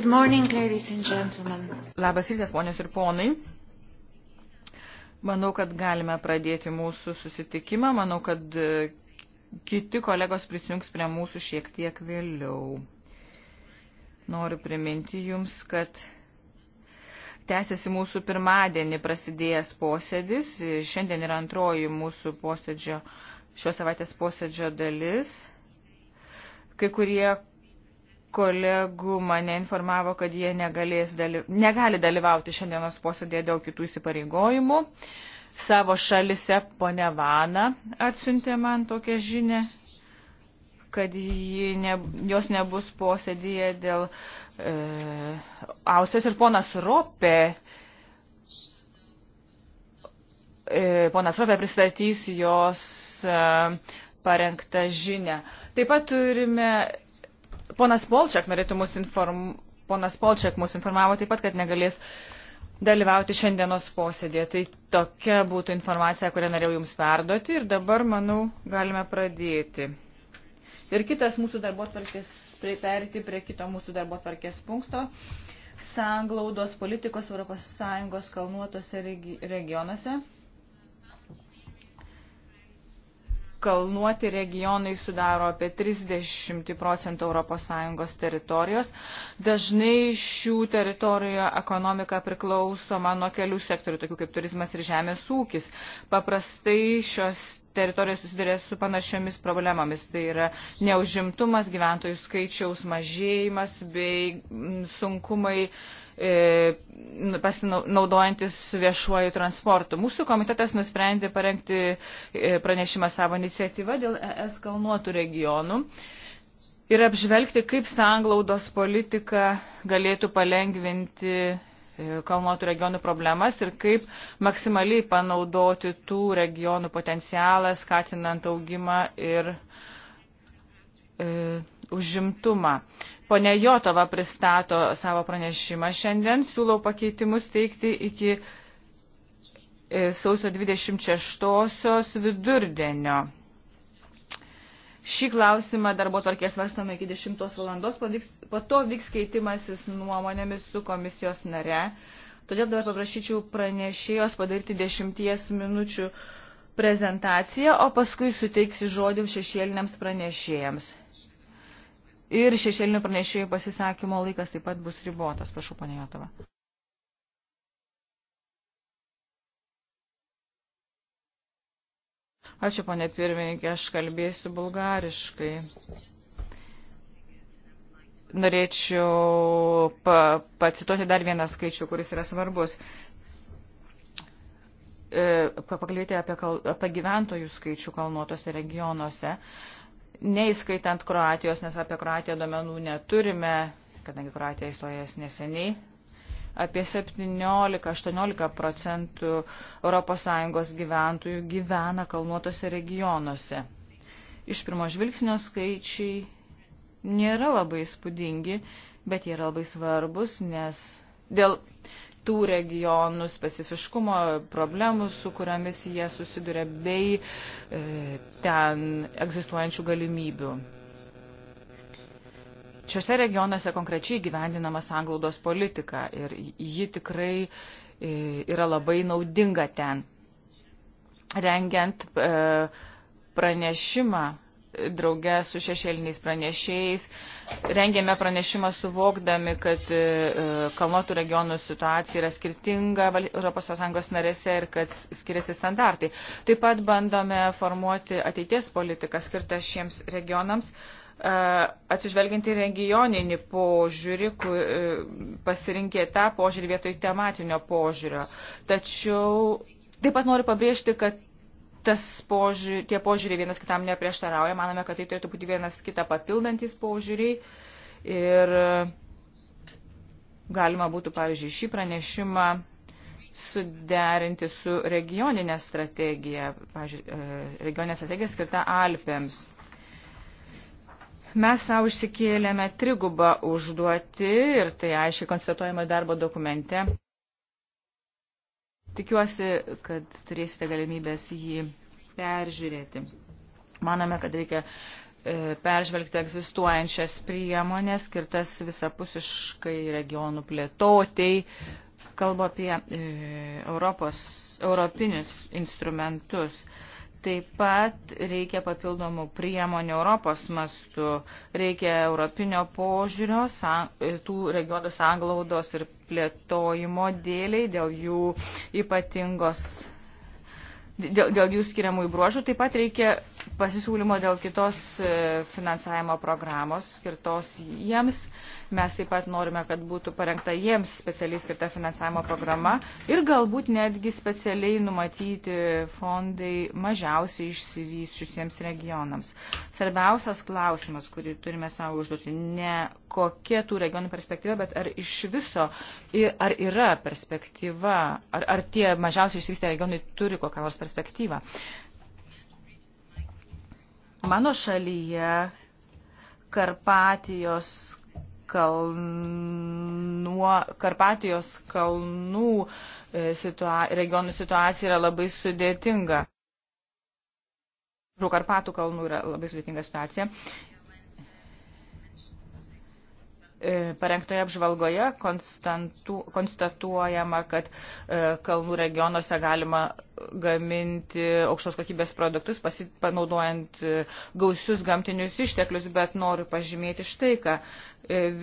Good morning, ladies and gentlemen. Labas rytas, ponios ir ponai. Manau, kad galime pradėti mūsų susitikimą. Manau, kad e, kiti kolegos prisijungs prie mūsų šiek tiek vėliau. Noriu priminti Jums, kad tęsiasi mūsų pirmadienį prasidėjęs posėdis. E, šiandien yra antroji mūsų posėdžio, šios savaitės posėdžio dalis. Kai kurie kolegų mane informavo, kad jie daly... negali dalyvauti šiandienos posėdėje dėl kitų įsipareigojimų. Savo šalise ponia Vana atsiuntė man tokią žinę, kad ne, jos nebus posėdėje dėl e, Ausijos ir ponas Ropė. E, ponas Ropė pristatys jos e, parengtą žinę. Taip pat turime Ponas Polčiak norėtų mus inform... Ponas Polčiak mus informavo taip pat, kad negalės dalyvauti šiandienos posėdėje. Tai tokia būtų informacija, kurią norėjau Jums perduoti ir dabar, manau, galime pradėti. Ir kitas mūsų darbo tvarkės, tai perėti prie kito mūsų darbo tvarkės punkto sanglaudos politikos Europos Sąjungos kalnuotose regionuose. kalnuoti regionai sudaro apie 30 procentų ES teritorijos. Dažnai šių teritorijų ekonomika priklausoma nuo kelių sektorių, tokių kaip turizmas ir žemės ūkis. Paprastai šios teritorijos susiduria su panašiomis problemomis. Tai yra neužimtumas, gyventojų skaičiaus mažėjimas bei sunkumai E, pasinaudojantis viešuoju transportu. Mūsų komitetas nusprendė parengti e, pranešimą savo iniciatyvą dėl ES kalnuotų regionų ir apžvelgti, kaip sanglaudos politika galėtų palengvinti e, kalnuotų regionų problemas ir kaip maksimaliai panaudoti tų regionų potencialą, skatinant augimą ir e, užimtumą. Pone Jotova pristato savo pranešimą šiandien, siūlau pakeitimus teikti iki e, sausio 26 vidurdienio. Šį klausimą darbo tvarkės svarstame iki 10 valandos, po to vyks keitimasis nuomonėmis su komisijos nare. Todėl dabar paprašyčiau pranešėjos padaryti 10 minučių prezentaciją, o paskui suteiksi žodį šešėliniams pranešėjams ir šešėlinių pranešėjų pasisakymo laikas taip pat bus ribotas. Prašau, ponė Jotava. Ačiū, ponė pirmininkė, aš kalbėsiu bulgariškai. Norėčiau pa, pacituoti dar vieną skaičių, kuris yra svarbus. E, pakalbėti apie, kal, apie gyventojų skaičių kalnuotose regionuose. E, neįskaitant Kroatijos, nes apie Kroatiją domenų neturime, kadangi Kroatija įstojęs neseniai. Apie 17-18 procentų ES gyventojų gyvena kalnuotose regionuose. Iš pirmo žvilgsnio skaičiai nėra labai spūdingi, bet jie yra labai svarbus, nes dėl tų regionų specifiškumo, problemų, su kuriamis jie susiduria, bei e, ten egzistuojančių galimybių. Šiuose regionuose konkrečiai gyvendinama sanglaudos politika ir ji tikrai e, yra labai naudinga ten. Rengiant e, pranešimą draugę su šešėliniais pranešėjais. Rengėme pranešimą suvokdami, kad e, e, kalnotų regionų situacija yra skirtinga ES narėse ir kad skiriasi standartai. Taip pat bandome formuoti ateities politiką skirtą šiems regionams e, atsižvelginti regioninį požiūrį, pasirinkė tą požiūrį vietoj tematinio požiūrio. Tačiau Taip pat noriu pabrėžti, kad tas požiūrį, tie požiūriai vienas kitam neprieštarauja, manome, kad tai turėtų būti vienas kitą papildantis požiūriai ir galima būtų, pavyzdžiui, šį pranešimą suderinti su regioninė strategija, pavyzdžiui, e, regioninė strategija skirta Alpėms. Mes savo išsikėlėme trigubą užduoti ir tai aiškiai konstatuojama darbo dokumente. Tikiuosi, kad turėsite galimybės jį peržiūrėti. Maname, kad reikia e, peržvelgti egzistuojančias priemonės, skirtas visapusiškai regionų plėtotei. Kalbu apie e, Europos, europinius instrumentus. E, Taip pat reikia papildomų priemonių Europos mastu, reikia europinio požiūrio, e, tų regionų sanglaudos ir plėtojimo dėliai, dėl jų ypatingos, dėl, dėl jų skiriamų įbruožų. Taip pat reikia pasisiūlymo dėl kitos e, finansavimo programos skirtos jiems. Mes taip pat norime, kad būtų parengta jiems specialiai skirta finansavimo programa ir galbūt netgi specialiai numatyti fondai mažiausiai išsivysčiusiems regionams. Svarbiausias klausimas, kurį turime savo užduoti, ne kokia tų regionų perspektyva, bet ar iš viso, ar yra perspektyva, ar, ar tie mažiausiai išsivystę regionai turi kokią nors perspektyvą. Mano šalyje Karpatijos kalnuo, Karpatijos kalnų e, situa regionų situacija yra labai sudėtinga. Karpatų kalnų yra labai sudėtinga situacija E, parengtoje apžvalgoje konstatuojama, kad e, kalnų regionuose galima gaminti aukštos kokybės produktus, panaudojant e, gausius gamtinius išteklius, bet noriu pažymėti štai, ką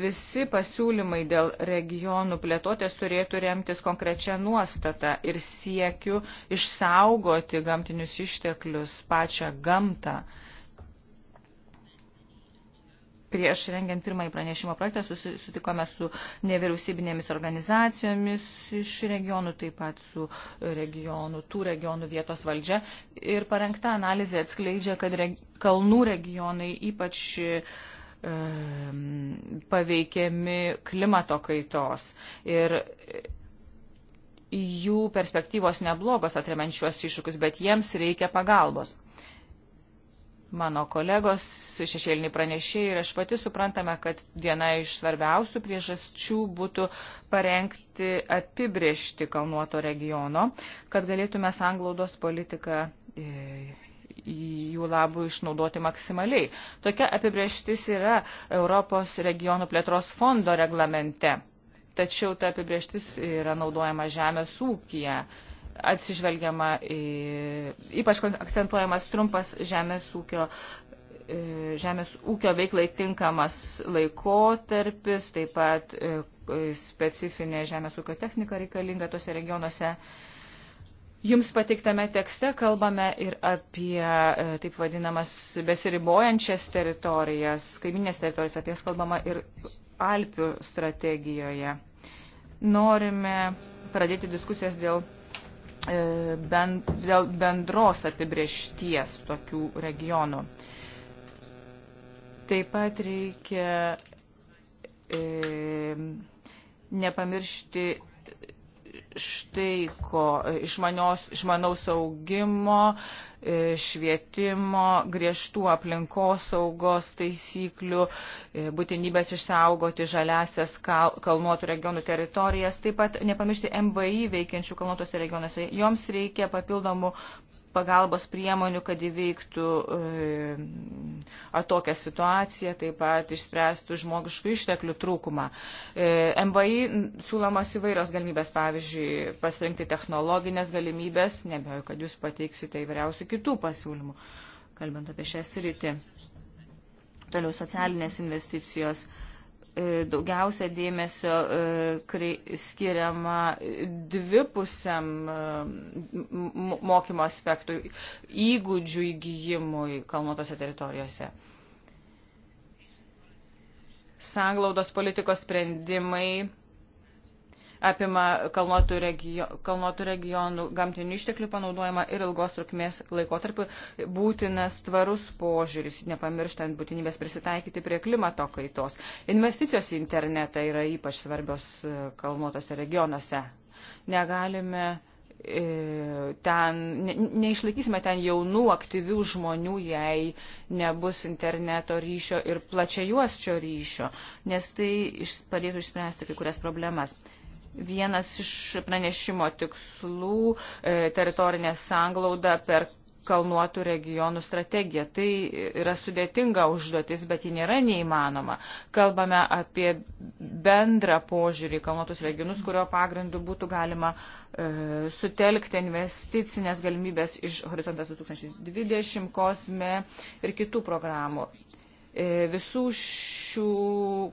visi pasiūlymai dėl regionų plėtotės turėtų remtis konkrečią nuostatą ir siekiu išsaugoti gamtinius išteklius pačią gamtą prieš rengiant pirmąjį pranešimo projektą susitikome su nevyriausybinėmis organizacijomis iš regionų, taip pat su regionų, tų regionų vietos valdžia. Ir parengta analizė atskleidžia, kad re, kalnų regionai ypač e, paveikiami klimato kaitos. Ir jų perspektyvos neblogos atremenčios iššūkius, bet jiems reikia pagalbos mano kolegos, šešėliniai pranešėjai ir aš pati suprantame, kad viena iš svarbiausių priežasčių būtų parengti apibriežti kalnuoto regiono, kad galėtume sanglaudos politiką e, jų labų išnaudoti maksimaliai. Tokia apibrieštis yra Europos regionų plėtros fondo reglamente. Tačiau ta apibrieštis yra naudojama žemės ūkija atsižvelgiama, ypač akcentuojamas trumpas žemės ūkio, e, žemės ūkio veiklai tinkamas laikotarpis, taip pat e, e, specifinė žemės ūkio technika reikalinga tose regionuose. Jums pateiktame tekste kalbame ir apie taip vadinamas besiribojančias teritorijas, kaiminės teritorijas, apie jas kalbama ir Alpių strategijoje. Norime pradėti diskusijas dėl E, bend, dėl bendros apibriešties tokių regionų. Taip pat reikia e, nepamiršti štai ko išmanios, išmanaus augimo, e, švietimo, griežtų aplinkos saugos taisyklių, e, būtinybės išsaugoti žaliasias kal, kalnuotų regionų teritorijas, taip pat nepamiršti MVI veikiančių kalnuotose regionuose. Joms reikia papildomų pagalbos priemonių, kad įveiktų e, atokią situaciją, taip pat išspręstų žmogiškų išteklių trūkumą. E, MVI siūlomas įvairios galimybės, pavyzdžiui, pasirinkti technologinės galimybės, nebejoju, kad jūs pateiksite įvairiausių kitų pasiūlymų, kalbant apie šią sritį. Toliau socialinės investicijos. E, E, daugiausia dėmesio e, skiriama dvipusiam e, mokymo aspektui, įgūdžių įgyjimui kalnuotose teritorijose. Sanglaudos politikos sprendimai apima kalnuotų, regio, kalnuotų regionų gamtinių išteklių panaudojimą ir ilgos trukmės laikotarpiu būtinas tvarus požiūris, nepamirštant būtinybės prisitaikyti prie klimato kaitos. Investicijos į internetą yra ypač svarbios e, kalnuotose regionuose. Negalime e, ten, ne, neišlaikysime ten jaunų, aktyvių žmonių, jei nebus interneto ryšio ir plačiajuosčio ryšio, nes tai iš, padėtų išspręsti kai kurias problemas. Vienas iš pranešimo tikslų e, - teritorinė sanglauda per kalnuotų regionų strategija. Tai yra sudėtinga užduotis, bet ji nėra neįmanoma. Kalbame apie bendrą požiūrį kalnuotus regionus, kurio pagrindu būtų galima e, sutelkti investicinės galimybės iš Horizontas 2020, Kosme ir kitų programų. E, visų šių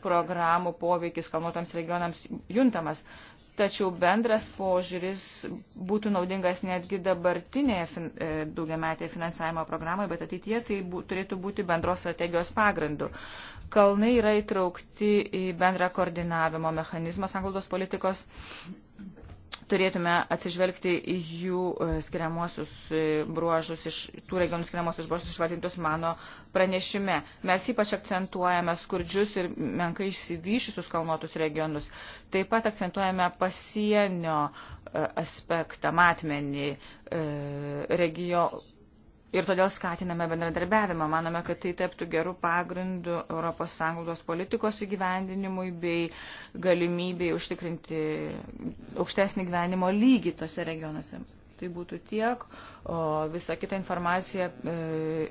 programų poveikis kalnuotams regionams juntamas. E, tačiau bendras požiūris būtų naudingas netgi dabartinėje fin, e, daugiametėje finansavimo programoje, bet ateityje tai bū, turėtų būti bendros strategijos pagrindu. Kalnai yra įtraukti į bendrą koordinavimo mechanizmą sanglaudos politikos turėtume atsižvelgti į jų e, skiriamuosius e, bruožus, iš, tų regionų skiriamuosius bruožus išvardintus mano pranešime. Mes ypač akcentuojame skurdžius ir menkai išsivyšusius kalnuotus regionus. Taip pat akcentuojame pasienio e, aspektą, matmenį, regio, ir todėl skatiname bendradarbiavimą. Manome, kad tai taptų gerų pagrindų ES politikos įgyvendinimui bei galimybėj užtikrinti aukštesnį gyvenimo lygį tose regionuose. Tai būtų tiek, o visa kita informacija e,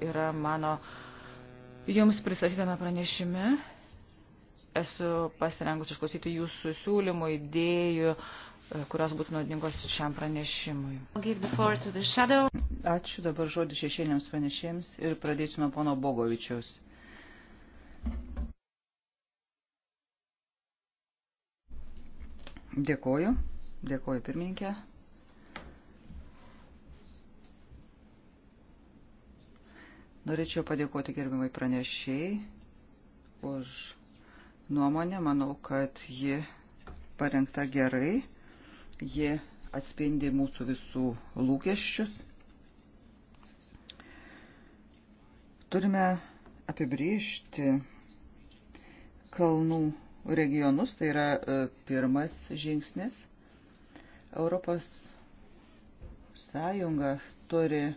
yra mano jums pristatytame pranešime. Esu pasirengus išklausyti jūsų siūlymų, idėjų, kurios būtų naudingos šiam pranešimui. Ačiū dabar žodį šešėliams pranešėjams ir pradėsiu nuo pono Bogovičiaus. Dėkoju, dėkoju pirmininkė. Norėčiau padėkoti gerbimai pranešėjai už nuomonę. Manau, kad ji parengta gerai. Ji atspindi mūsų visų lūkesčius. Turime apibriežti kalnų regionus, tai yra e, pirmas žingsnis. Europos Sąjunga turi e,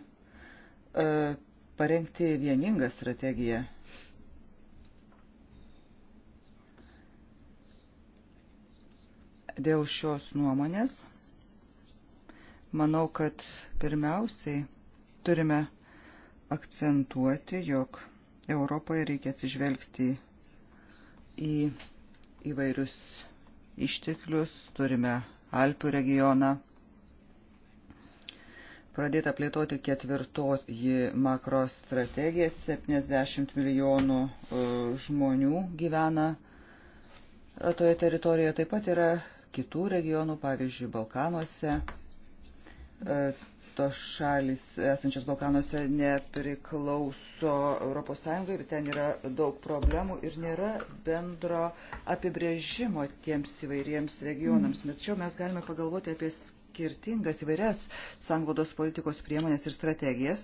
parengti vieningą strategiją dėl šios nuomonės. Manau, kad pirmiausiai turime akcentuoti, jog Europoje reikia atsižvelgti į įvairius išteklius, turime Alpių regioną, pradėta plėtoti ketvirtoji makro strategija, 70 milijonų e, žmonių gyvena toje teritorijoje, taip pat yra kitų regionų, pavyzdžiui, Balkanuose. E, tos šalis esančios Balkanuose nepriklauso ES ir ten yra daug problemų ir nėra bendro apibrėžimo tiems įvairiems regionams. Bet mm. čia mes galime pagalvoti apie skirtingas įvairias sanglodos politikos priemonės ir strategijas,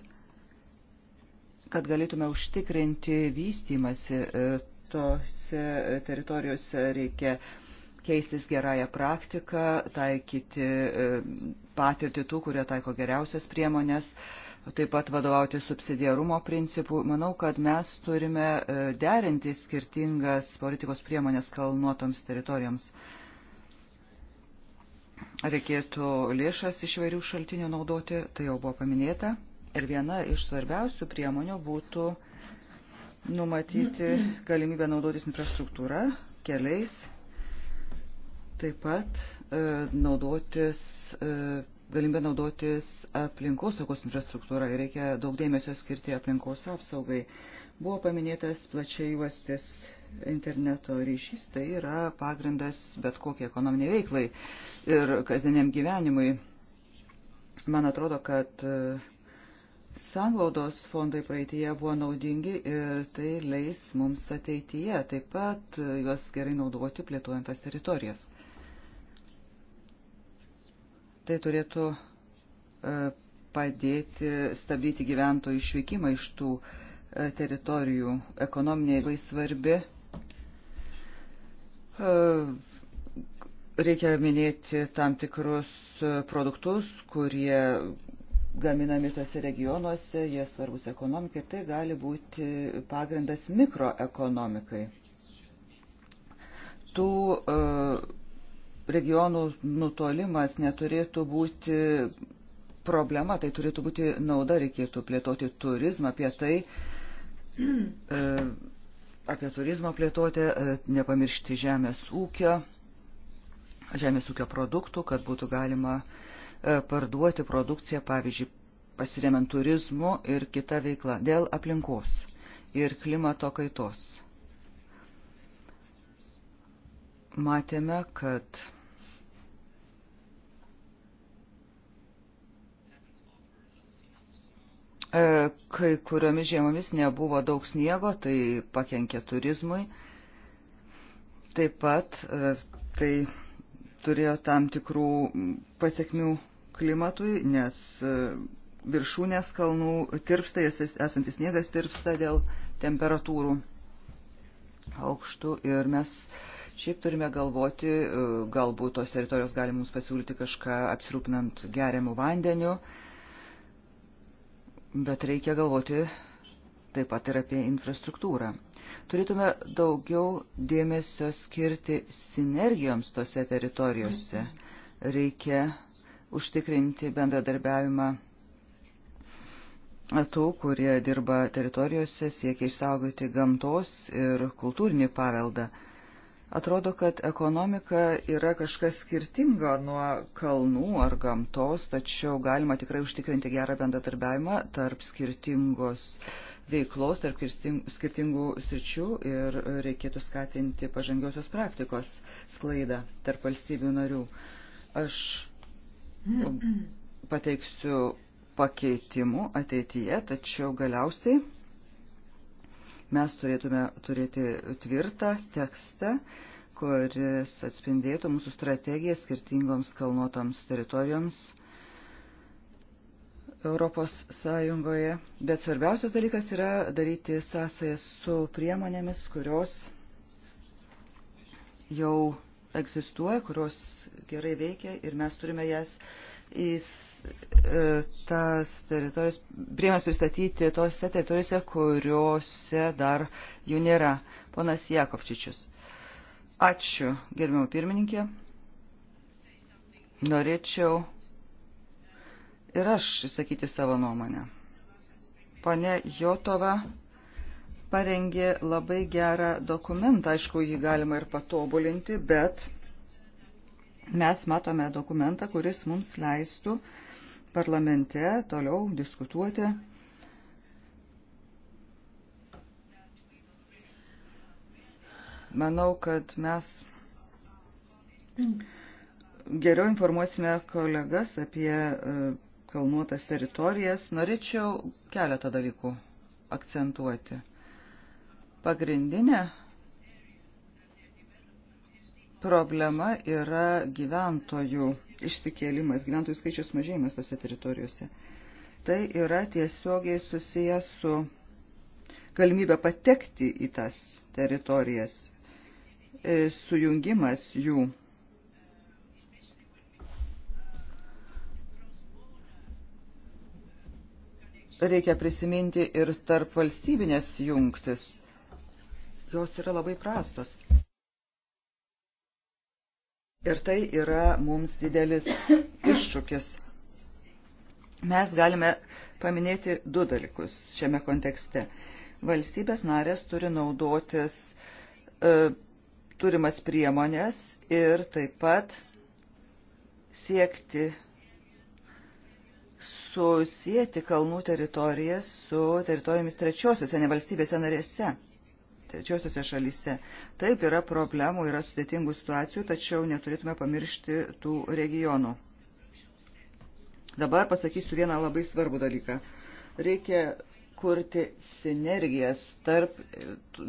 kad galėtume užtikrinti vystymasi e, tose teritorijose reikia uh, keistis gerąją praktiką, taikyti e, patirtį tų, kurie taiko geriausias priemonės, taip pat vadovauti subsidiarumo principų. Manau, kad mes turime e, derinti skirtingas politikos priemonės kalnuotoms teritorijoms. Reikėtų lėšas iš vairių šaltinių naudoti, tai jau buvo paminėta. Ir viena iš svarbiausių priemonių būtų numatyti galimybę naudotis infrastruktūra, keliais, Taip pat e, naudotis, e, galimybę naudotis aplinkosaugos infrastruktūrą ir reikia daug dėmesio skirti aplinkos apsaugai. Buvo paminėtas plačiai juostis interneto ryšys, tai yra pagrindas bet kokiai ekonominiai veiklai ir kasdieniam gyvenimui. Man atrodo, kad e, Sanglaudos fondai praeitie buvo naudingi ir tai leis mums ateityje taip pat juos gerai naudoti plėtuojant tas teritorijas. Tai turėtų e, padėti stabdyti gyventojų išvykimą iš tų e, teritorijų. Ekonominė labai svarbi. E, reikia minėti tam tikrus produktus, kurie gaminami tose regionuose, jie svarbus ekonomikai, tai gali būti pagrindas mikroekonomikai. Tų uh, regionų nutolimas neturėtų būti problema, tai turėtų būti nauda, reikėtų plėtoti turizmą apie tai, e, apie turizmo plėtoti, e, nepamiršti žemės ūkio, žemės ūkio produktų, kad būtų galima e, parduoti produkciją, pavyzdžiui, pasiremiant turizmu ir kita veikla dėl aplinkos ir klimato kaitos matėme, kad e, kai kuriomis žiemomis nebuvo daug sniego, tai pakenkė turizmui. Taip pat e, tai turėjo tam tikrų pasiekmių klimatui, nes e, viršūnės kalnų tirpsta, esantis sniegas tirpsta dėl temperatūrų aukštų ir mes uh, Šiaip turime galvoti, e, galbūt tos teritorijos gali mums pasiūlyti kažką apsirūpinant geriamų vandeniu, bet reikia galvoti taip pat ir apie infrastruktūrą turėtume daugiau dėmesio skirti sinergijoms tose teritorijose. Reikia užtikrinti bendradarbiavimą tų, kurie dirba teritorijose, siekia išsaugoti gamtos ir kultūrinį paveldą. Atrodo, kad ekonomika yra kažkas skirtinga nuo kalnų ar gamtos, tačiau galima tikrai užtikrinti gerą bendradarbiavimą tarp skirtingos veiklos, tarp skirtingų sričių ir reikėtų skatinti pažangiosios praktikos sklaidą tarp valstybių narių. Aš pateiksiu pakeitimų ateityje, tačiau galiausiai Mes turėtume turėti tvirtą tekstą, kuris atspindėtų mūsų strategiją skirtingoms kalnuotoms teritorijoms Europos Sąjungoje. Bet svarbiausias dalykas yra daryti sąsąją su priemonėmis, kurios jau egzistuoja, kurios gerai veikia ir mes turime jas uh, į e, tas teritorijas, priemas pristatyti tose teritorijose, kuriuose dar jų nėra. Ponas Jakovčičius. Ačiū, gerbiamo pirmininkė. Norėčiau ir aš išsakyti savo nuomonę. Pane Jotova parengė labai gerą dokumentą, aišku, jį galima ir patobulinti, bet mes matome dokumentą, kuris mums leistų parlamente toliau diskutuoti. Manau, kad mes geriau informuosime kolegas apie e, kalnuotas teritorijas. Norėčiau keletą dalykų akcentuoti. Pagrindinė problema yra gyventojų išsikėlimas, gyventojų skaičius mažėjimas tose teritorijose. Tai yra tiesiogiai susijęs su galimybė patekti į tas teritorijas, e, sujungimas jų. Reikia prisiminti ir tarp valstybinės jungtis. Jos yra labai prastos. Ir tai yra mums didelis iššūkis. Mes galime paminėti du dalykus šiame kontekste. Valstybės narės turi naudotis e, turimas priemonės ir taip pat siekti susijęti kalnų teritoriją su teritorijomis trečiosiuose nevalstybėse narėse trečiosiuose šalyse. Taip yra problemų, yra sudėtingų situacijų, tačiau neturėtume pamiršti tų regionų. Dabar pasakysiu vieną labai svarbų dalyką. Reikia kurti sinergijas tarp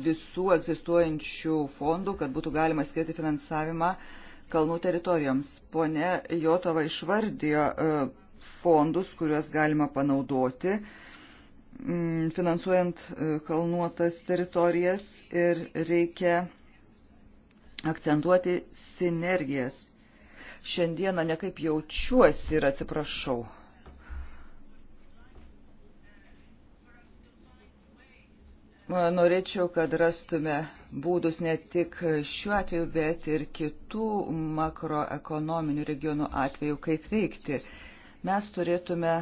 visų egzistuojančių fondų, kad būtų galima skirti finansavimą kalnų teritorijoms. Pone Jotova išvardijo e, fondus, kuriuos galima panaudoti. Uh, Mm, finansuojant e, kalnuotas teritorijas ir reikia akcentuoti sinergijas. Šiandieną nekaip jaučiuosi ir atsiprašau. Norėčiau, kad rastume būdus ne tik šiuo atveju, bet ir kitų makroekonominių regionų atveju, kaip veikti. Mes turėtume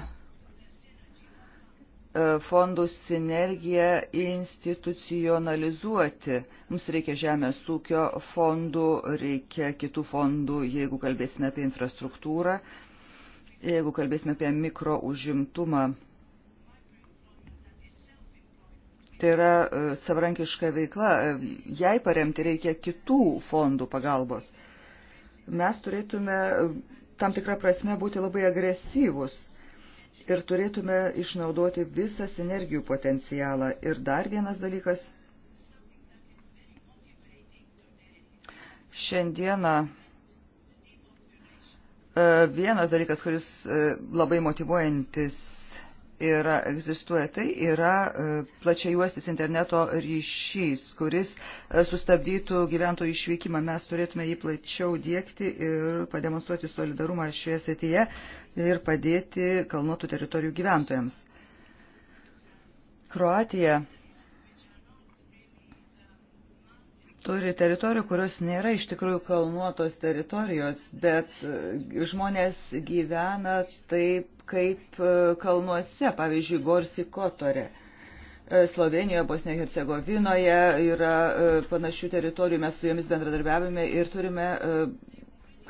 E, fondų sinergiją institucionalizuoti. Mums reikia žemės ūkio fondų, reikia kitų fondų, jeigu kalbėsime apie infrastruktūrą, jeigu kalbėsime apie mikro užimtumą. Tai yra e, savarankiška veikla, e, jai paremti reikia kitų fondų pagalbos. Mes turėtume tam tikrą prasme būti labai agresyvus ir turėtume išnaudoti visą sinergijų potencialą. Ir dar vienas dalykas. Šiandieną e, vienas dalykas, kuris e, labai motivuojantis yra, egzistuoja, tai yra e, plačiajuostis interneto ryšys, kuris e, sustabdytų gyventojų išvykimą. Mes turėtume jį plačiau dėkti ir pademonstruoti solidarumą šioje srityje ir padėti kalnuotų teritorijų gyventojams. Kroatija turi teritorijų, kurios nėra iš tikrųjų kalnuotos teritorijos, bet e, žmonės gyvena taip kaip e, kalnuose, pavyzdžiui, Gorsi Kotore. E, Slovenijoje, Bosnijoje, Hercegovinoje yra e, panašių teritorijų, mes su jomis bendradarbiavime ir turime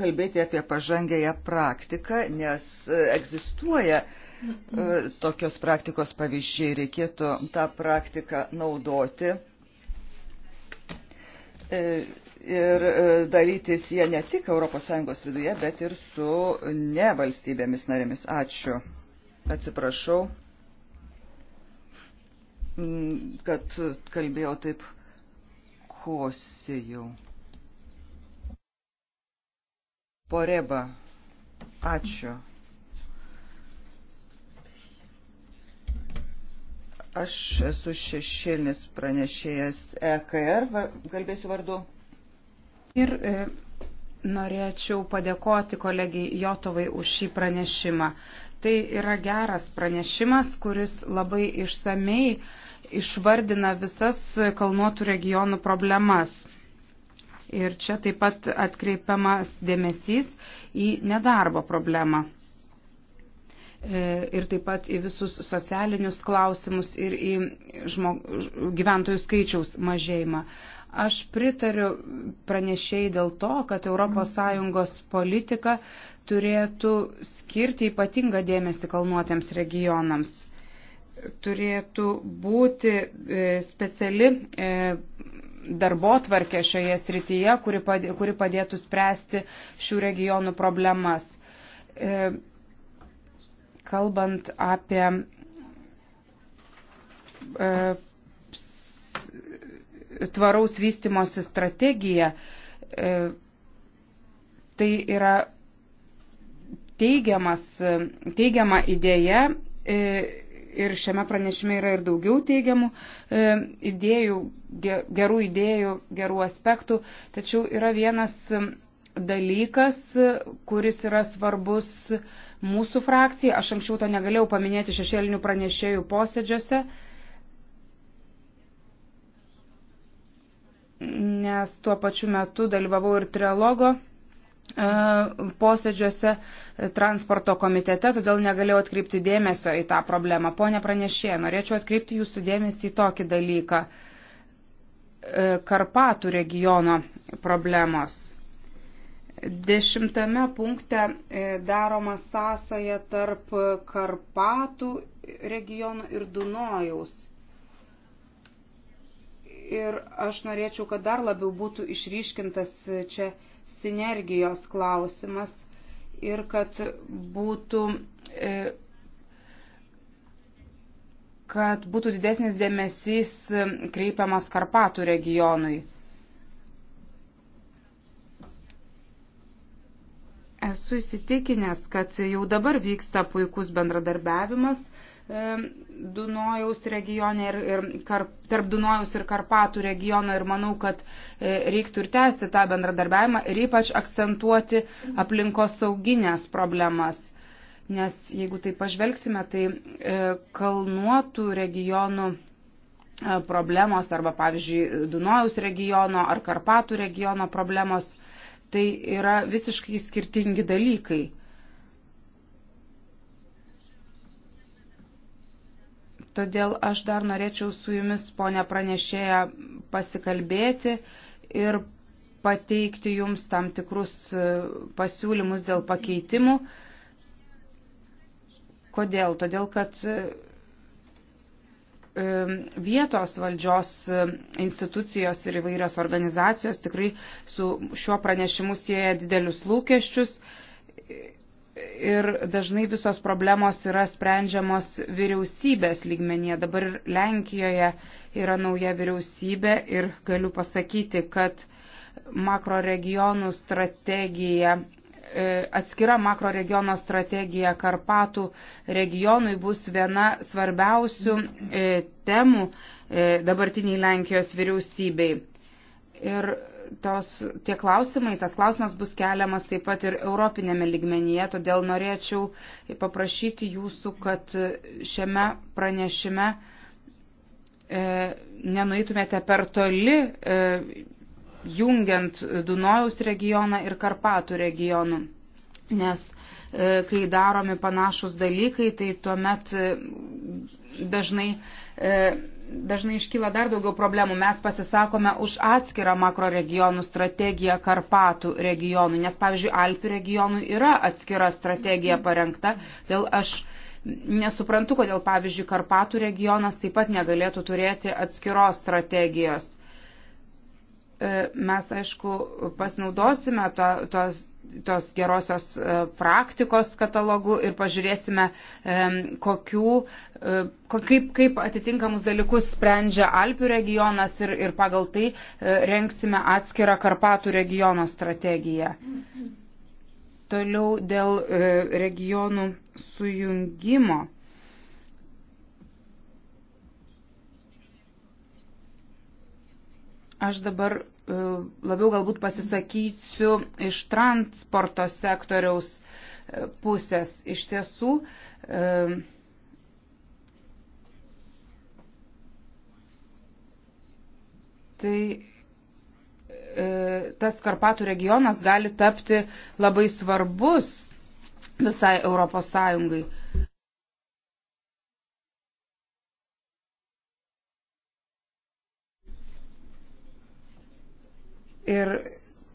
kalbėti apie pažangėją praktiką, nes egzistuoja tokios praktikos pavyzdžiai, reikėtų tą praktiką naudoti ir e, dalytis jie ne tik ES viduje, bet ir su ne valstybėmis narėmis. Ačiū. Atsiprašau, mm, kad kalbėjau taip kosėjau. Poreba. Ačiū. Aš esu šešėlinis pranešėjas EKR, kalbėsiu vardu Ir e, norėčiau padėkoti kolegijai Jotovai už šį pranešimą. Tai yra geras pranešimas, kuris labai išsamei išvardina visas kalnuotų regionų problemas. Ir čia taip pat atkreipiamas dėmesys į nedarbo problemą. E, ir taip pat į visus socialinius klausimus ir į žmog... gyventojų skaičiaus mažėjimą. Aš pritariu pranešėjai dėl to, kad ES politika turėtų skirti ypatingą dėmesį kalnuotėms regionams. Turėtų būti e, speciali e, darbo tvarkė šioje srityje, kuri padėtų spręsti šių regionų problemas. E, kalbant apie tvaraus vystimosi strategija, e, tai yra teigiamas, teigiama idėja e, ir šiame pranešime yra ir daugiau teigiamų e, idėjų, gerų idėjų, gerų aspektų, tačiau yra vienas dalykas, kuris yra svarbus mūsų frakcijai. Aš anksčiau to negalėjau paminėti šešėlinių pranešėjų posėdžiuose. nes tuo pačiu metu dalyvavau ir trialogo e, posėdžiuose e, transporto komitete, todėl negalėjau atkreipti dėmesio į tą problemą. Pone pranešė, norėčiau atkreipti jūsų dėmesį į tokį dalyką. E, Karpatų regiono problemos. Dešimtame punkte daroma sąsaja tarp Karpatų regiono ir Dunojaus ir aš norėčiau, kad dar labiau būtų išryškintas čia sinergijos klausimas ir kad būtų, e, kad būtų didesnis dėmesys kreipiamas Karpatų regionui. Esu įsitikinęs, kad jau dabar vyksta puikus bendradarbiavimas Dunojaus regione ir, ir karp, tarp Dunojaus ir Karpatų regiono ir manau, kad e, reiktų ir tęsti tą bendradarbiavimą ir ypač akcentuoti aplinkos sauginės problemas. Nes jeigu tai pažvelgsime, tai e, kalnuotų regionų e, problemos arba, pavyzdžiui, Dunojaus regiono ar Karpatų regiono problemos, tai yra visiškai skirtingi dalykai. Todėl aš dar norėčiau su jumis, ponė pranešėja, pasikalbėti ir pateikti jums tam tikrus e, pasiūlymus dėl pakeitimų. Kodėl? Todėl, kad e, e, vietos valdžios institucijos ir įvairios organizacijos tikrai su šiuo pranešimu sieja didelius lūkesčius ir dažnai visos problemos yra sprendžiamos vyriausybės lygmenyje. Dabar Lenkijoje yra nauja vyriausybė ir galiu pasakyti, kad makro regionų strategija, e, atskira makro regiono strategija Karpatų regionui bus viena svarbiausių e, temų e, dabartiniai Lenkijos vyriausybei. Ir tos, tie klausimai, tas klausimas bus keliamas taip pat ir europinėme ligmenyje, todėl norėčiau paprašyti jūsų, kad šiame pranešime e, nenuitumėte per toli, e, jungiant Dunojaus regioną ir Karpatų regionų. Nes e, kai daromi panašus dalykai, tai tuomet e, dažnai. E, dažnai iškyla dar daugiau problemų. Mes pasisakome už atskirą makroregionų strategiją Karpatų regionui, nes, pavyzdžiui, Alpių regionui yra atskira strategija parengta. Dėl aš nesuprantu, kodėl, pavyzdžiui, Karpatų regionas taip pat negalėtų turėti atskiros strategijos. E, mes, aišku, pasinaudosime to, tos, tos gerosios e, praktikos katalogų ir pažiūrėsime, e, kokių, e, kaip, kaip atitinkamus dalykus sprendžia Alpių regionas ir, ir pagal tai renksime atskirą Karpatų regiono strategiją. Toliau dėl regionų sujungimo. Aš dabar E, labiau galbūt pasisakysiu iš transporto sektoriaus e, pusės. Iš tiesų, e, tai tas Karpatų regionas gali tapti labai svarbus visai Europos Sąjungai. Ir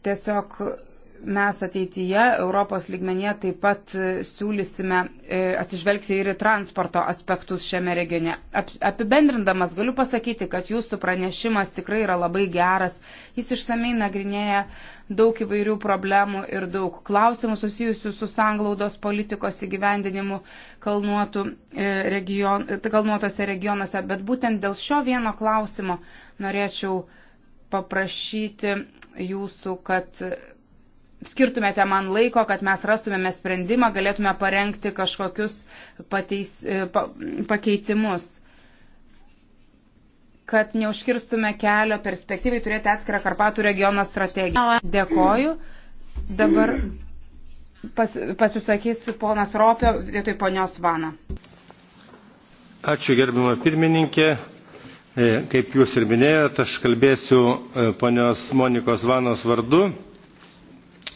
tiesiog mes ateityje Europos lygmenyje taip pat e, siūlysime e, atsižvelgti ir į transporto aspektus šiame regione. Apibendrindamas galiu pasakyti, kad jūsų pranešimas tikrai yra labai geras. Jis išsamei nagrinėja daug įvairių problemų ir daug klausimų susijusių su sanglaudos politikos įgyvendinimu e, region, kalnuotose regionuose, bet būtent dėl šio vieno klausimo norėčiau paprašyti jūsų, kad skirtumėte man laiko, kad mes rastumėme sprendimą, galėtume parengti kažkokius pateis, e, pa, pakeitimus. Kad neužkirstume kelio perspektyvai turėti atskirą Karpatų regiono strategiją. Dėkoju. Dabar pas, pasisakys ponas Ropio vietoj ponios Vana. Ačiū gerbimo pirmininkė. E, kaip jūs ir minėjot aš kalbėsiu e, ponios monikos vanos vardu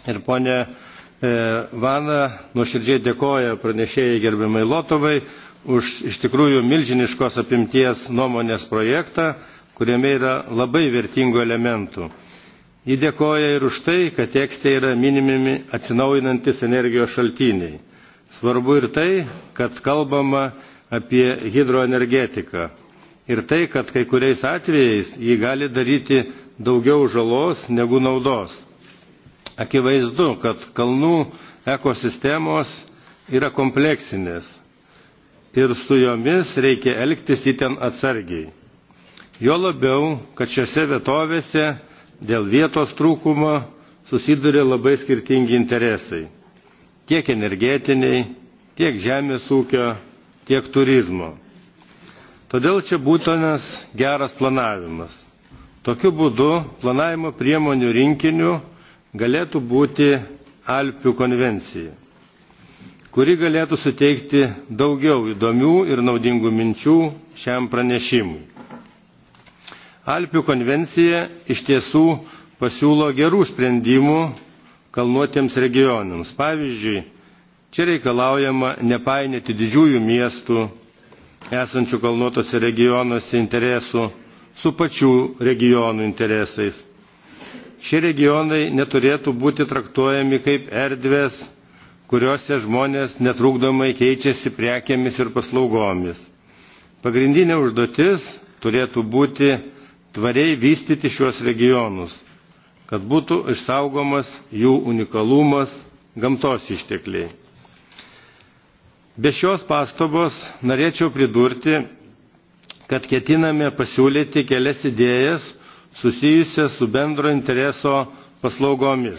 ir ponia e, vana nuoširdžiai dėkoja pranešėjai gerbiamai lotovai už iš tikrųjų milžiniškos apimties nuomonės projektą kuriame yra labai vertingų elementų. ji dėkoja ir už tai kad tekste yra minimi atsinaujinantys energijos šaltiniai. svarbu ir tai kad kalbama apie hidroenergetiką ir tai, kad kai kuriais atvejais jį gali daryti daugiau žalos negu naudos. Akivaizdu, kad kalnų ekosistemos yra kompleksinės ir su jomis reikia elgtis įten atsargiai. Jo labiau, kad šiose vietovėse dėl vietos trūkumo susiduria labai skirtingi interesai - tiek energetiniai, tiek žemės ūkio, tiek turizmo. Todėl čia būtinas geras planavimas. Tokiu būdu planavimo priemonių rinkiniu galėtų būti Alpių konvencija, kuri galėtų suteikti daugiau įdomių ir naudingų minčių šiam pranešimui. Alpių konvencija iš tiesų pasiūlo gerų sprendimų kalnuotiems regionams. Pavyzdžiui, čia reikalaujama nepainėti didžiųjų miestų esančių kalnuotose regionuose interesų su pačių regionų interesais. Šie regionai neturėtų būti traktuojami kaip erdvės, kuriuose žmonės netrukdomai keičiasi prekiamis ir paslaugomis. Pagrindinė užduotis turėtų būti tvariai vystyti šios regionus, kad būtų išsaugomas jų unikalumas, gamtos ištekliai. Be šios pastabos norėčiau pridurti, kad ketiname pasiūlyti kelias idėjas susijusias su bendro intereso paslaugomis,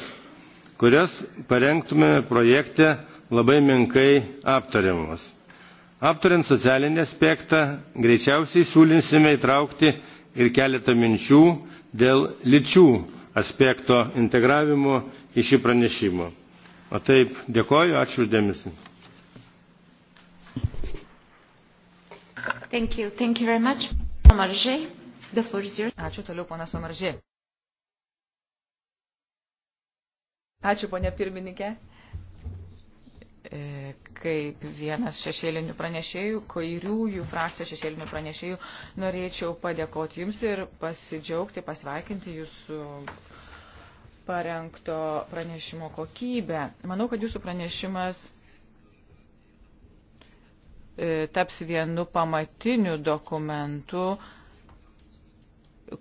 kurias parengtume projekte labai menkai aptariamos. Aptariant socialinį aspektą, greičiausiai siūlinsime įtraukti ir keletą minčių dėl lyčių aspekto integravimo į šį pranešimą. O taip, dėkoju, ačiū uždėmesi. Thank you. Thank you very much. Omaržė. The floor is yours. Ačiū toliau, ponas Omaržė. Ačiū, ponė pirmininkė. E, kaip vienas šešėlinių pranešėjų, kairiųjų frakcijos šešėlinių pranešėjų, norėčiau padėkoti Jums ir pasidžiaugti, pasveikinti Jūsų parengto pranešimo kokybę. Manau, kad Jūsų pranešimas E, taps vienu pamatiniu dokumentu,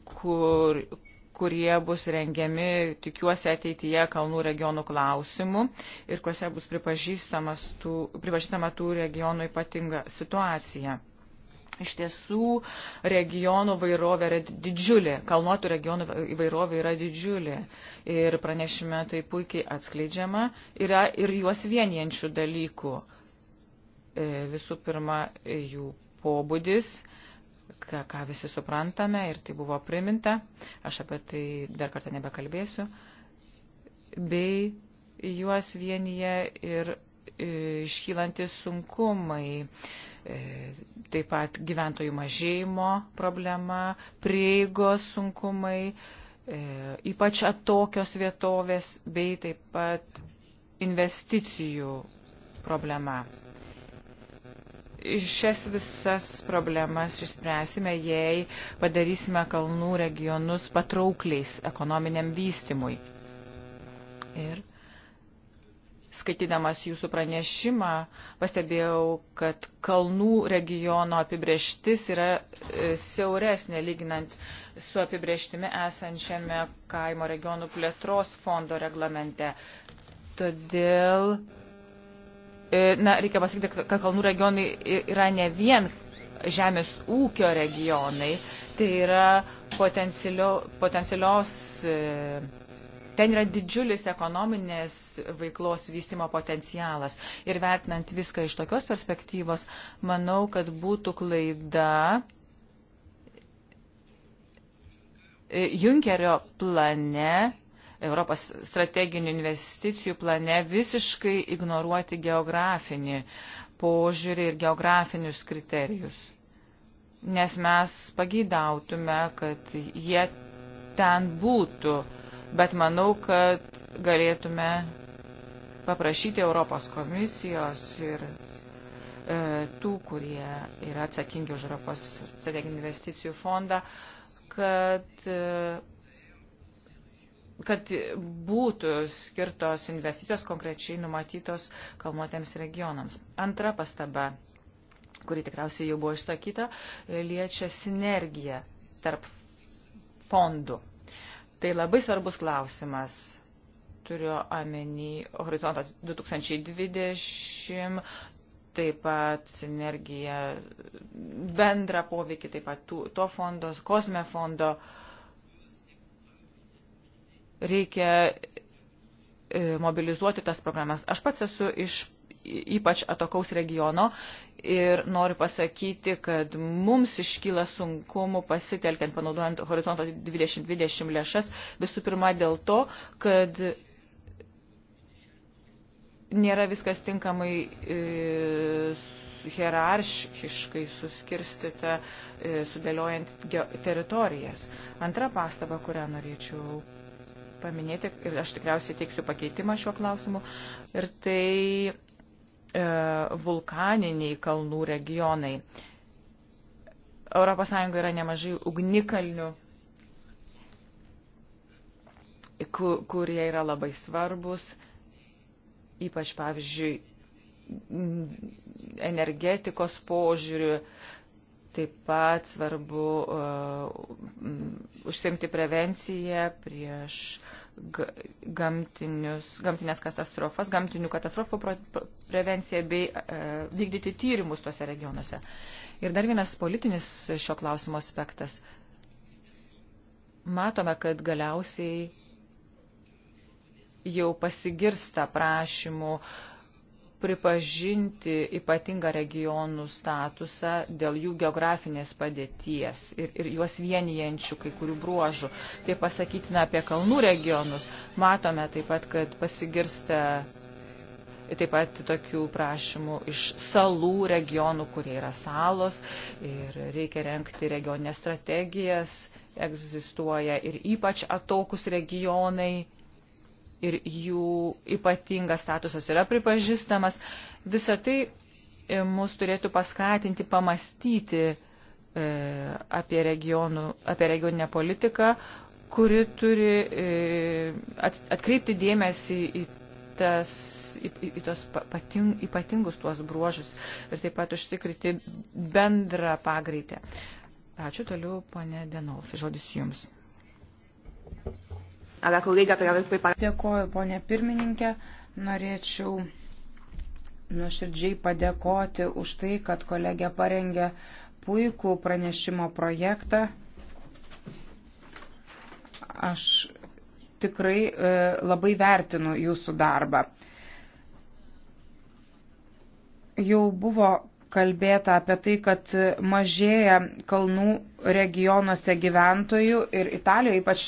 kur, kurie bus rengiami, tikiuosi, ateityje kalnų regionų klausimų ir kuriuose bus tų, pripažįstama tų regionų ypatinga situacija. Iš tiesų, regionų vairovė yra didžiulė, kalnuotų regionų vairovė yra didžiulė ir pranešime tai puikiai atskleidžiama, yra ir juos vienijančių dalykų E, visų pirma, jų pobūdis, ką, ką visi suprantame ir tai buvo priminta, aš apie tai dar kartą nebekalbėsiu, bei juos vienyje ir e, iškylantis sunkumai, e, taip pat gyventojų mažėjimo problema, prieigos sunkumai, ypač atokios vietovės, bei taip pat investicijų problema šias visas problemas išspręsime, jei padarysime kalnų regionus patraukliais ekonominiam vystimui. Ir skaitydamas jūsų pranešimą, pastebėjau, kad kalnų regiono apibrieštis yra e, siauresnė lyginant su apibrieštimi esančiame kaimo regionų plėtros fondo reglamente. Todėl E, na, reikia pasakyti, kad kalnų regionai yra ne vien žemės ūkio regionai, tai yra potencialio, potencialios, e, ten yra didžiulis ekonominės veiklos vystimo potencialas. Ir vertinant viską iš tokios perspektyvos, manau, kad būtų klaida e, Junkerio plane Europos strateginių investicijų plane visiškai ignoruoti geografinį požiūrį ir geografinius kriterijus. Nes mes pagydautume, kad jie ten būtų, bet manau, kad galėtume paprašyti Europos komisijos ir e, tų, kurie yra atsakingi už Europos strateginių investicijų fondą, kad e, kad būtų skirtos investicijos konkrečiai numatytos kalnuotėms regionams. Antra pastaba, kuri tikriausiai jau buvo išsakyta, liečia sinergiją tarp fondų. Tai labai svarbus klausimas. Turiu omeny horizontas 2020, taip pat sinergiją, bendrą poveikį taip pat tų, to fondos, kosme fondo, uh, reikia e, mobilizuoti tas programas. Aš pats esu iš ypač atokaus regiono ir noriu pasakyti, kad mums iškyla sunkumų pasitelkiant, panaudojant horizonto 2020 lėšas, visų pirma dėl to, kad nėra viskas tinkamai e, hierarchiškai suskirstyta, e, sudėliojant teritorijas. Antra pastaba, kurią norėčiau paminėti ir aš tikriausiai teiksiu pakeitimą šiuo klausimu. Ir tai e, vulkaniniai kalnų regionai. ES yra nemažai ugnikalnių, kurie yra labai svarbus, ypač pavyzdžiui energetikos požiūriu Taip pat svarbu uh, užsimti prevenciją prieš gamtinius, gamtinės katastrofas, gamtinių katastrofų prevenciją bei uh, vykdyti tyrimus tuose regionuose. Ir dar vienas politinis šio klausimo aspektas. Matome, kad galiausiai jau pasigirsta prašymų uh, pripažinti ypatingą regionų statusą dėl jų geografinės padėties ir, ir juos vienijančių kai kurių bruožų. Tai pasakytina apie kalnų regionus. Matome taip pat, kad pasigirsta taip pat tokių prašymų iš salų regionų, kurie yra salos ir reikia renkti regioninės strategijas, egzistuoja ir ypač atokus regionai ir jų ypatingas statusas yra pripažįstamas. Visą tai e, mus turėtų paskatinti pamastyti e, apie, regionų, apie regioninę politiką, kuri turi e, atkreipti dėmesį į, tas, į, į tos pating, ypatingus tuos bruožus ir taip pat užtikrinti bendrą pagreitę. Ačiū toliau, ponė Denolfi, žodis jums. Thank you. Dėkoju, ponė pirmininkė. Norėčiau nuoširdžiai padėkoti už tai, kad kolegė parengė puikų pranešimo projektą. Aš tikrai e, labai vertinu jūsų darbą. Jau buvo kalbėta apie tai, kad mažėja kalnų regionuose gyventojų ir Italijoje ypač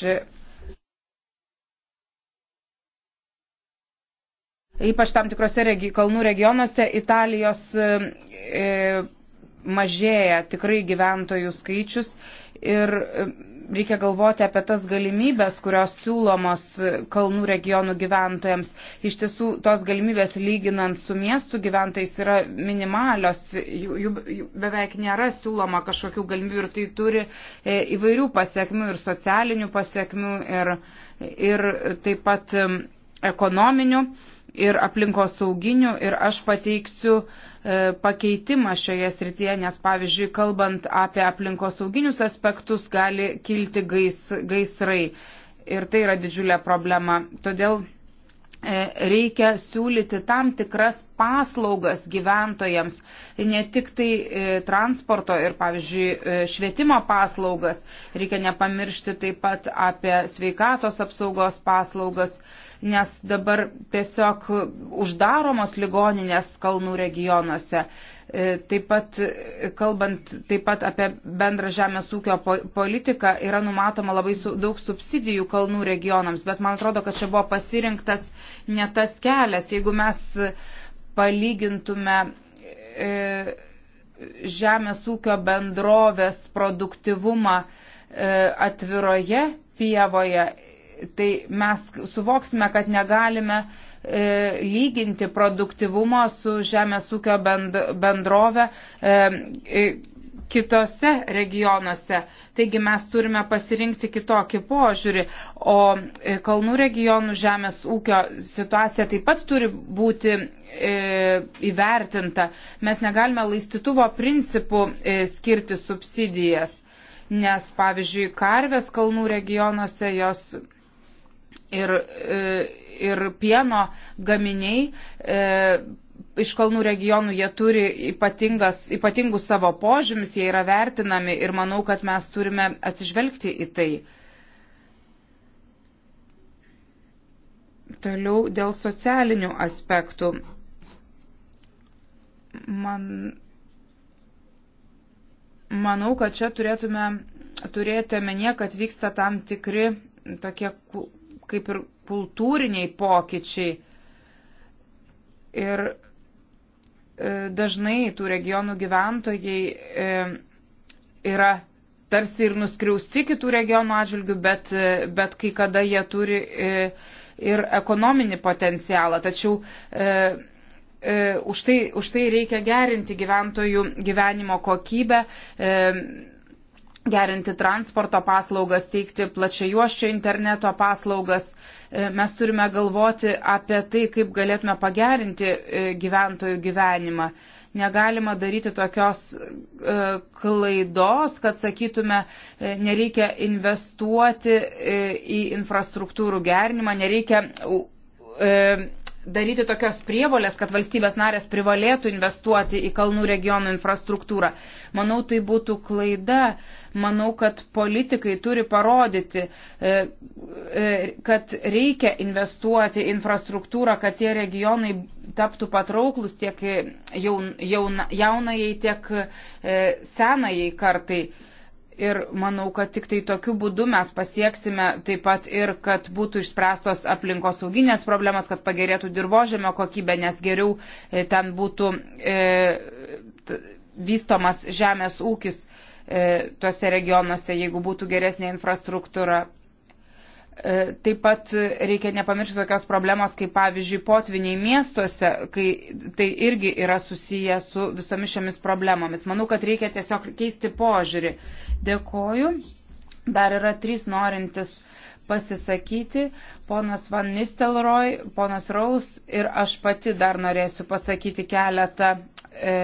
ypač tam tikrose regi, kalnų regionuose Italijos e, e mažėja tikrai gyventojų skaičius ir e, reikia galvoti apie tas galimybės, kurios siūlomos kalnų regionų gyventojams. Iš tiesų, tos galimybės lyginant su miestų gyventojais yra minimalios, jų, jų, jų beveik nėra siūloma kažkokių galimybių ir tai turi e, įvairių pasiekmių ir socialinių pasiekmių ir, ir taip pat ekonominių. E, ir aplinkos sauginių ir aš pateiksiu e, pakeitimą šioje srityje, nes pavyzdžiui, kalbant apie aplinkos sauginius aspektus, gali kilti gais, gaisrai ir tai yra didžiulė problema. Todėl e, reikia siūlyti tam tikras paslaugas gyventojams, ne tik tai e, transporto ir, pavyzdžiui, švietimo paslaugas, reikia nepamiršti taip pat apie sveikatos apsaugos paslaugas nes dabar tiesiog uždaromos ligoninės kalnų regionuose. E, taip pat, kalbant taip pat apie bendrą žemės ūkio politiką, yra numatoma labai daug subsidijų kalnų regionams, bet man atrodo, kad čia buvo pasirinktas ne tas kelias. Jeigu mes palygintume e, žemės ūkio bendrovės produktivumą e, atviroje pievoje tai mes suvoksime, kad negalime e, lyginti produktivumo su žemės ūkio bend, bendrove. E, e, kitose regionuose. Taigi mes turime pasirinkti kitokį požiūrį, o e, kalnų regionų žemės ūkio situacija taip pat turi būti e, įvertinta. Mes negalime laistituvo principų e, skirti subsidijas, nes pavyzdžiui, karvės kalnų regionuose jos ir, e, ir pieno gaminiai. E, iš kalnų regionų jie turi ypatingus savo požymis, jie yra vertinami ir manau, kad mes turime atsižvelgti į tai. Toliau dėl socialinių aspektų. Man, manau, kad čia turėtume turėti omenyje, kad vyksta tam tikri tokie kaip ir kultūriniai pokyčiai. Ir e, dažnai tų regionų gyventojai e, yra tarsi ir nuskriausti kitų regionų atžvilgių, bet, e, bet kai kada jie turi ir ekonominį potencialą. Tačiau už tai, už tai reikia gerinti gyventojų gyvenimo kokybę, gerinti transporto paslaugas, teikti plačiajuoščio interneto paslaugas. E, mes turime galvoti apie tai, kaip galėtume pagerinti e, gyventojų gyvenimą. Negalima daryti tokios e, klaidos, kad sakytume, nereikia investuoti į infrastruktūrų gerinimą, nereikia daryti tokios prievolės, kad valstybės narės privalėtų investuoti į kalnų regionų infrastruktūrą. Manau, tai būtų klaida. Manau, kad politikai turi parodyti, e, e, kad reikia investuoti į infrastruktūrą, kad tie regionai taptų patrauklus tiek jaunajai, tiek e, senajai kartai Ir manau, kad tik tai tokiu būdu mes pasieksime taip pat ir, kad būtų išspręstos aplinkos sauginės problemas, kad pagerėtų dirbožėmio kokybė, nes geriau e, ten būtų e, t, vystomas žemės ūkis e, tuose regionuose, jeigu būtų geresnė infrastruktūra. E, taip pat reikia nepamiršti tokios problemos, kaip pavyzdžiui potviniai miestuose, kai tai irgi yra susiję su visomis šiomis problemomis. Manau, kad reikia tiesiog keisti požiūrį. Dėkoju. Dar yra trys norintis pasisakyti. Ponas Van Nistelrooy, ponas Raus ir aš pati dar norėsiu pasakyti keletą e,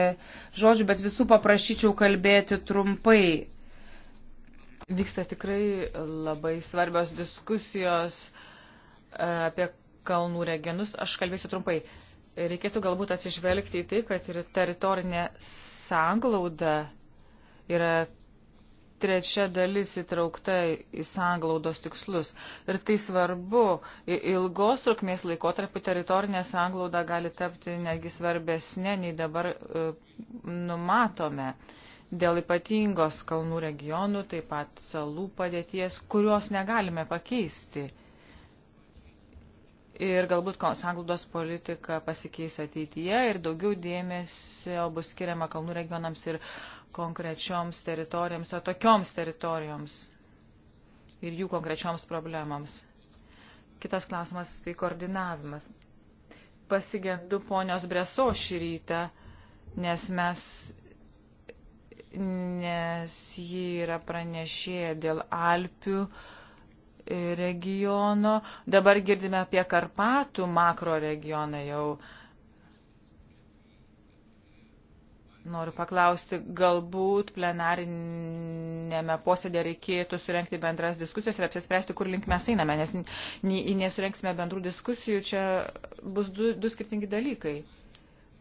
žodžių, bet visų paprašyčiau kalbėti trumpai Vyksta tikrai labai svarbios diskusijos e, apie kalnų regionus. Aš kalbėsiu trumpai. Reikėtų galbūt atsižvelgti į tai, kad ir teritorinė sanglauda yra trečia dalis įtraukta į sanglaudos tikslus. Ir tai svarbu, ilgos trukmės laikotarpį teritorinė sanglauda gali tapti negi svarbesnė, nei dabar e, numatome. Uh, dėl ypatingos kalnų regionų, taip pat salų padėties, kurios negalime pakeisti. Ir galbūt sanglaudos politika pasikeis ateityje ir daugiau dėmesio bus skiriama kalnų regionams ir konkrečioms teritorijoms, o tokioms teritorijoms ir jų konkrečioms problemams. Kitas klausimas tai koordinavimas. Pasigendu ponios Breso šį rytą, nes mes nes ji yra pranešėja dėl Alpių regiono. Dabar girdime apie Karpatų makro regioną jau. Noriu paklausti, galbūt plenarinėme posėdė reikėtų surenkti bendras diskusijas ir apsispręsti, kur link mes einame, nes nesurenksime bendrų diskusijų, čia bus du, du skirtingi dalykai.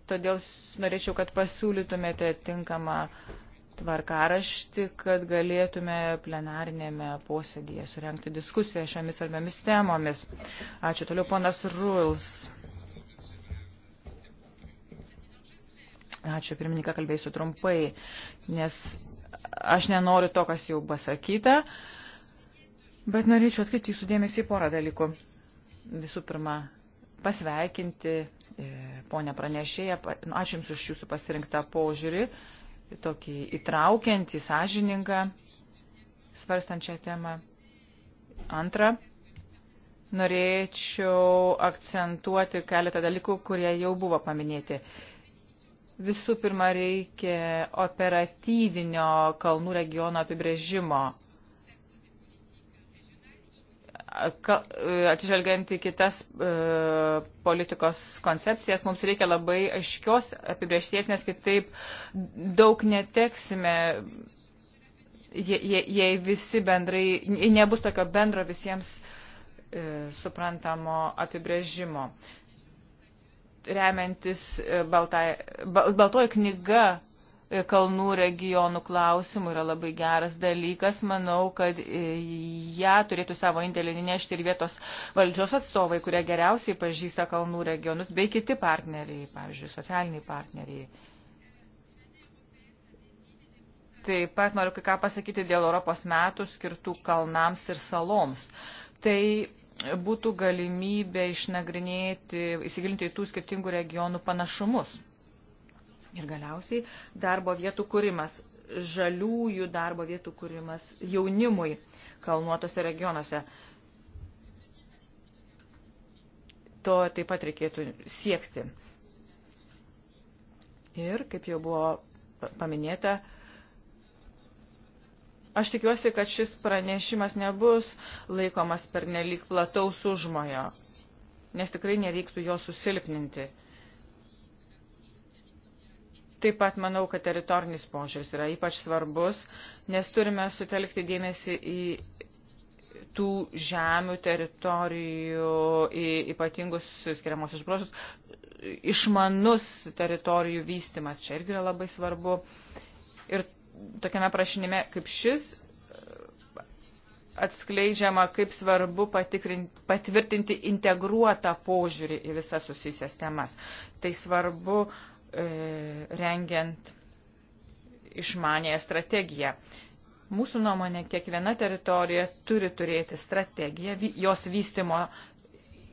Todėl norėčiau, kad pasiūlytumėte tinkamą uh, tvarkaraštį, kad galėtume plenarinėme posėdėje surenkti diskusiją šiomis svarbiamis temomis. Ačiū toliau, ponas Ruls. Ačiū, pirmininką kalbėsiu trumpai, nes aš nenoriu to, kas jau pasakyta, bet norėčiau atkreipti jūsų dėmesį į porą dalykų. Visų pirma, pasveikinti e, ponę pranešėją, nu, ačiū Jums už Jūsų pasirinktą požiūrį tokį įtraukiantį, sąžiningą, svarstančią temą. Antra, norėčiau akcentuoti keletą dalykų, kurie jau buvo paminėti. Visų pirma, reikia operatyvinio kalnų regiono apibrėžimo E, atsižvelgiant į kitas e, politikos koncepcijas, mums reikia labai aiškios apibriešties, nes kitaip daug neteksime, jei, jei visi bendrai, jei nebus tokio bendro visiems e, suprantamo apibrėžimo. Remiantis e, baltai, bal, baltoji knyga kalnų regionų klausimų yra labai geras dalykas. Manau, kad e, ją turėtų savo indėlį nešti ir vietos valdžios atstovai, kurie geriausiai pažįsta kalnų regionus, bei kiti partneriai, pavyzdžiui, socialiniai partneriai. Taip pat noriu kai ką pasakyti dėl Europos metų skirtų kalnams ir saloms. Tai būtų galimybė išnagrinėti, įsigilinti į tų skirtingų regionų panašumus. Ir galiausiai darbo vietų kūrimas, žaliųjų darbo vietų kūrimas jaunimui kalnuotose regionuose. To taip pat reikėtų siekti. Ir, kaip jau buvo paminėta, aš tikiuosi, kad šis pranešimas nebus laikomas per nelik plataus užmojo, nes tikrai nereiktų jo susilpninti Taip pat manau, kad teritorinis požiūris yra ypač svarbus, nes turime sutelkti dėmesį į tų žemių teritorijų, į ypatingus skiriamosius bruožus, išmanus teritorijų vystimas. Čia irgi yra labai svarbu. Ir tokiame prašinime kaip šis atskleidžiama, kaip svarbu patvirtinti integruotą požiūrį į visas susijusias temas. Tai svarbu uh, E, rengiant išmanėją strategiją. Mūsų nuomonė, kiekviena teritorija turi turėti strategiją, jos vystimo,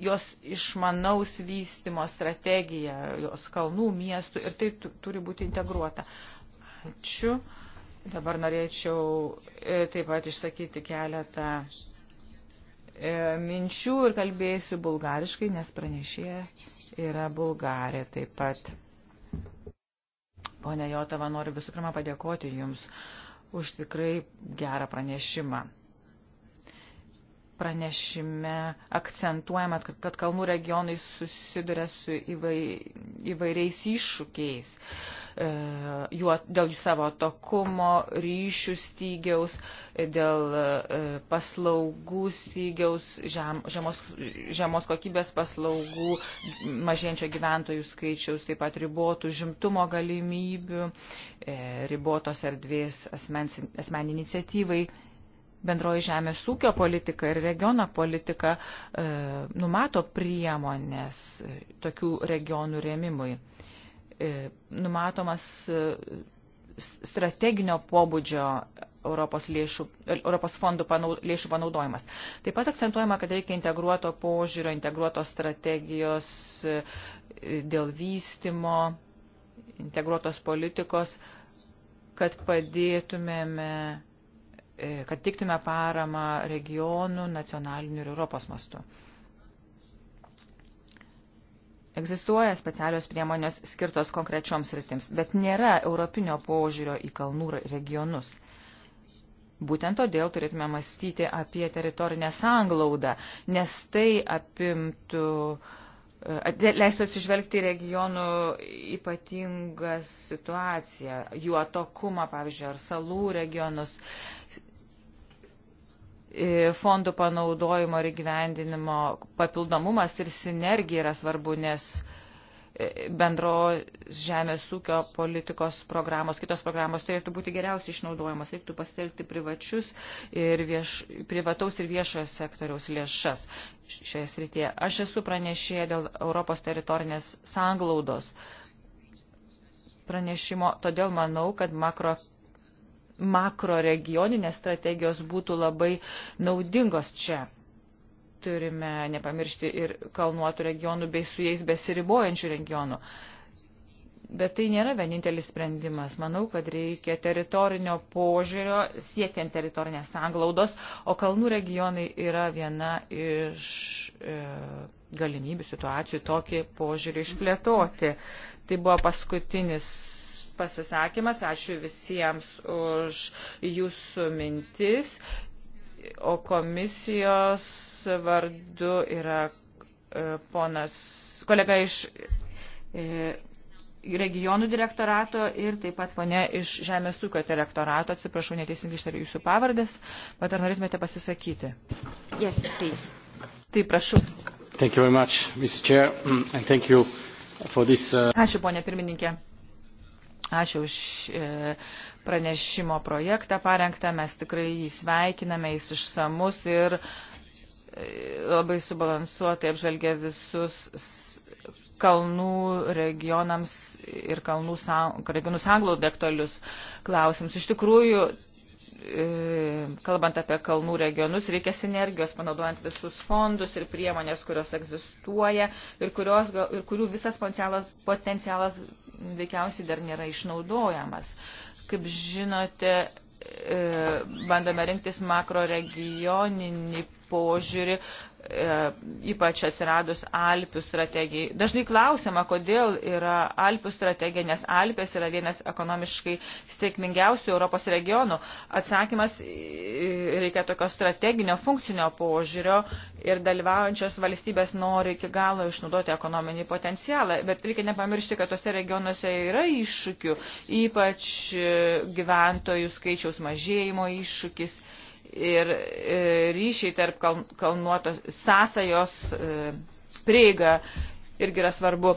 jos išmanaus vystimo strategiją, jos kalnų, miestų ir tai turi būti integruota. Ačiū. Dabar norėčiau e, taip pat išsakyti keletą e, minčių ir kalbėsiu bulgariškai, nes pranešėja yra bulgarė taip pat. Pone Jotava, noriu visų pirma padėkoti Jums už tikrai gerą pranešimą. Pranešime akcentuojama, kad, kad kalnų regionai susiduria su įvai, įvairiais iššūkiais. Uh, E, juo, dėl jų savo tokumo, ryšių stygiaus, dėl e, paslaugų stygiaus, žem, žemos, žemos kokybės paslaugų, mažėjančio gyventojų skaičiaus, taip pat ribotų žimtumo galimybių, e, ribotos erdvės asmens, asmen iniciatyvai bendroji žemės ūkio politika ir regiono politika e, numato priemonės tokių regionų rėmimui. E, numatomas e, strateginio pobūdžio Europos, lėšų, e, Europos fondų panau, lėšų panaudojimas. Taip pat akcentuojama, kad reikia integruoto požiūrio, integruotos strategijos dėl vystimo, integruotos politikos, kad padėtumėme, kad tiktume paramą regionų, nacionalinių ir Europos mastu. Egzistuoja specialios priemonės skirtos konkrečioms rytims, bet nėra europinio požiūrio į kalnų regionus. Būtent todėl turėtume mąstyti apie teritorinę sanglaudą, nes tai apimtų, e, leistų atsižvelgti regionų ypatingą situaciją, jų atokumą, pavyzdžiui, ar salų regionus, fondų panaudojimo ir gyvendinimo papildomumas ir sinergija yra svarbu, nes e, bendro žemės ūkio politikos programos, kitos programos turėtų būti geriausiai išnaudojamos, reiktų pasitelkti privačius ir vieš, privataus ir viešojo sektoriaus lėšas šioje srityje. Aš esu pranešėję dėl Europos teritorinės sanglaudos pranešimo, todėl manau, kad makro makro regioninės strategijos būtų labai naudingos čia. Turime nepamiršti ir kalnuotų regionų bei su jais besiribojančių regionų. Bet tai nėra vienintelis sprendimas. Manau, kad reikia teritorinio požiūrio siekiant teritorinės sanglaudos, o kalnų regionai yra viena iš e, galimybių situacijų tokį požiūrį išplėtoti. Tai buvo paskutinis pasisakymas. Ačiū visiems už jūsų mintis. O komisijos vardu yra e, ponas kolega iš e, regionų direktorato ir taip pat ponė iš Žemės ūkio direktorato. Atsiprašau, neteisingai ištariu jūsų pavardės, bet ar norėtumėte pasisakyti? Yes, please. Taip, prašau. Thank you very much, Mr. Chair, and thank you for this. Uh... Ačiū, ponė pirmininkė. Ačiū už e, pranešimo projektą parengtą, mes tikrai jį sveikiname, jis išsamus ir e, labai subalansuotai apžvelgia visus kalnų regionams ir kalnų regionų sąnglaudų aktualius klausimus. Iš tikrųjų, e, kalbant apie kalnų regionus, reikia sinergijos, panaudojant visus fondus ir priemonės, kurios egzistuoja ir, kurios, ir kurių visas potencialas, potencialas veikiausiai dar nėra išnaudojamas. Kaip žinote, e, bandome rinktis makro regioninį požiūrį, E, ypač atsiradus Alpių strategijai. Dažnai klausima, kodėl yra Alpių strategija, nes Alpės yra vienas ekonomiškai sėkmingiausių Europos regionų. Atsakymas e, reikia tokio strateginio, funkcinio požiūrio ir dalyvaujančios valstybės nori iki galo išnaudoti ekonominį potencialą. Bet reikia nepamiršti, kad tose regionuose yra iššūkių, ypač e, gyventojų skaičiaus mažėjimo iššūkis ir e, ryšiai tarp kalnuotos sąsajos e, prieiga irgi yra svarbu.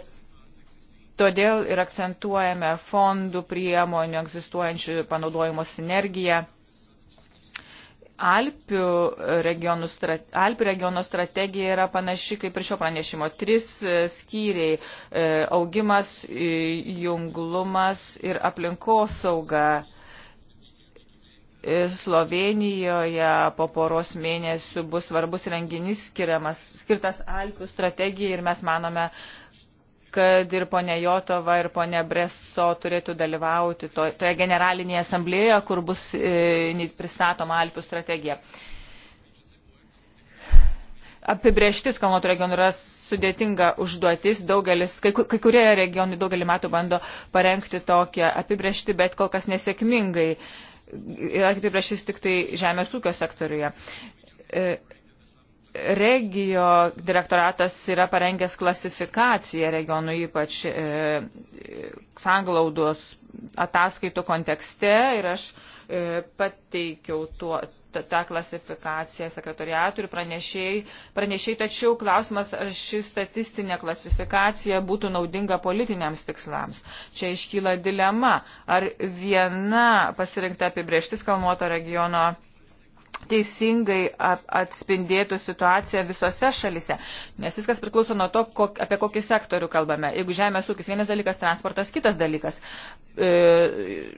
Todėl ir akcentuojame fondų priemonių egzistuojančių panaudojimo sinergiją. Alpių, regionų, Alpių regiono strategija yra panaši kaip ir šio pranešimo. Tris e, skyriai - augimas, junglumas ir aplinkosauga. sauga Slovenijoje po poros mėnesių bus svarbus renginys skiriamas, skirtas Alpių strategijai ir mes manome, kad ir ponė Jotova, ir ponė Breso turėtų dalyvauti to, toje generalinėje asamblėje, kur bus e, pristatoma Alpių strategija. Apibrieštis Kalnotų regionų yra sudėtinga užduotis, daugelis, kai, kai kurie regionai daugelį metų bando parengti tokią apibriešti, bet kol kas nesėkmingai yra apibriešis tik tai žemės ūkio sektoriuje. E, regio direktoratas yra parengęs klasifikaciją regionų, ypač e, sanglaudos ataskaitų kontekste ir aš e, pateikiau tuo, tą klasifikaciją sekretoriatų ir pranešėjai, pranešėjai, tačiau klausimas, ar ši statistinė klasifikacija būtų naudinga politiniams tikslams. Čia iškyla dilema, ar viena pasirinkta apibrieštis kalnuoto regiono teisingai atspindėtų situaciją visose šalise, nes viskas priklauso nuo to, kok, apie kokį sektorių kalbame. Jeigu žemės ūkis vienas dalykas, transportas kitas dalykas. E,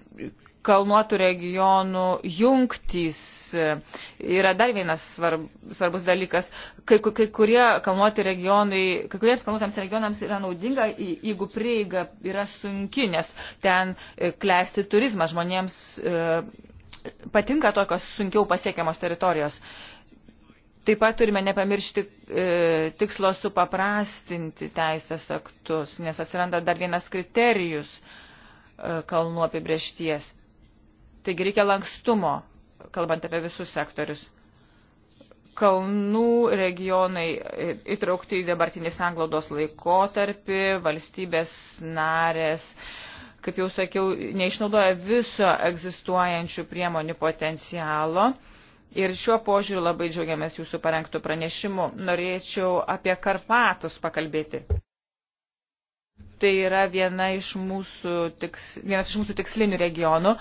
kalnuotų regionų jungtys yra dar vienas svarb, svarbus dalykas. Kai, kai kurie kalnuoti regionai, kai kuriems kalnuotams regionams yra naudinga, jeigu prieiga yra sunki, nes ten e, klesti turizmas, žmonėms e, patinka tokios sunkiau pasiekiamos teritorijos. Taip pat turime nepamiršti e, tikslo supaprastinti teisės aktus, nes atsiranda dar vienas kriterijus e, kalnų apibriešties Taigi reikia lankstumo, kalbant apie visus sektorius. Kalnų regionai įtraukti į dabartinį sanglaudos laikotarpį, valstybės narės, kaip jau sakiau, neišnaudoja viso egzistuojančių priemonių potencialo. Ir šiuo požiūriu labai džiaugiamės jūsų parengtų pranešimų. Norėčiau apie Karpatus pakalbėti tai yra viena iš mūsų tiks, vienas iš mūsų tikslinių regionų.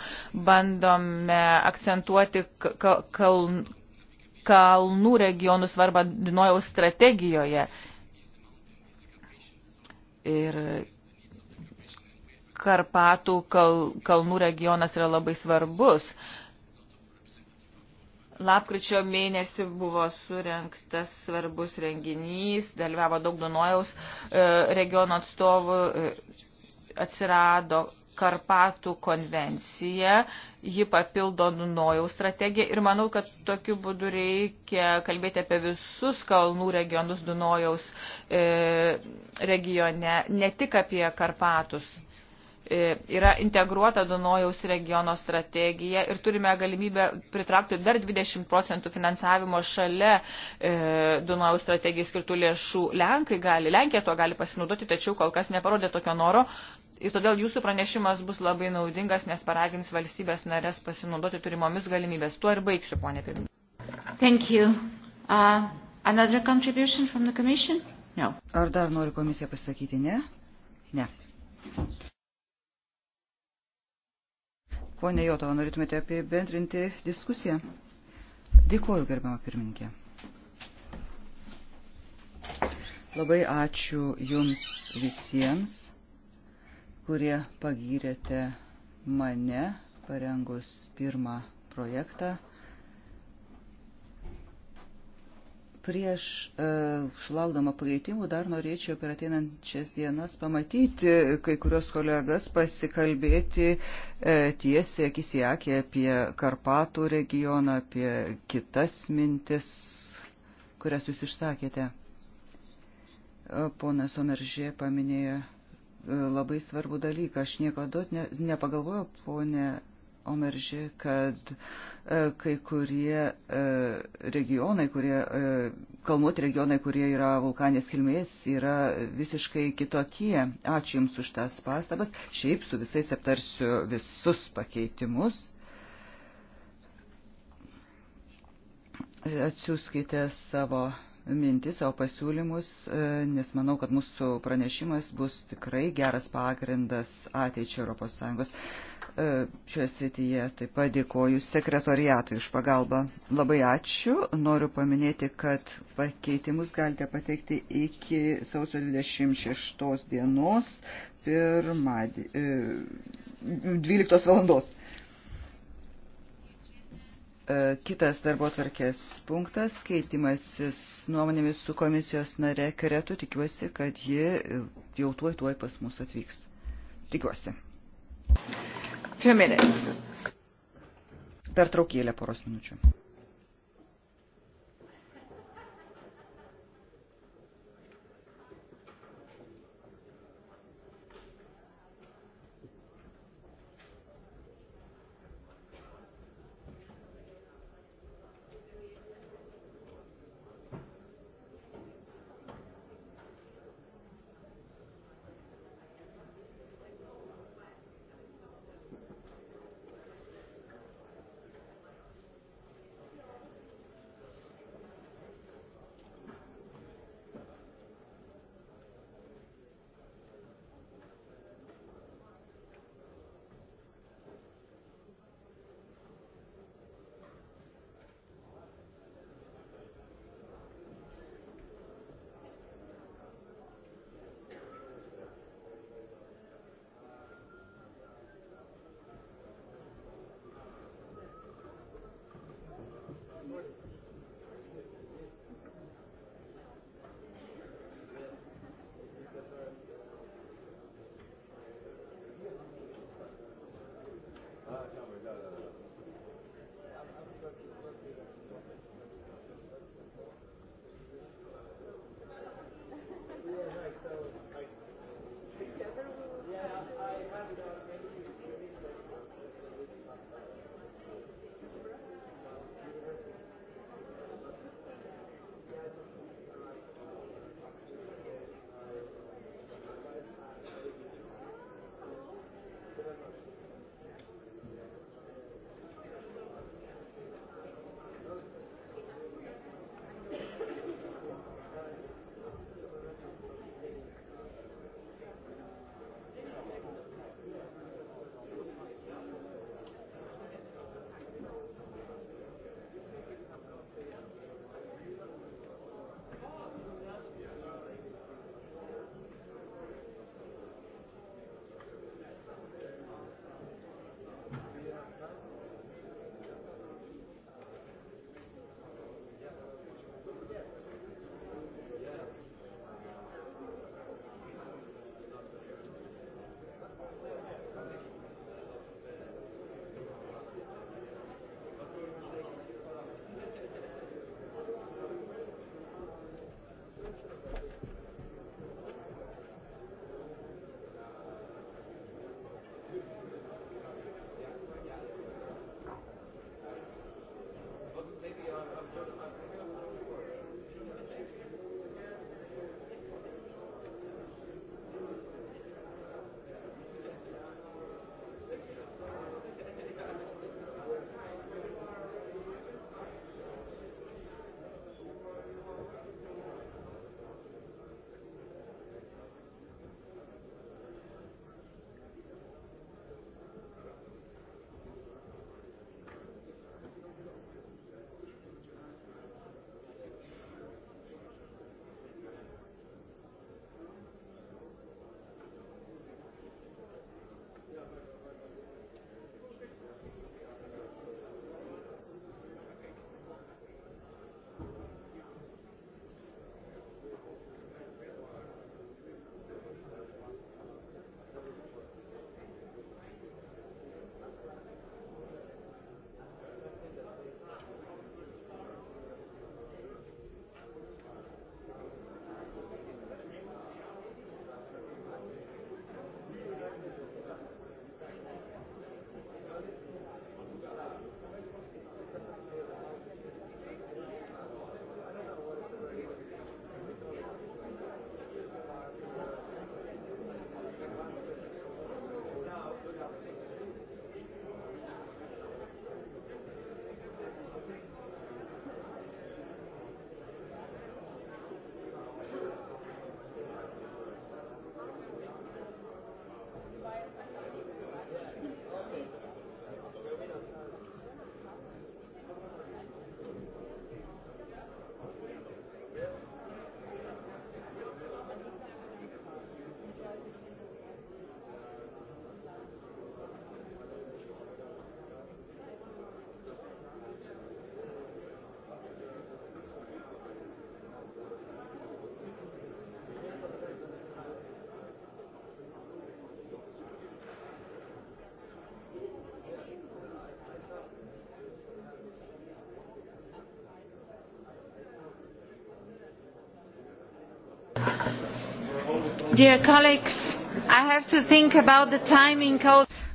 Bandome akcentuoti kaln, kalnų regionų svarbą Dunojaus strategijoje. Ir Karpatų kal, kalnų regionas yra labai svarbus. Uh, Lapkričio mėnesį buvo surinktas svarbus renginys, dalyvavo daug Dunojaus e, regiono atstovų, e, atsirado Karpatų konvencija, ji papildo Dunojaus strategiją ir manau, kad tokiu būdu reikia kalbėti apie visus kalnų regionus Dunojaus e, regione, ne tik apie Karpatus. E, yra integruota Dunojaus regiono strategija ir turime galimybę pritraukti dar 20 procentų finansavimo šalia e, Dunojaus strategijai skirtų lėšų. Lenkai gali, Lenkija tuo gali pasinaudoti, tačiau kol kas neparodė tokio noro. Ir todėl jūsų pranešimas bus labai naudingas, nes paragins valstybės narės pasinaudoti turimomis galimybės. Tuo ir baigsiu, ponė pirmininkė. Thank you. Uh, another contribution from the commission? No. Ar dar nori komisija pasakyti? Ne? Ne. Pone Jotova, norėtumėte apibendrinti diskusiją? Dėkuoju, gerbiamą pirmininkę. Labai ačiū Jums visiems, kurie pagyrėte mane parengus pirmą projektą. Prieš e, sulaukdama pakeitimų dar norėčiau per ateinančias dienas pamatyti kai kurios kolegas pasikalbėti e, tiesiai akis į akį apie Karpatų regioną, apie kitas mintis, kurias jūs išsakėte. E, ponas Omeržė paminėjo labai svarbų dalyką. Aš nieko duot ne, nepagalvojau, ponė Omeržė, kad e, kai kurie e, regionai, kurie, e, kalnuoti regionai, kurie yra vulkanės kilmės, yra visiškai kitokie. Ačiū Jums už tas pastabas. Šiaip su visais aptarsiu visus pakeitimus. Atsiųskite savo mintis, savo pasiūlymus, nes manau, kad mūsų pranešimas bus tikrai geras pagrindas ateičiai ES. E, šioje srityje. Taip pat dėkoju sekretoriatui už pagalbą. Labai ačiū. Noriu paminėti, kad pakeitimus galite pateikti iki sausio 26 dienos pirmadį, 12 e, valandos. E, kitas darbo tvarkės punktas - keitimasis nuomonėmis su komisijos nare Keretu. Tikiuosi, kad ji jau tuoj tuoj pas mus atvyks. Tikiuosi. Pertraukėlė poros minučių.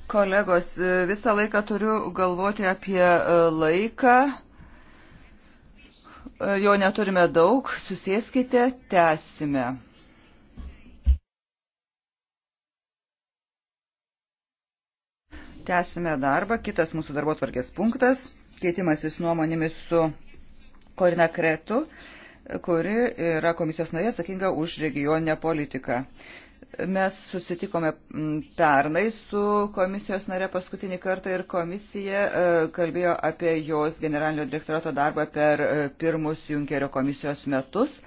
Kolegos, e, visą laiką turiu galvoti apie e, laiką. E, jo neturime daug. Susėskite, tęsime. Tęsime darbą. Kitas mūsų darbo tvarkės punktas. Keitimasis nuomonėmis su Korina Kretu kuri yra komisijos narė atsakinga už regioninę politiką. Mes susitikome pernai su komisijos nare paskutinį kartą ir komisija e, kalbėjo apie jos generalinio direktorato darbą per e, pirmus Junkerio komisijos metus.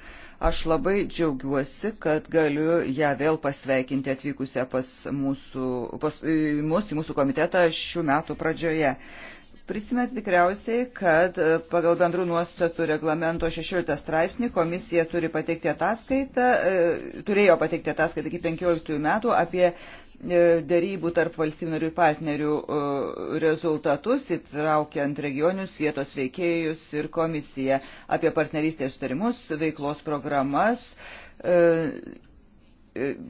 Aš labai džiaugiuosi, kad galiu ją vėl pasveikinti atvykusią pas mūsų, pas, mus, į mūsų komitetą šių metų pradžioje. Prisimės tikriausiai, kad e, pagal bendrų nuostatų reglamento 16 straipsnį komisija turi pateikti ataskaitą, e, turėjo pateikti ataskaitą iki 15 metų apie e, dėrybų tarp valstybinarių ir partnerių rezultatus, įtraukiant regionius, vietos veikėjus ir komisiją apie partnerystės sutarimus, veiklos programas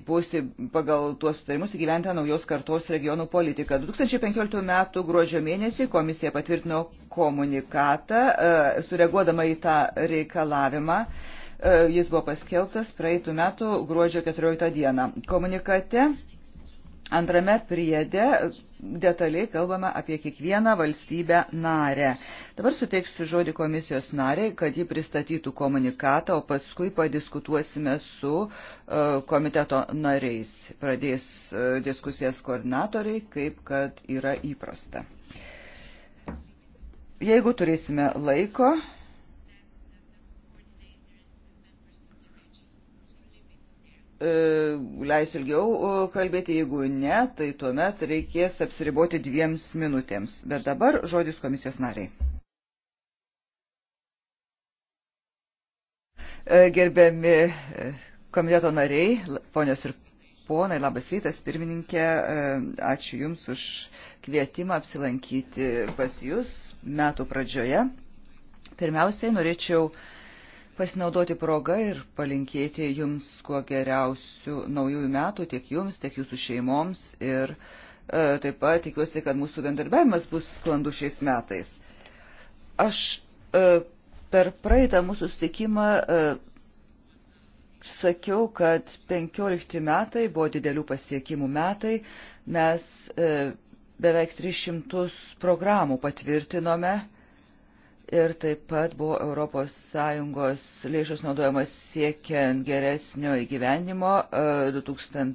bus pagal tuos sutarimus įgyventa naujos kartos regionų politika. 2015 m. gruodžio mėnesį komisija patvirtino komunikatą, e, sureaguodama į tą reikalavimą. E, jis buvo paskelbtas praeitų metų gruodžio 14 dieną. Komunikate antrame priede detaliai kalbame apie kiekvieną valstybę narę. Dabar suteiksiu žodį komisijos nariai, kad ji pristatytų komunikatą, o paskui padiskutuosime su e, komiteto nariais. Pradės e, diskusijas koordinatoriai, kaip kad yra įprasta. Jeigu turėsime laiko, e, leisiu ilgiau kalbėti, jeigu ne, tai tuomet reikės apsiriboti dviems minutėms. Bet dabar žodis komisijos nariai. E, gerbiami e, komiteto nariai, ponios ir ponai, labas rytas, pirmininkė, e, ačiū Jums už kvietimą apsilankyti pas Jūs metų pradžioje. Pirmiausiai norėčiau pasinaudoti progą ir palinkėti Jums kuo geriausių naujųjų metų tiek Jums, tiek Jūsų šeimoms ir e, taip pat tikiuosi, kad mūsų bendarbiavimas bus sklandu šiais metais. Aš e, Per praeitą mūsų susitikimą e, sakiau, kad 15 metai buvo didelių pasiekimų metai. Mes e, beveik 300 programų patvirtinome ir taip pat buvo ES lėšos naudojamas siekiant geresnio įgyvenimo 2000.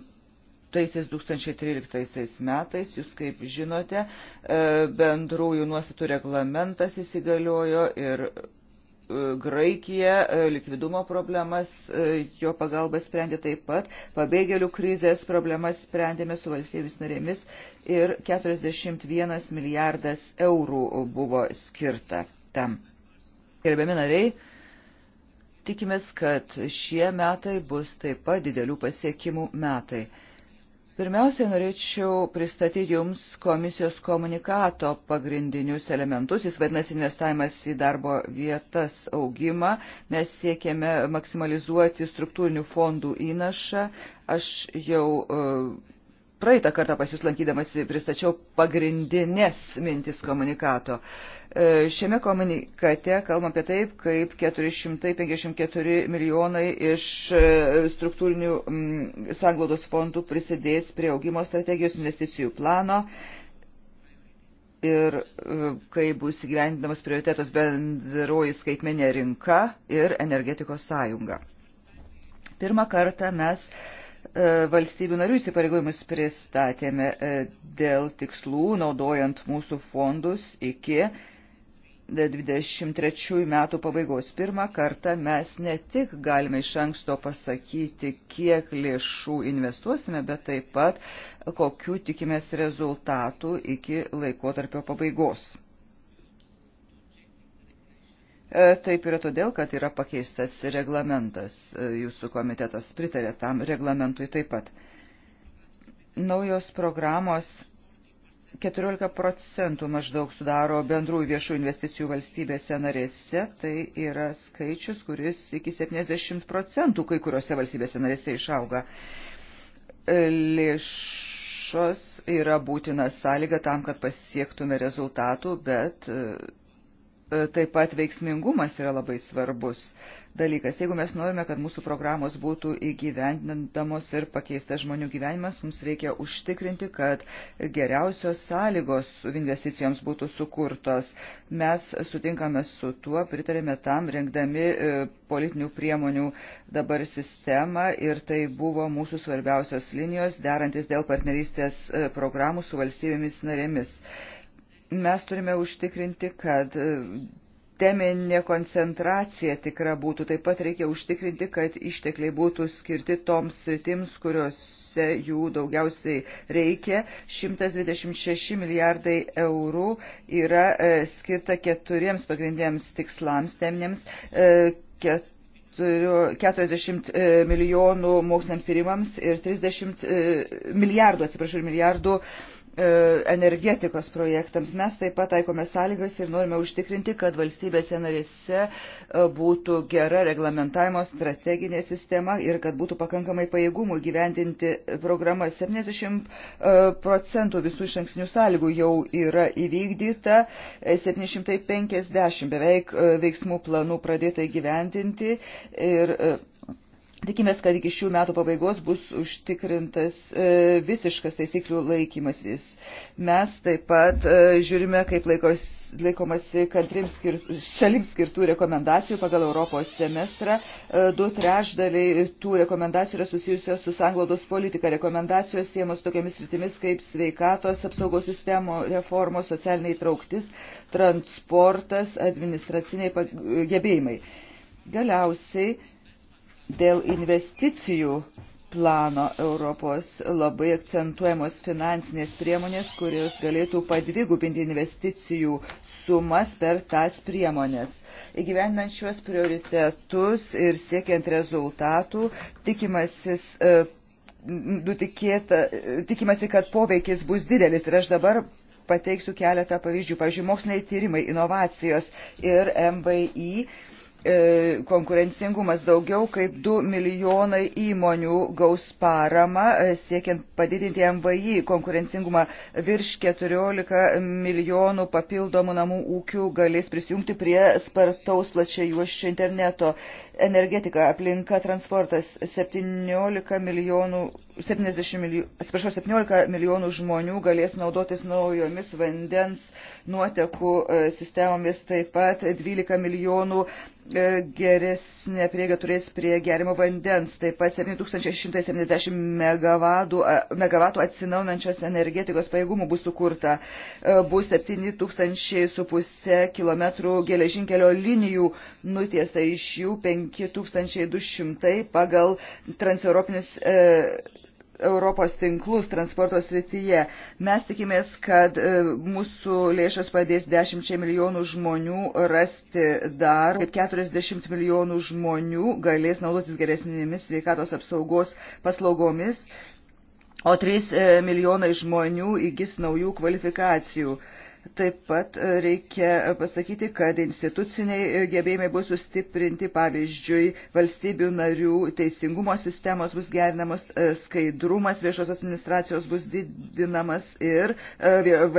2013 metais, jūs kaip žinote, e, bendrųjų nuostatų reglamentas įsigaliojo ir Graikiją, e, likvidumo problemas, e, jo pagalbą sprendė taip pat, pabėgėlių krizės problemas sprendėme su valstybės narėmis ir 41 milijardas eurų buvo skirta tam. Gerbiami nariai, tikimės, kad šie metai bus taip pat didelių pasiekimų metai. Pirmiausiai norėčiau pristatyti Jums komisijos komunikato pagrindinius elementus. Jis vadinasi investavimas į darbo vietas augimą. Mes siekiame maksimalizuoti struktūrinių fondų įnašą. Aš jau uh, praeitą kartą pas jūs lankydamasi pristačiau pagrindinės mintis komunikato. E, šiame komunikate kalbam apie taip, kaip 454 milijonai iš e, struktūrinių mm, sanglaudos fondų prisidės prie augimo strategijos investicijų plano ir e, kai bus įgyvendinamas prioritetos bendroji skaitmenė rinka ir energetikos sąjunga. Pirmą kartą mes uh, E, valstybių narių įsipareigojimus pristatėme e, dėl tikslų, naudojant mūsų fondus iki 23 metų pabaigos. Pirmą kartą mes ne tik galime iš anksto pasakyti, kiek lėšų investuosime, bet taip pat kokiu tikimės rezultatų iki laikotarpio pabaigos. E, taip yra todėl, kad yra pakeistas reglamentas. E, jūsų komitetas pritarė tam reglamentui taip pat. Naujos programos 14 procentų maždaug sudaro bendrųjų viešų investicijų valstybėse narėse. Tai yra skaičius, kuris iki 70 procentų kai kuriuose valstybėse narėse išauga. E, lėšos yra būtina sąlyga tam, kad pasiektume rezultatų, bet E, taip pat veiksmingumas yra labai svarbus dalykas. Jeigu mes norime, kad mūsų programos būtų įgyvendinamos ir pakeistas žmonių gyvenimas, mums reikia užtikrinti, kad geriausios sąlygos investicijoms būtų sukurtos. Mes sutinkame su tuo, pritarėme tam, rengdami e, politinių priemonių dabar sistemą ir tai buvo mūsų svarbiausios linijos, derantis dėl partnerystės e, programų su valstybėmis narėmis mes turime užtikrinti, kad e, teminė koncentracija tikra būtų. Taip pat reikia užtikrinti, kad ištekliai būtų skirti toms sritims, kuriuose jų daugiausiai reikia. 126 milijardai eurų yra e, skirta keturiems pagrindiniams tikslams teminėms. E, ket 40 e, milijonų moksliniams tyrimams ir 30 e, milijardų, atsiprašau, milijardų e, E, energetikos projektams. Mes taip pat taikome sąlygas ir norime užtikrinti, kad valstybėse narėse e, būtų gera reglamentavimo strateginė sistema ir kad būtų pakankamai pajėgumų gyvendinti programas. 70 e, procentų visų iš anksnių sąlygų jau yra įvykdyta, 750 beveik veiksmų planų pradėta įgyvendinti ir Tikimės, kad iki šių metų pabaigos bus užtikrintas e, visiškas taisyklių laikymasis. Mes taip pat e, žiūrime, kaip laikos, laikomasi skirtų, šalims skirtų rekomendacijų pagal Europos semestrą. E, du trešdaliai tų rekomendacijų yra susijusios su sanglaudos politika. Rekomendacijos siemos tokiamis rytimis kaip sveikatos apsaugos sistemo reformos, socialiniai trauktis, transportas, administraciniai gebėjimai. Galiausiai Dėl investicijų plano Europos labai akcentuojamos finansinės priemonės, kurios galėtų padvigubinti investicijų sumas per tas priemonės. Įgyvendant šiuos prioritetus ir siekiant rezultatų, tikimasis. E, Tikėta, tikimasi, kad poveikis bus didelis ir aš dabar pateiksiu keletą pavyzdžių. Pavyzdžiui, moksliniai tyrimai, inovacijos ir MVI E, konkurencingumas. Daugiau kaip 2 milijonai įmonių gaus paramą, e, siekiant padidinti MVI konkurencingumą. Virš 14 milijonų papildomų namų ūkių galės prisijungti prie spartaus plačiai juoščio interneto. Energetika, aplinka, transportas 17 milijonų. 70 milijonų, atsiprašau, 17 milijonų žmonių galės naudotis naujomis vandens nuotekų e, sistemomis, taip pat 12 milijonų E, geresnė prieiga turės prie gerimo vandens, taip pat 7670 MW e, atsinaunančios energetikos pajėgumų bus sukurta, e, bus 7500 km geležinkelio linijų nutiesta, iš jų 5200 pagal transeuropinius e, Europos tinklus transporto srityje. Mes tikimės, kad e, mūsų lėšos padės 10 milijonų žmonių rasti dar, kaip 40 milijonų žmonių galės naudotis geresnėmis sveikatos apsaugos paslaugomis, o 3 e, milijonai žmonių įgis naujų kvalifikacijų. Taip pat e, reikia pasakyti, kad instituciniai e, gebėjimai bus sustiprinti, pavyzdžiui, valstybių narių teisingumo sistemos bus gerinamos, e, skaidrumas viešos administracijos bus didinamas ir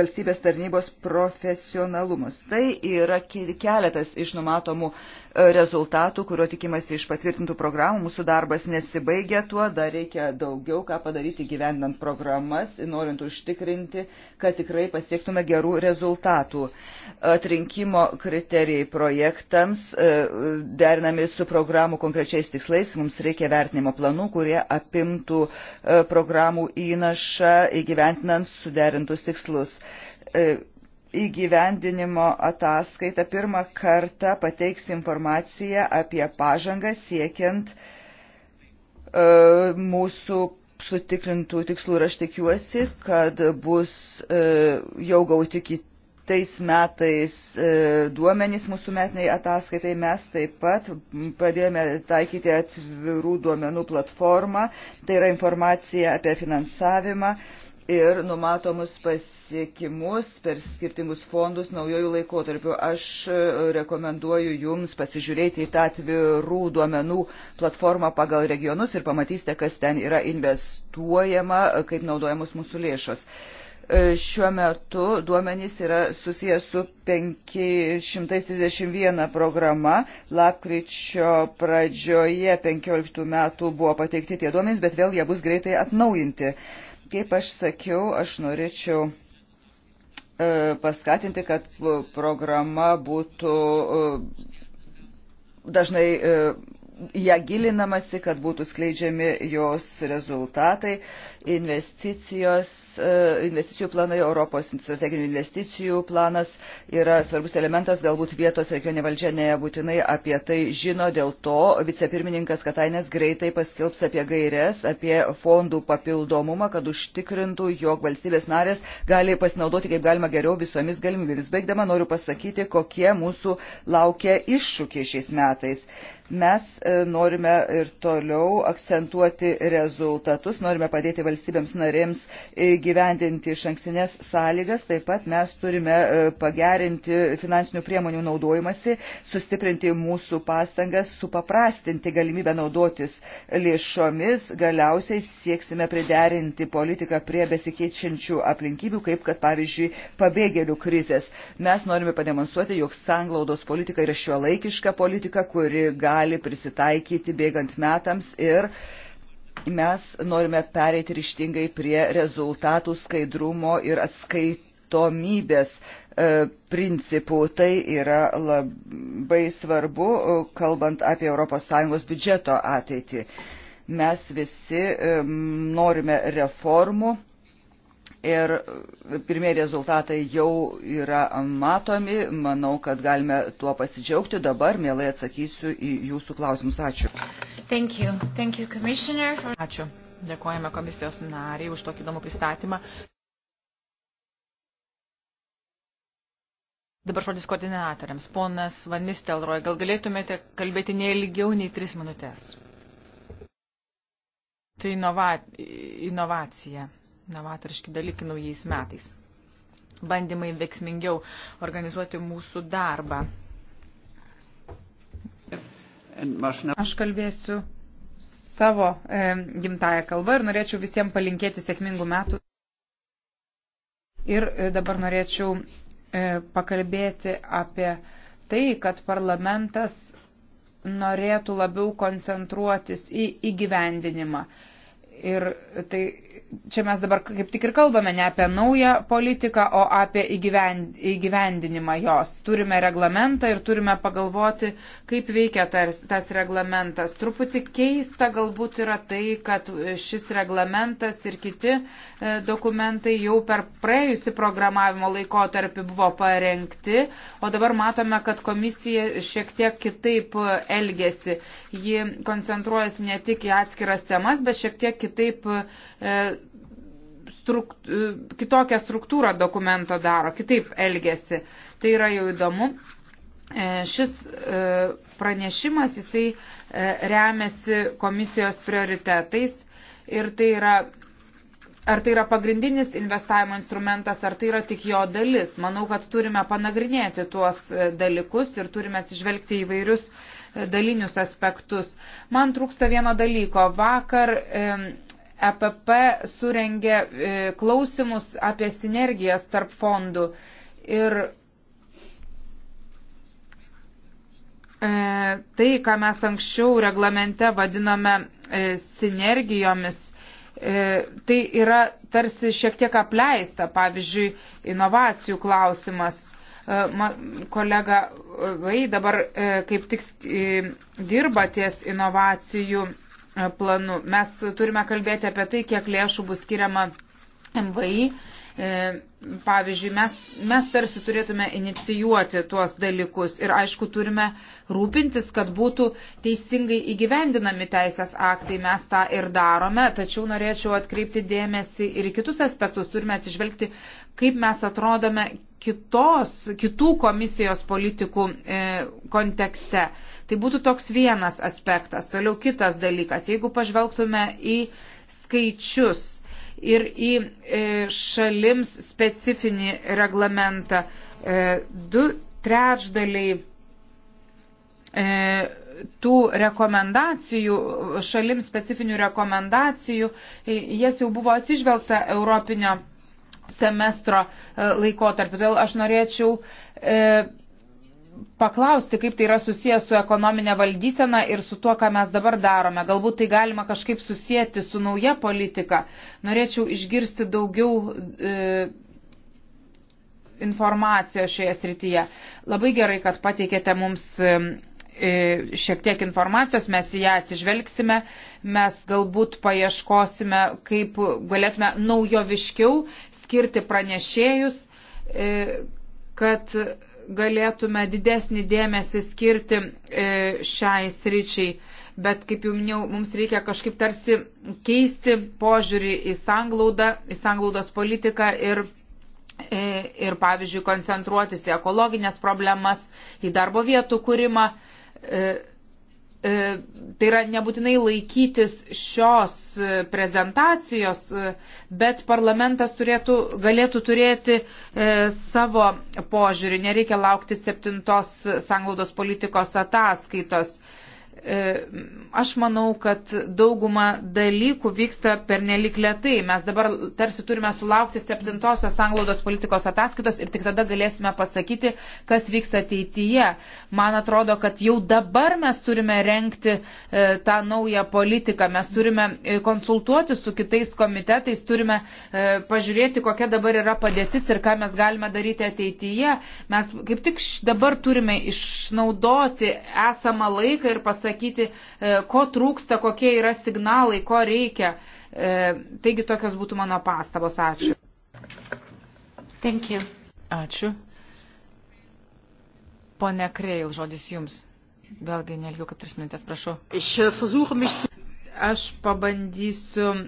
valstybės tarnybos profesionalumas. Tai yra keletas iš numatomų rezultatų, kurio tikimasi iš patvirtintų programų. Mūsų darbas nesibaigia tuo, dar reikia daugiau ką padaryti gyvendant programas, norint užtikrinti, kad tikrai pasiektume gerų rezultatų. Atrinkimo kriterijai projektams e, derinami su programų konkrečiais tikslais. Mums reikia vertinimo planų, kurie apimtų e, programų įnašą įgyventinant suderintus tikslus e, įgyvendinimo ataskaita pirmą kartą pateiks informaciją apie pažangą siekiant e, mūsų sutikrintų tikslų ir aš tikiuosi, kad bus e, jau gauti kitais metais e, duomenys mūsų metiniai ataskaitai. Mes taip pat pradėjome taikyti atvirų duomenų platformą, tai yra informacija apie finansavimą. E, ir numatomus pasiekimus per skirtingus fondus naujojų laikotarpių. Aš e, rekomenduoju Jums pasižiūrėti į tą atvirų duomenų platformą pagal regionus ir pamatysite, kas ten yra investuojama, e, kaip naudojamos mūsų lėšos. E, šiuo metu duomenys yra susijęs su 531 programa. Lapkričio pradžioje 15 metų buvo pateikti tie duomenys, bet vėl jie bus greitai atnaujinti. Kaip aš sakiau, aš norėčiau e, paskatinti, kad programa būtų e, dažnai e, ją gilinamasi, kad būtų skleidžiami jos rezultatai, investicijos, e, investicijų planai, Europos strateginių investicijų planas yra svarbus elementas, galbūt vietos regionė valdžia nebūtinai apie tai žino, dėl to vicepirmininkas Katainės greitai paskelbs apie gairias, apie fondų papildomumą, kad užtikrintų, jog valstybės narės gali pasinaudoti kaip galima geriau visomis galimybėmis. Baigdama noriu pasakyti, kokie mūsų laukia iššūkiai šiais metais. Mes e, norime ir toliau akcentuoti rezultatus, norime padėti valstybėms narėms gyvendinti iš ankstinės sąlygas, taip pat mes turime e, pagerinti finansinių priemonių naudojimasi, sustiprinti mūsų pastangas, supaprastinti galimybę naudotis lėšomis, galiausiai sieksime priderinti politiką prie besikeičiančių aplinkybių, kaip kad pavyzdžiui pabėgėlių krizės. Mes norime pademonstruoti, jog sanglaudos politika yra šiuolaikiška politika, kuri gali gali prisitaikyti bėgant metams ir mes norime pereiti ryštingai prie rezultatų skaidrumo ir atskaitomybės e, principų. Tai yra labai svarbu, e, kalbant apie ES biudžeto ateitį. Mes visi e, norime reformų Ir pirmieji rezultatai jau yra matomi. Manau, kad galime tuo pasidžiaugti. Dabar mielai atsakysiu į jūsų klausimus. Ačiū. Thank you. Thank you, for... Ačiū. Dėkojame komisijos nariai už tokį įdomų pristatymą. Dabar žodis koordinatoriams. Ponas Vanistelroj, gal galėtumėte kalbėti ne ilgiau nei tris minutės? Tai inova, inovacija novatoriški dalykai naujais metais. Bandymai veiksmingiau organizuoti mūsų darbą. Aš kalbėsiu savo e, gimtają kalbą ir norėčiau visiems palinkėti sėkmingų metų. Ir e, dabar norėčiau e, pakalbėti apie tai, kad parlamentas norėtų labiau koncentruotis į įgyvendinimą. Ir tai čia mes dabar kaip tik ir kalbame ne apie naują politiką, o apie įgyvendinimą jos. Turime reglamentą ir turime pagalvoti, kaip veikia tas, tas reglamentas. Truputį keista galbūt yra tai, kad šis reglamentas ir kiti e, dokumentai jau per praėjusi programavimo laikotarpį buvo parengti, o dabar matome, kad komisija šiek tiek kitaip e, elgesi. Ji koncentruojasi ne tik į atskiras temas, bet šiek tiek kitaip e, struk, e, kitokią struktūrą dokumento daro, kitaip elgesi. Tai yra jau įdomu. E, šis e, pranešimas, jisai remiasi komisijos prioritetais ir tai yra ar tai yra pagrindinis investavimo instrumentas, ar tai yra tik jo dalis. Manau, kad turime panagrinėti tuos dalykus ir turime atsižvelgti įvairius dalinius aspektus. Man trūksta vieno dalyko. Vakar e, EPP surengė e, klausimus apie sinergijas tarp fondų. Ir e, tai, ką mes anksčiau reglamente vadinome e, sinergijomis, tai yra tarsi šiek tiek apleista, pavyzdžiui, inovacijų klausimas kolega Vai dabar kaip tik dirba ties inovacijų E, planu. Mes turime kalbėti apie tai, kiek lėšų bus skiriama MVI. E, pavyzdžiui, mes, mes tarsi turėtume inicijuoti tuos dalykus ir aišku turime rūpintis, kad būtų teisingai įgyvendinami teisės aktai, mes tą ir darome, tačiau norėčiau atkreipti dėmesį ir į kitus aspektus, turime atsižvelgti, kaip mes atrodome kitos, kitų komisijos politikų e, kontekste. Tai būtų toks vienas aspektas. Toliau kitas dalykas, jeigu pažvelgtume į skaičius ir į e, šalims specifinį reglamentą, e, du trečdaliai e, tų rekomendacijų, šalims specifinių rekomendacijų, jas jau buvo atsižvelgta Europinio semestro laikotarpiu. Todėl aš norėčiau paklausti, kaip tai yra susijęs su ekonominė valdysena ir su tuo, ką mes dabar darome. Galbūt tai galima kažkaip susijęti su nauja politika. Norėčiau išgirsti daugiau e, informacijos šioje srityje. Labai gerai, kad pateikėte mums. E, e šiek tiek informacijos, mes į ją atsižvelgsime, mes galbūt paieškosime, kaip galėtume naujoviškiau skirti pranešėjus, e, kad galėtume didesnį dėmesį skirti e, šiai sričiai. Bet, kaip jau minėjau, mums reikia kažkaip tarsi keisti požiūrį į sanglaudą, į sanglaudos politiką ir, e, ir pavyzdžiui, koncentruotis į ekologinės problemas, į darbo vietų kūrimą. E, E, tai yra nebūtinai laikytis šios e, prezentacijos, e, bet parlamentas turėtų, galėtų turėti savo požiūrį, nereikia laukti septintos sanglaudos politikos ataskaitos. E, aš manau, kad dauguma dalykų vyksta per nelik lietai. Mes dabar tarsi turime sulaukti septintosios sanglaudos politikos ataskaitos ir tik tada galėsime pasakyti, kas vyksta ateityje. Man atrodo, kad jau dabar mes turime renkti e, tą naują politiką, mes turime e, konsultuoti su kitais komitetais, turime pažiūrėti, kokia dabar yra padėtis ir ką mes galime daryti ateityje. Mes kaip tik dabar turime išnaudoti esamą laiką ir pasakyti, pasakyti, e, ko trūksta, kokie yra signalai, ko reikia. E, taigi tokios būtų mano pastabos. Ačiū. Thank you. Ačiū. Pone Kreil, žodis jums. Vėlgi, nelgiau kaip tris minutės, prašau. Äh, aš pabandysiu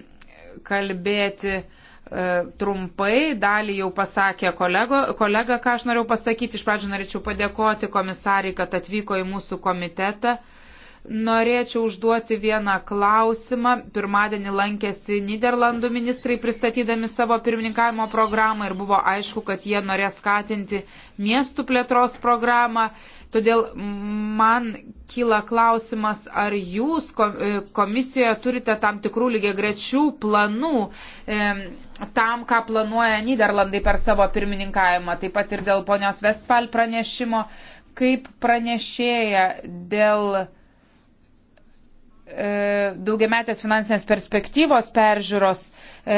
kalbėti e, trumpai, dalį jau pasakė kolego, kolega, ką aš norėjau pasakyti. Iš pradžių norėčiau padėkoti komisariai, kad atvyko į mūsų komitetą. Uh, Norėčiau užduoti vieną klausimą. Pirmadienį lankėsi Niderlandų ministrai pristatydami savo pirmininkavimo programą ir buvo aišku, kad jie norės skatinti miestų plėtros programą. Todėl man kyla klausimas, ar jūs e, komisijoje turite tam tikrų lygiai grečių planų e, tam, ką planuoja Niderlandai per savo pirmininkavimą, taip pat ir dėl ponios Vespal pranešimo, kaip pranešėja dėl E, daugiametės finansinės perspektyvos peržiūros, e,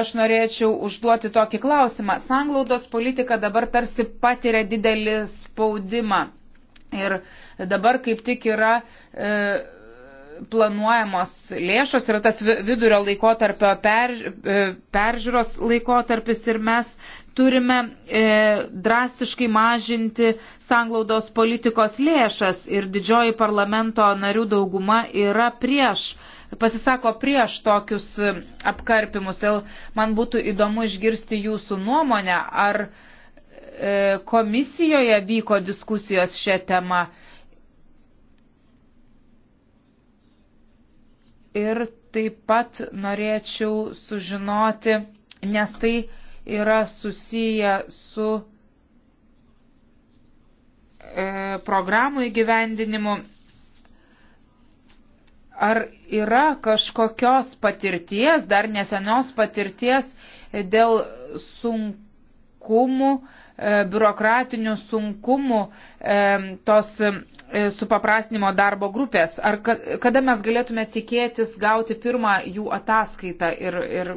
aš norėčiau užduoti tokį klausimą. Sanglaudos politika dabar tarsi patiria didelį spaudimą. Ir dabar kaip tik yra e, planuojamos lėšos, yra tas vidurio laikotarpio peržiūros laikotarpis ir mes turime e, drastiškai mažinti sanglaudos politikos lėšas ir didžioji parlamento narių dauguma yra prieš, pasisako prieš tokius e, apkarpimus. Todėl man būtų įdomu išgirsti jūsų nuomonę, ar e, komisijoje vyko diskusijos šią temą. Ir taip pat norėčiau sužinoti, nes tai yra susiję su e, programų įgyvendinimu. Ar yra kažkokios patirties, dar nesenios patirties dėl sunkumų, e, biurokratinių sunkumų e, tos supaprastinimo darbo grupės? Ar kada mes galėtume tikėtis gauti pirmą jų ataskaitą ir, ir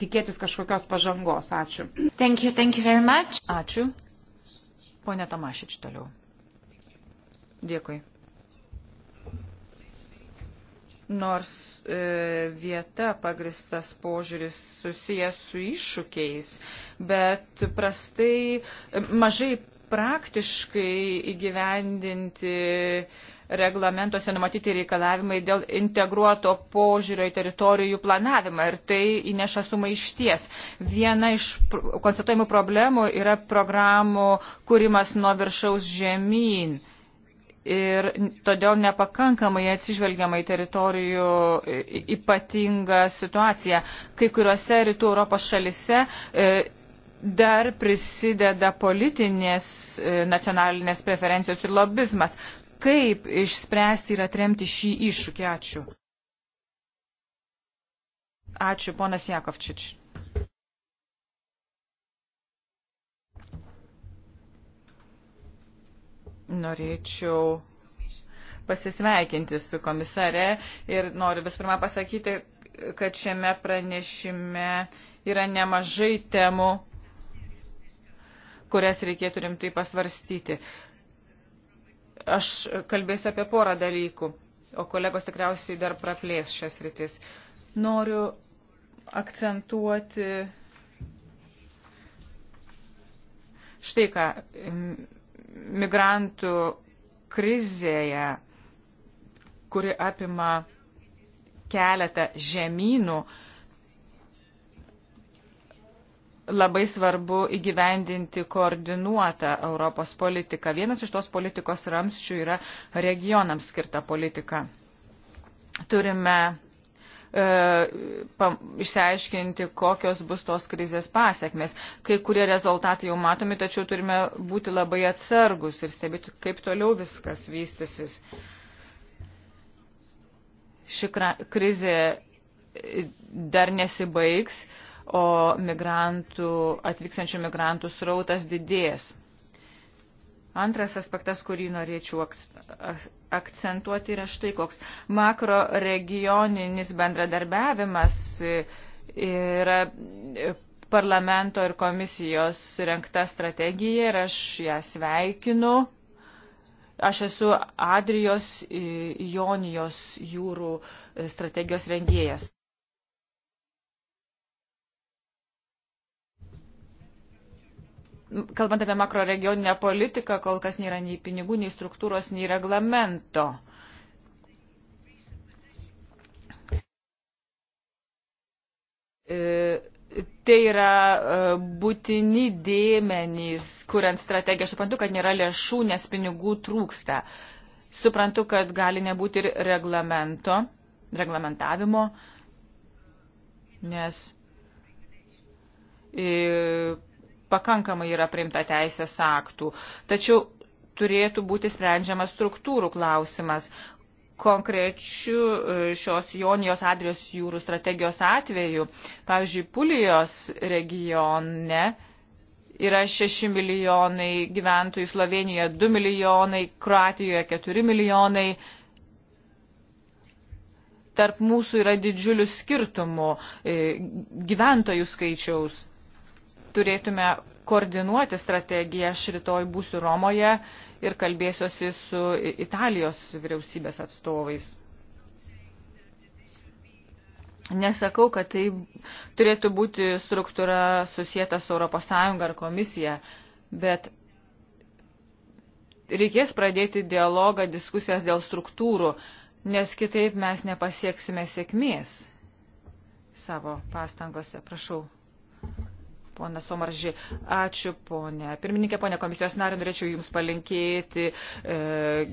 tikėtis kažkokios pažangos. Ačiū. Thank you, thank you very much. Ačiū. Pone Tamašič toliau. Dėkui. Nors e, vieta pagristas požiūris susijęs su iššūkiais, bet prastai e, mažai praktiškai įgyvendinti e, reglamentuose numatyti reikalavimai dėl integruoto požiūrio į teritorijų planavimą ir tai įneša sumaišties. Viena iš konstatuojamų problemų yra programų kūrimas nuo viršaus žemyn. Ir todėl nepakankamai atsižvelgiama į teritorijų ypatingą situaciją. Kai kuriuose rytų Europos šalise e, dar prisideda politinės e, nacionalinės preferencijos ir lobizmas kaip išspręsti ir atremti šį iššūkį. Ačiū. Ačiū, ponas Jakovčič. Norėčiau pasisveikinti su komisare ir noriu vis pirma pasakyti, kad šiame pranešime yra nemažai temų, kurias reikėtų rimtai pasvarstyti. Aš kalbėsiu apie porą dalykų, o kolegos tikriausiai dar praplės šias rytis. Noriu akcentuoti štai ką migrantų krizėje, kuri apima keletą žemynų, labai svarbu įgyvendinti koordinuotą Europos politiką. Vienas iš tos politikos ramsčių yra regionams skirta politika. Turime e, pa, išsiaiškinti, kokios bus tos krizės pasiekmes. Kai kurie rezultatai jau matomi, tačiau turime būti labai atsargus ir stebėti, kaip toliau viskas vystysis. Ši krizė e, dar nesibaigs o migrantų, atvykstančių migrantų srautas didės. Antras aspektas, kurį norėčiau akcentuoti, yra štai koks. Makro regioninis bendradarbiavimas yra parlamento ir komisijos renkta strategija ir aš ją sveikinu. Aš esu Adrijos Jonijos jūrų strategijos rengėjas. kalbant apie makroregioninę politiką, kol kas nėra nei pinigų, nei struktūros, nei reglamento. E, tai yra e, būtini dėmenys, kuriant strategiją. Aš suprantu, kad nėra lėšų, nes pinigų trūksta. Suprantu, kad gali nebūti ir reglamento, reglamentavimo, nes e, pakankamai yra priimta teisės aktų. Tačiau turėtų būti sprendžiamas struktūrų klausimas. Konkrečių e, šios Jonijos Adrijos jūrų strategijos atveju, pavyzdžiui, Pulijos regione yra 6 milijonai gyventojų, Slovenijoje 2 milijonai, Kroatijoje 4 milijonai. Tarp mūsų yra didžiulių skirtumų e, gyventojų skaičiaus turėtume koordinuoti strategiją. Aš rytoj būsiu Romoje ir kalbėsiuosi su Italijos vyriausybės atstovais. Nesakau, kad tai turėtų būti struktūra susijęta su ES ar komisija, bet reikės pradėti dialogą, diskusijas dėl struktūrų, nes kitaip mes nepasieksime sėkmės savo pastangose. Prašau. Ponas Somarži, ačiū, ponė. Pirmininkė, ponė komisijos narė, norėčiau Jums palinkėti e,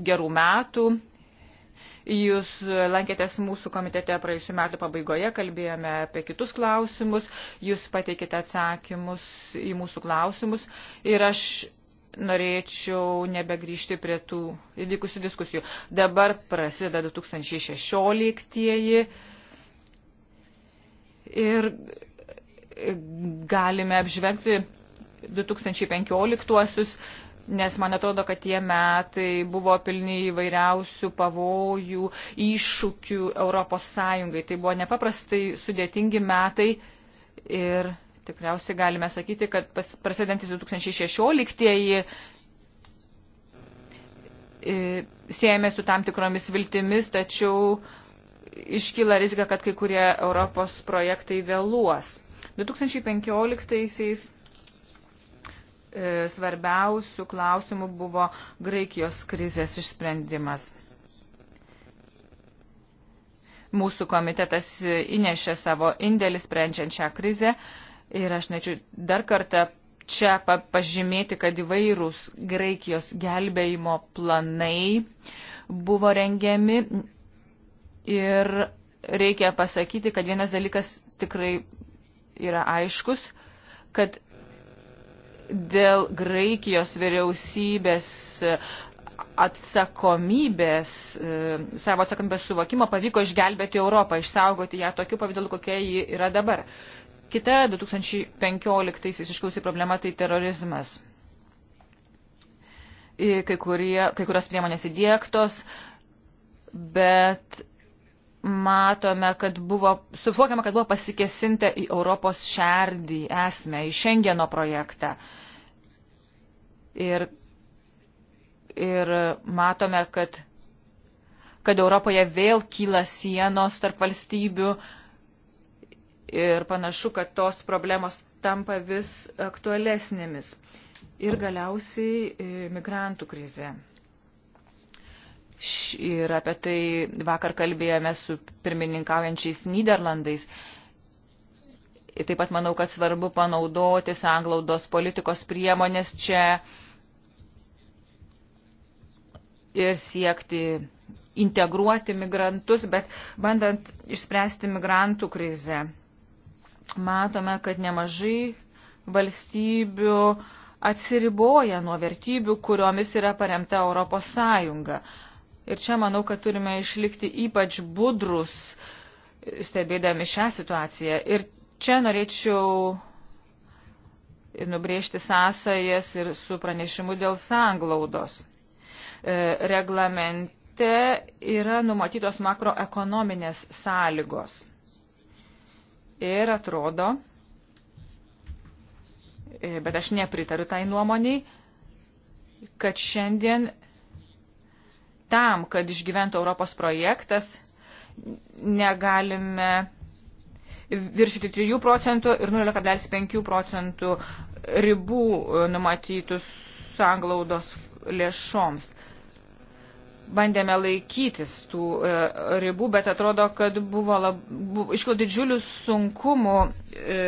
gerų metų. Jūs lankėtės mūsų komitete praėjusiu metu pabaigoje, kalbėjome apie kitus klausimus, jūs pateikite atsakymus į mūsų klausimus ir aš norėčiau nebegrįžti prie tų įvykusių diskusijų. Dabar prasideda 2016 ir galime apžvelgti 2015-uosius, nes man atrodo, kad tie metai buvo pilni įvairiausių pavojų, iššūkių Europos Sąjungai. Tai buvo nepaprastai sudėtingi metai ir tikriausiai galime sakyti, kad prasidantis 2016-ieji e, siejame su tam tikromis viltimis, tačiau iškyla rizika, kad kai kurie Europos projektai vėluos. 2015-aisiais e, svarbiausių klausimų buvo Graikijos krizės išsprendimas. Mūsų komitetas įnešė savo indėlį sprendžiant šią krizę ir aš nečiau dar kartą čia pažymėti, kad įvairūs Graikijos gelbėjimo planai buvo rengiami ir reikia pasakyti, kad vienas dalykas tikrai yra aiškus, kad dėl Graikijos vyriausybės e, atsakomybės, e, savo atsakomybės suvokimo pavyko išgelbėti Europą, išsaugoti ją tokiu pavydalu, kokia ji yra dabar. Kita 2015-aisiais išklausi problema tai terorizmas. Kai, kurie, kai kurios priemonės įdėktos, bet matome, kad buvo, suvokiama, kad buvo pasikesinta į Europos šerdį esmę, į Šengeno projektą. Ir, ir matome, kad, kad Europoje vėl kyla sienos tarp valstybių ir panašu, kad tos problemos tampa vis aktualesnėmis. Ir galiausiai e, migrantų krize ir apie tai vakar kalbėjome su pirmininkaujančiais Niderlandais. Ir taip pat manau, kad svarbu panaudoti sanglaudos politikos priemonės čia ir siekti integruoti migrantus, bet bandant išspręsti migrantų krizę, matome, kad nemažai valstybių atsiriboja nuo vertybių, kuriomis yra paremta Europos Sąjunga. Ir čia manau, kad turime išlikti ypač budrus, stebėdami šią situaciją. Ir čia norėčiau nubrėžti sąsajas ir su pranešimu dėl sanglaudos. E, reglamente yra numatytos makroekonominės sąlygos. Ir atrodo, e, bet aš nepritariu tai nuomoniai, kad šiandien tam, kad išgyventų Europos projektas, negalime viršyti 3 procentų ir 0,5 procentų ribų e, numatytus sanglaudos lėšoms. Bandėme laikytis tų e, ribų, bet atrodo, kad buvo lab, bu, iškilo didžiulių sunkumų e,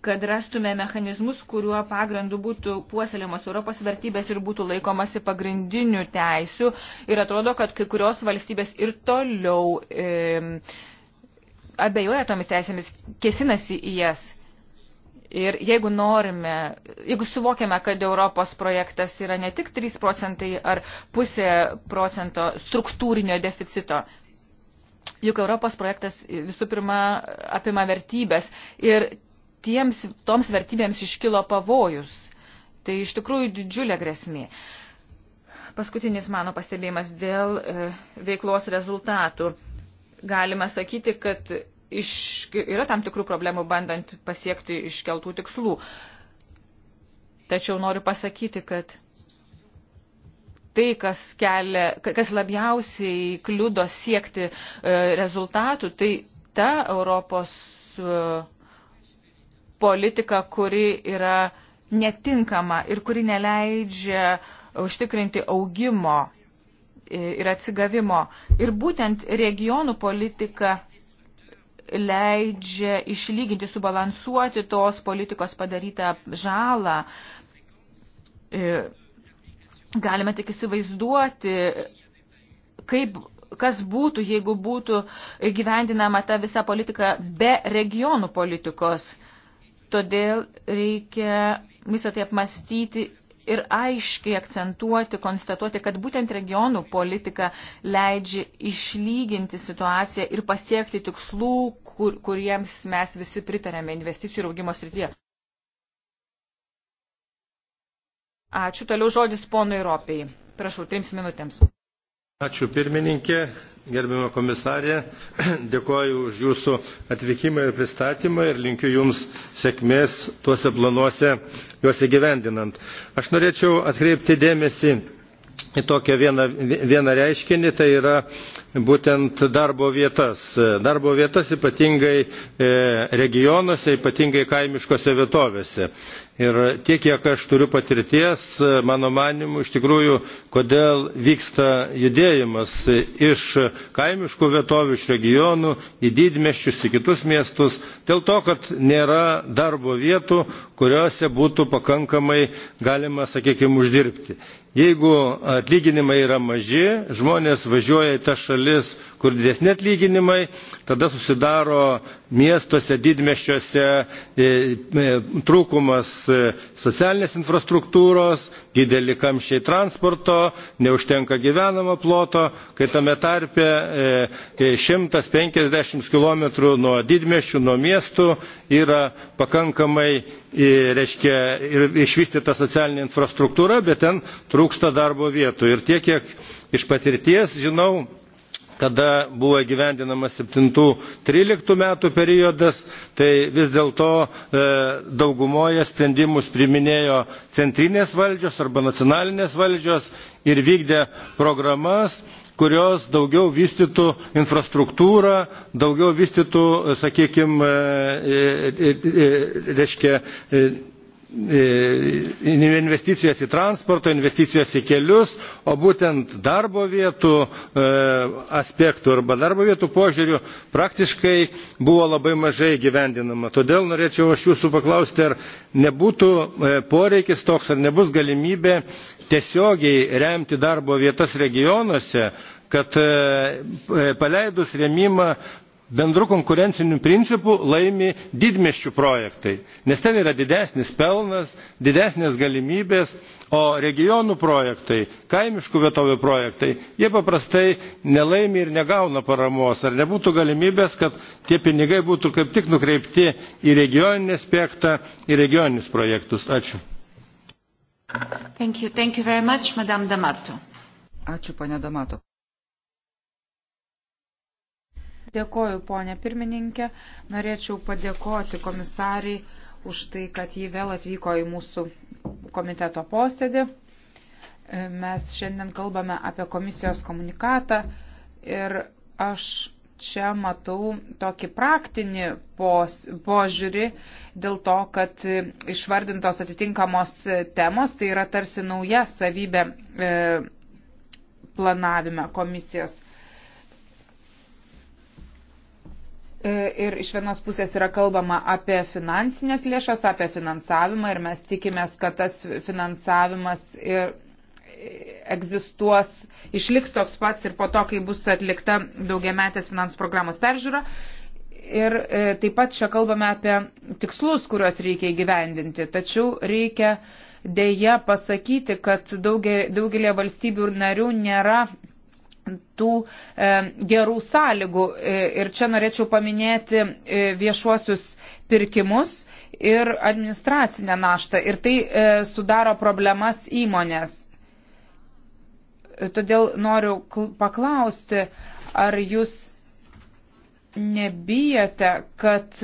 kad rastume mechanizmus, kuriuo pagrindu būtų puoselėmas Europos vertybės ir būtų laikomasi pagrindinių teisių. Ir atrodo, kad kai kurios valstybės ir toliau e, abejoja tomis teisėmis, kėsinasi į jas. Ir jeigu norime, jeigu suvokiame, kad Europos projektas yra ne tik 3 procentai ar pusė procento struktūrinio deficito, juk Europos projektas visų pirma apima vertybės ir tiems, toms vertybėms iškilo pavojus. Tai iš tikrųjų didžiulė grėsmė. Paskutinis mano pastebėjimas dėl e, veiklos rezultatų. Galima sakyti, kad iš, yra tam tikrų problemų bandant pasiekti iškeltų tikslų. Tačiau noriu pasakyti, kad tai, kas, kelia, kas labiausiai kliudo siekti e, rezultatų, tai ta Europos e, politiką, kuri yra netinkama ir kuri neleidžia užtikrinti augimo ir atsigavimo. Ir būtent regionų politika leidžia išlyginti, subalansuoti tos politikos padarytą žalą. E, Galime tik įsivaizduoti, kaip, kas būtų, jeigu būtų gyvendinama ta visa politika be regionų politikos. Todėl reikia visą tai apmastyti ir aiškiai akcentuoti, konstatuoti, kad būtent regionų politika leidžia išlyginti situaciją ir pasiekti tikslų, kur, kuriems mes visi pritarėme investicijų ir augimo srityje. Ačiū. Toliau žodis ponui Europijai. Prašau, trims minutėms. Ačiū pirmininkė, gerbimo komisarė, dėkoju už jūsų atvykimą ir pristatymą ir linkiu jums sėkmės tuose planuose juos įgyvendinant. Aš norėčiau atkreipti dėmesį į tokią vieną, vieną reiškinį, tai yra būtent darbo vietas. Darbo vietas ypatingai e, regionuose, ypatingai kaimiškose vietovėse ir tiek kiek aš turiu patirties mano manymu iš tikrųjų kodėl vyksta judėjimas iš kaimiškų vietovių iš regionų į didmiesčius į kitus miestus dėl to kad nėra darbo vietų kuriose būtų pakankamai galima sakykime uždirbti. jeigu atlyginimai yra maži žmonės važiuoja į tas šalis kur didesni atlyginimai tada susidaro miestuose didmiesčiuose e, e, trūkumas e, socialinės infrastruktūros dideli kamščiai transporto neužtenka gyvenamo ploto kai tame tarpe šimtas penkiasdešimt kilometrų nuo didmiesčių nuo miestų yra pakankamai reiškia ir išvystyta socialinė infrastruktūra bet ten trūksta darbo vietų ir tiek kiek iš patirties žinau kada buvo įgyvendinamas septintų tryliktų metų periodas tai vis dėlto e, daugumoje sprendimus priiminėjo centrinės valdžios arba nacionalinės valdžios ir vykdė programas kurios daugiau vystytų infrastruktūrą daugiau vystytų e, sakykime e, reiškia investicijos į transportą investicijos į kelius o būtent darbo vietų e, aspektu arba darbo vietų požiūriu praktiškai buvo labai mažai įgyvendinama. todėl norėčiau aš jūsų paklausti ar nebūtų e, poreikis toks ar nebus galimybė tiesiogiai remti darbo vietas regionuose kad e, paleidus rėmimą bendru konkurenciniu principu laimi didmiesčių projektai nes ten yra didesnis pelnas didesnės galimybės o regionų projektai kaimiškų vietovių projektai jie paprastai nelaimi ir negauna paramos ar nebūtų galimybės kad tie pinigai būtų kaip tik nukreipti į regioninį aspektą į regioninius projektus. Ačiū. Thank you. Thank you very much, Madame Damato. Ačiū, ponia Damato. Dėkoju, ponė pirmininkė. Norėčiau padėkoti komisariai už tai, kad jį vėl atvyko į mūsų komiteto posėdį. E, mes šiandien kalbame apie komisijos komunikatą ir aš čia matau tokį praktinį pos, požiūrį dėl to, kad išvardintos atitinkamos temos tai yra tarsi nauja savybė e, planavime komisijos. E, ir iš vienos pusės yra kalbama apie finansinės lėšas, apie finansavimą ir mes tikimės, kad tas finansavimas ir egzistuos, išliks toks pats ir po to, kai bus atlikta daugiametės finansų programos peržiūra. Ir e, taip pat čia kalbame apie tikslus, kuriuos reikia įgyvendinti. Tačiau reikia dėja pasakyti, kad daugelį valstybių ir narių nėra tų e, gerų sąlygų. E, ir čia norėčiau paminėti e, viešuosius pirkimus ir administracinę naštą. Ir tai e, sudaro problemas įmonės. E, todėl noriu paklausti, ar jūs nebijote, kad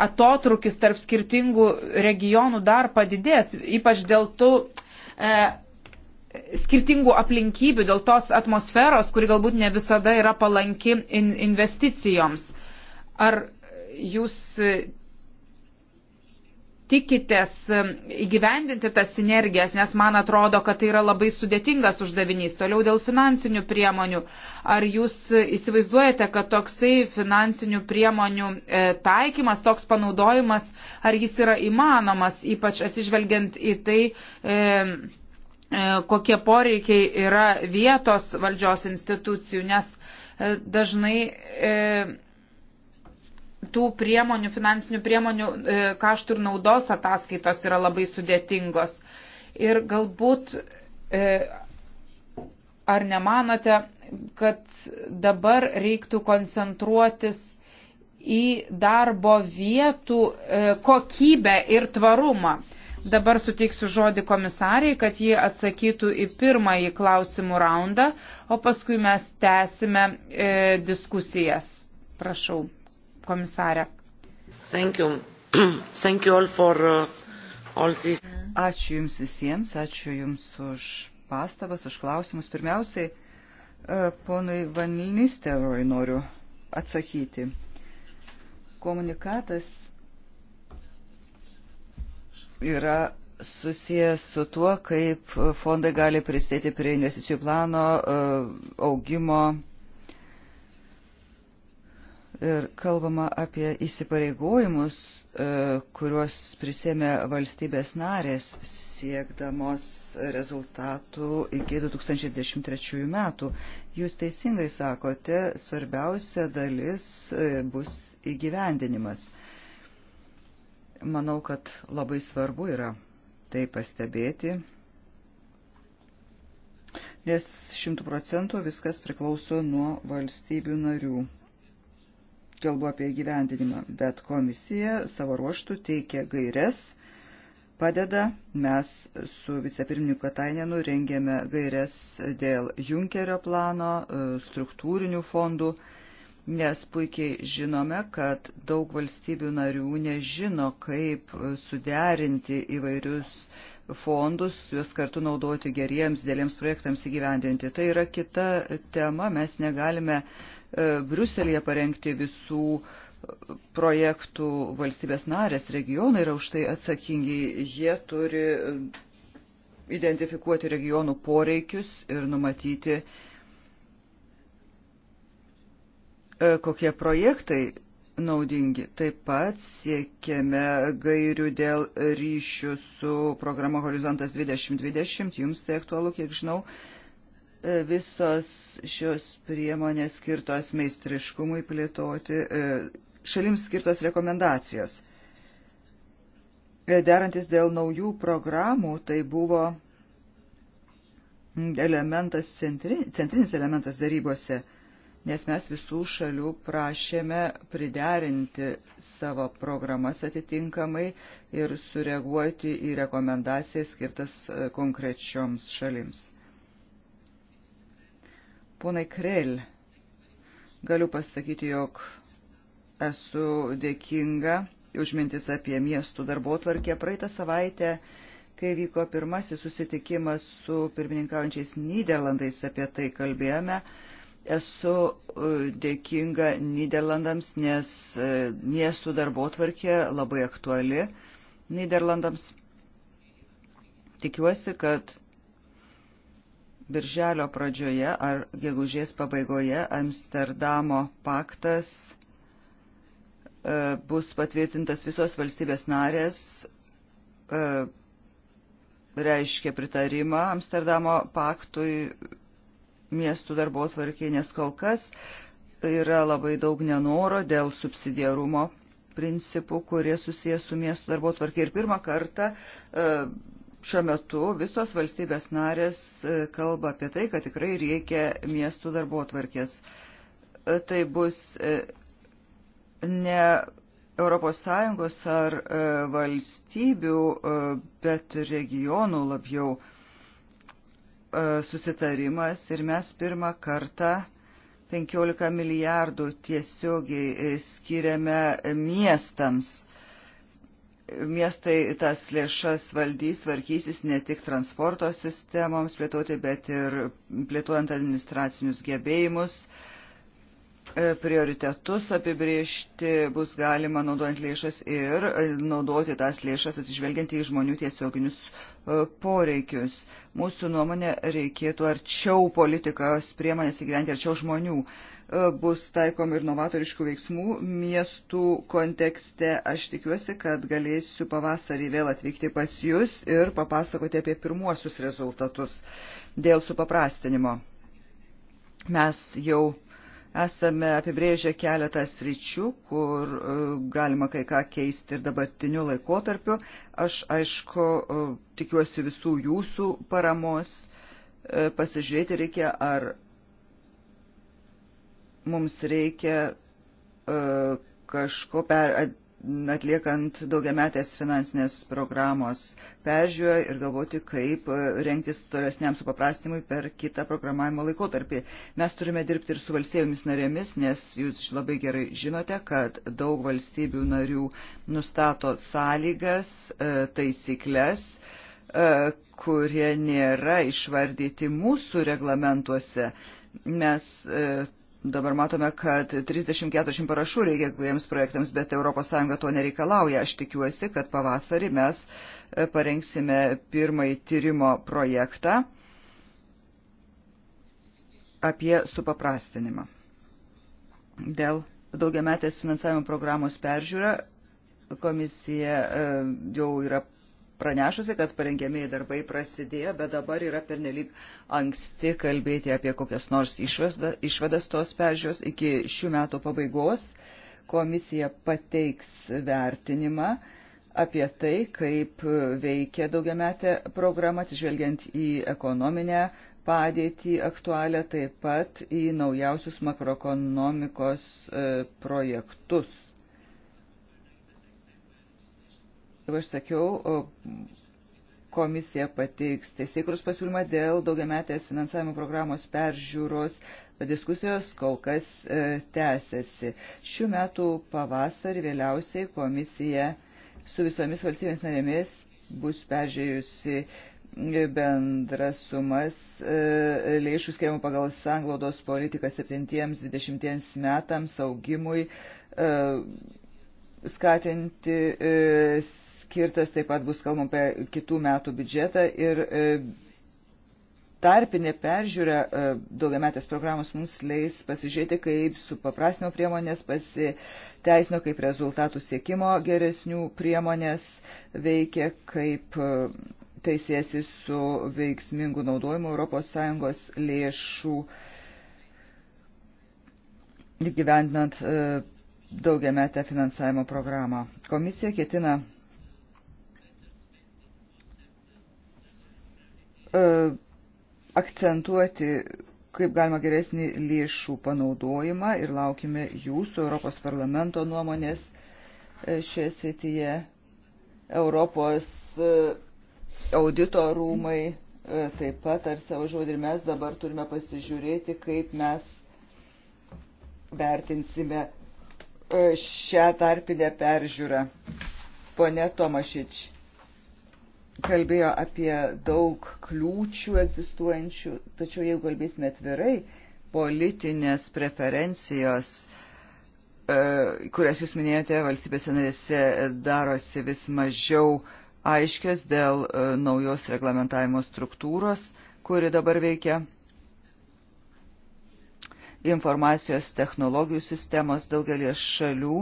atotrukis tarp skirtingų regionų dar padidės, ypač dėl tų e, skirtingų aplinkybių, dėl tos atmosferos, kuri galbūt ne visada yra palanki in investicijoms. Ar jūs tikitės įgyvendinti tas sinergijas, nes man atrodo, kad tai yra labai sudėtingas uždavinys. Toliau dėl finansinių priemonių. Ar jūs įsivaizduojate, kad toksai finansinių priemonių e, taikymas, toks panaudojimas, ar jis yra įmanomas, ypač atsižvelgiant į tai. E, E, kokie poreikiai yra vietos valdžios institucijų, nes e, dažnai e, tų priemonių, finansinių priemonių kaštų ir naudos ataskaitos yra labai sudėtingos. Ir galbūt, ar nemanote, kad dabar reiktų koncentruotis į darbo vietų kokybę ir tvarumą? Dabar suteiksiu žodį komisariai, kad jie atsakytų į pirmąjį klausimų raundą, o paskui mes tęsime e, diskusijas. Prašau, komisarė. Thank you. Thank you all for, uh, all this. Ačiū Jums visiems, ačiū Jums už pastabas, už klausimus. Pirmiausiai, uh, ponui Vanilnisteroj noriu atsakyti. Komunikatas yra susijęs su tuo, kaip fondai gali prisidėti prie investicijų plano e, augimo. Ir kalbama apie įsipareigojimus, e, kuriuos prisėmė valstybės narės siekdamos rezultatų iki 2023 metų. Jūs teisingai sakote, svarbiausia dalis e, bus įgyvendinimas. Manau, kad labai svarbu yra tai pastebėti, nes šimtų procentų viskas priklauso nuo valstybių narių. Kalbu apie gyvendinimą, bet komisija savo ruoštų teikia gairias, padeda, mes su vicepirmininku Katainenu rengėme gairias dėl Junkerio plano, struktūrinių fondų, nes puikiai žinome, kad daug valstybių narių nežino, kaip suderinti įvairius fondus, juos kartu naudoti geriems, dėliems projektams įgyvendinti. Tai yra kita tema, mes negalime e, Bruselėje parengti visų e, projektų valstybės narės, regionai yra už tai atsakingi, jie turi e, identifikuoti regionų poreikius ir numatyti uh, E, kokie projektai naudingi. Taip pat siekėme gairių dėl ryšių su programa Horizontas 2020. Jums tai aktualu, kiek žinau, e, visos šios priemonės skirtos meistriškumui plėtoti, e, šalims skirtos rekomendacijos. Derantis dėl naujų programų, tai buvo elementas, centri, centrinis elementas darybose – nes mes visų šalių prašėme priderinti savo programas atitinkamai ir sureaguoti į rekomendacijas skirtas e, konkrečioms šalims. Ponai Krell, galiu pasakyti, jog esu dėkinga užmintis apie miestų darbo tvarkę. Praeitą savaitę kai vyko pirmasis susitikimas su pirmininkaujančiais Niderlandais, apie tai kalbėjome. Esu e, dėkinga Niderlandams, nes e, miestų darbo tvarkė labai aktuali Niderlandams. Tikiuosi, kad birželio pradžioje ar gegužės pabaigoje Amsterdamo paktas e, bus patvirtintas visos valstybės narės reiškia pritarimą Amsterdamo paktui miestų darbo tvarkė, nes kol kas yra labai daug nenoro dėl subsidiarumo principų, kurie susijęs su miestų darbo tvarkė. Ir pirmą kartą e, šiuo metu visos valstybės narės e, kalba apie tai, kad tikrai reikia miestų darbo tvarkės. E, tai bus ne ES ar valstybių, bet regionų labiau E, susitarimas ir mes pirmą kartą 15 milijardų tiesiogiai e, skiriame miestams. Miestai tas lėšas valdys, tvarkysis ne tik transporto sistemoms plėtoti, bet ir plėtojant administracinius gebėjimus, uh, E, prioritetus apibriežti bus galima naudojant lėšas ir e, naudoti tas lėšas atsižvelgiant į žmonių tiesioginius e, poreikius. Mūsų nuomonė reikėtų arčiau politikos priemonės įgyventi arčiau žmonių. Bus taikom ir novatoriškų veiksmų miestų kontekste. Aš tikiuosi, kad galėsiu pavasarį vėl atvykti pas Jūs ir papasakoti apie pirmuosius rezultatus dėl supaprastinimo. Mes jau Esame apibrėžę keletą sričių, kur e, galima kai ką keisti ir dabartiniu laikotarpiu. Aš, aišku, e, tikiuosi visų jūsų paramos. E, pasižiūrėti reikia, ar mums reikia kažko per atliekant daugiametės finansinės programos peržiūrą ir galvoti, kaip e, rengtis tolesniam supaprastimui per kitą programavimo laikotarpį. Mes turime dirbti ir su valstybėmis narėmis, nes jūs labai gerai žinote, kad daug valstybių narių nustato sąlygas, e, taisyklės, e, kurie nėra išvardyti mūsų reglamentuose. Mes Dabar matome, kad 30-40 parašų reikia kuriems projektams, bet ES to nereikalauja. Aš tikiuosi, kad pavasarį mes e, parengsime pirmąjį tyrimo projektą apie supaprastinimą. Dėl daugiametės finansavimo programos peržiūra komisija e, jau yra pranešusi, kad parengėmiai darbai prasidėjo, bet dabar yra pernelyg anksti kalbėti apie kokias nors išvasda, išvadas tos peržiūros iki šių metų pabaigos. Komisija pateiks vertinimą apie tai, kaip veikia daugiametė programa, atsižvelgiant į ekonominę padėtį aktualią, taip pat į naujausius makroekonomikos e, projektus Kaip aš sakiau, komisija pateiks teisėkurus pasiūlymą dėl daugiametės finansavimo programos peržiūros diskusijos kol kas e, tęsiasi. Šių metų pavasarį vėliausiai komisija su visomis valstybės narėmis bus peržiūrėjusi bendras sumas e, lėšų skiriamų pagal sanglaudos politiką 7-20 metams augimui e, skatinti e, skirtas, taip pat bus kalbama apie kitų metų biudžetą ir e, tarpinė peržiūra e, daugiametės programos mums leis pasižiūrėti, kaip su paprasnio priemonės pasiteisino, kaip rezultatų siekimo geresnių priemonės veikia, kaip e, tai siesi su veiksmingu naudojimu ES lėšų gyvendinant daugiametę finansavimo programą. Komisija ketina E, akcentuoti kaip galima geresnį lėšų panaudojimą ir laukime jūsų Europos parlamento nuomonės e, šioje srityje. Europos e, audito rūmai taip pat ar savo žodį ir mes dabar turime pasižiūrėti, kaip mes vertinsime šią tarpinę peržiūrą. Pone Tomašič kalbėjo apie daug kliūčių egzistuojančių, tačiau jeigu kalbėsime atvirai, politinės preferencijos, e, kurias jūs minėjote, valstybėse narėse darosi vis mažiau aiškios dėl e, naujos reglamentavimo struktūros, kuri dabar veikia informacijos technologijų sistemos daugelie šalių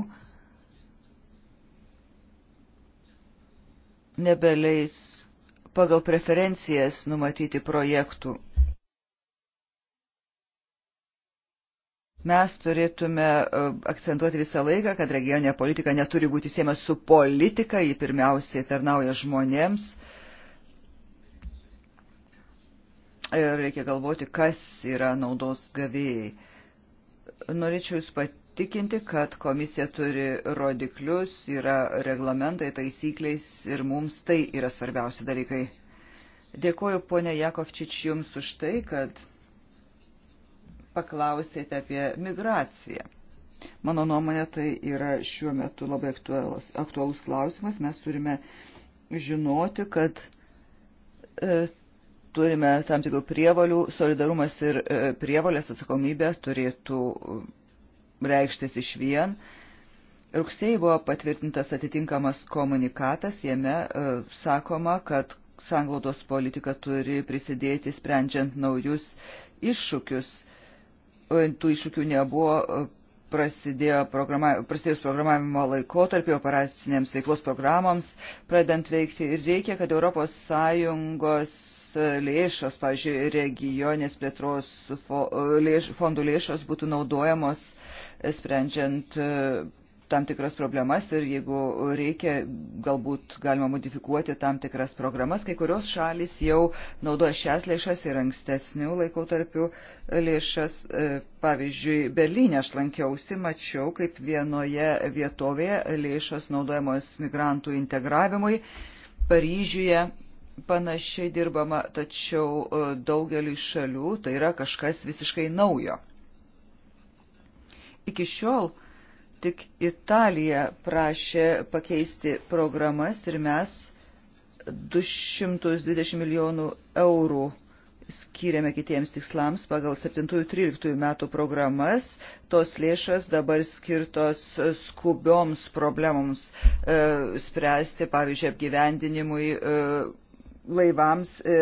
nebeleis pagal preferencijas numatyti projektų. Mes turėtume e, akcentuoti visą laiką, kad regioninė politika neturi būti siema su politika, ji pirmiausiai tarnauja žmonėms. Ir reikia galvoti, kas yra naudos gavėjai. Norėčiau Jūs pat patikinti, kad komisija turi rodiklius, yra reglamentai, taisykliais ir mums tai yra svarbiausi dalykai. Dėkuoju ponė Jakovčič Jums už tai, kad paklausėte apie migraciją. Mano nuomonė tai yra šiuo metu labai aktualus, aktualus klausimas. Mes turime žinoti, kad e, turime tam tikrų prievalių, solidarumas ir e, prievalės atsakomybė turėtų reikštis iš vien. Rugsėjai buvo patvirtintas atitinkamas komunikatas, jame e, sakoma, kad sanglaudos politika turi prisidėti sprendžiant naujus iššūkius. E, tų iššūkių nebuvo e, prasidėjo programa, prasidėjus programavimo laikotarpį operacinėms veiklos programoms, pradant veikti ir reikia, kad ES lėšos, pavyzdžiui, regionės plėtros fondų lėšos būtų naudojamos uh, sprendžiant e, tam tikras problemas ir jeigu reikia, galbūt galima modifikuoti tam tikras programas. Kai kurios šalis jau naudoja šias lėšas ir ankstesnių laikotarpių lėšas. E, pavyzdžiui, Berlyne aš lankiausi, mačiau, kaip vienoje vietovėje lėšas naudojamos migrantų integravimui. Paryžiuje panašiai dirbama, tačiau e, daugeliu šalių tai yra kažkas visiškai naujo. Iki šiol tik Italija prašė pakeisti programas ir mes 220 milijonų eurų skiriame kitiems tikslams pagal 7-13 metų programas. Tos lėšas dabar skirtos skubioms problemams e, spręsti, pavyzdžiui, apgyvendinimui e, laivams, e,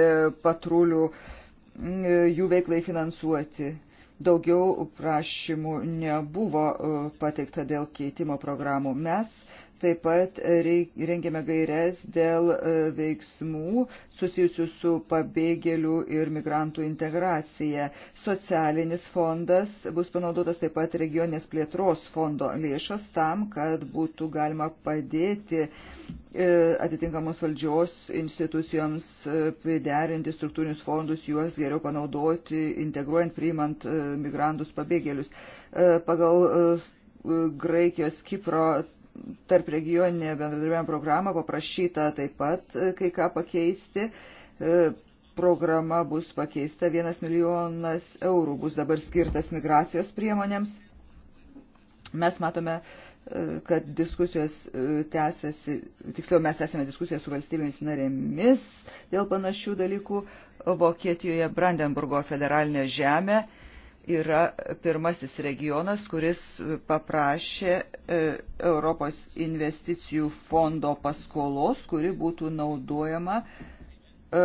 patrulių, e, jų veiklai finansuoti. E, Daugiau prašymų nebuvo e, pateikta dėl keitimo programų. Mes Taip pat rengiame gairias dėl e, veiksmų susijusių su pabėgėlių ir migrantų integracija. Socialinis fondas bus panaudotas taip pat regionės plėtros fondo lėšos tam, kad būtų galima padėti e, atitinkamos valdžios institucijoms e, priderinti struktūrinius fondus, juos geriau panaudoti, integruojant, priimant migrantus pabėgėlius. Pagal Graikijos, Kipro tarp regioninė bendradarbiavimo programa paprašyta taip pat e, kai ką pakeisti. E, programa bus pakeista, vienas milijonas eurų bus dabar skirtas migracijos priemonėms. Mes matome, e, kad diskusijos tęsiasi, tiksliau mes tęsime diskusiją su valstybėmis narėmis dėl panašių dalykų Vokietijoje Brandenburgo federalinė žemė yra pirmasis regionas, kuris paprašė e, Europos investicijų fondo paskolos, kuri būtų naudojama e,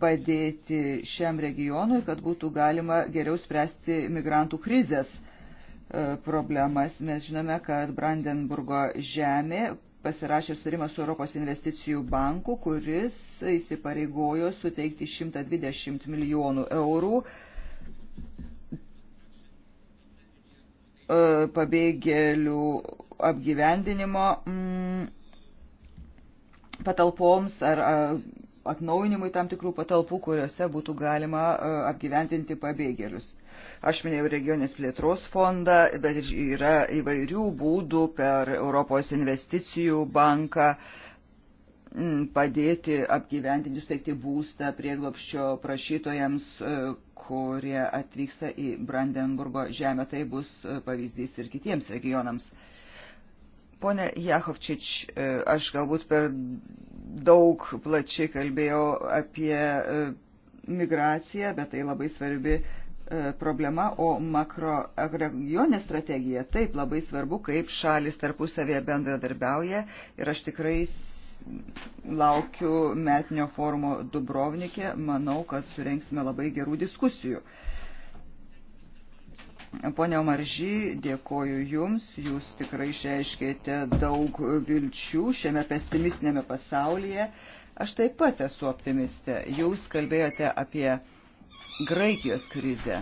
padėti šiam regionui, kad būtų galima geriau spręsti migrantų krizės e, problemas. Mes žinome, kad Brandenburgo žemė pasirašė sutarimą su Europos investicijų banku, kuris įsipareigojo suteikti 120 milijonų eurų E, pabėgėlių apgyvendinimo mm, patalpoms ar atnaujinimui tam tikrų patalpų, kuriuose būtų galima e, apgyvendinti pabėgėlius. Aš minėjau regionės plėtros fondą, bet yra įvairių būdų per Europos investicijų banką, uh, padėti apgyventinti, suteikti būstą prieglopščio prašytojams, e, kurie atvyksta į Brandenburgo žemę. Tai bus e, pavyzdys ir kitiems regionams. Pone Jakovčič, e, aš galbūt per daug plačiai kalbėjau apie migraciją, bet tai labai svarbi problema, o makroregioninė strategija taip labai svarbu, kaip šalis tarpusavėje bendradarbiauja ir aš tikrai laukiu metinio forumo Dubrovnikė. Manau, kad surenksime labai gerų diskusijų. Pone Omaržy, dėkoju Jums. Jūs tikrai išreiškėte daug vilčių šiame pesimistinėme pasaulyje. Aš taip pat esu optimistė. Jūs kalbėjote apie Graikijos krizę.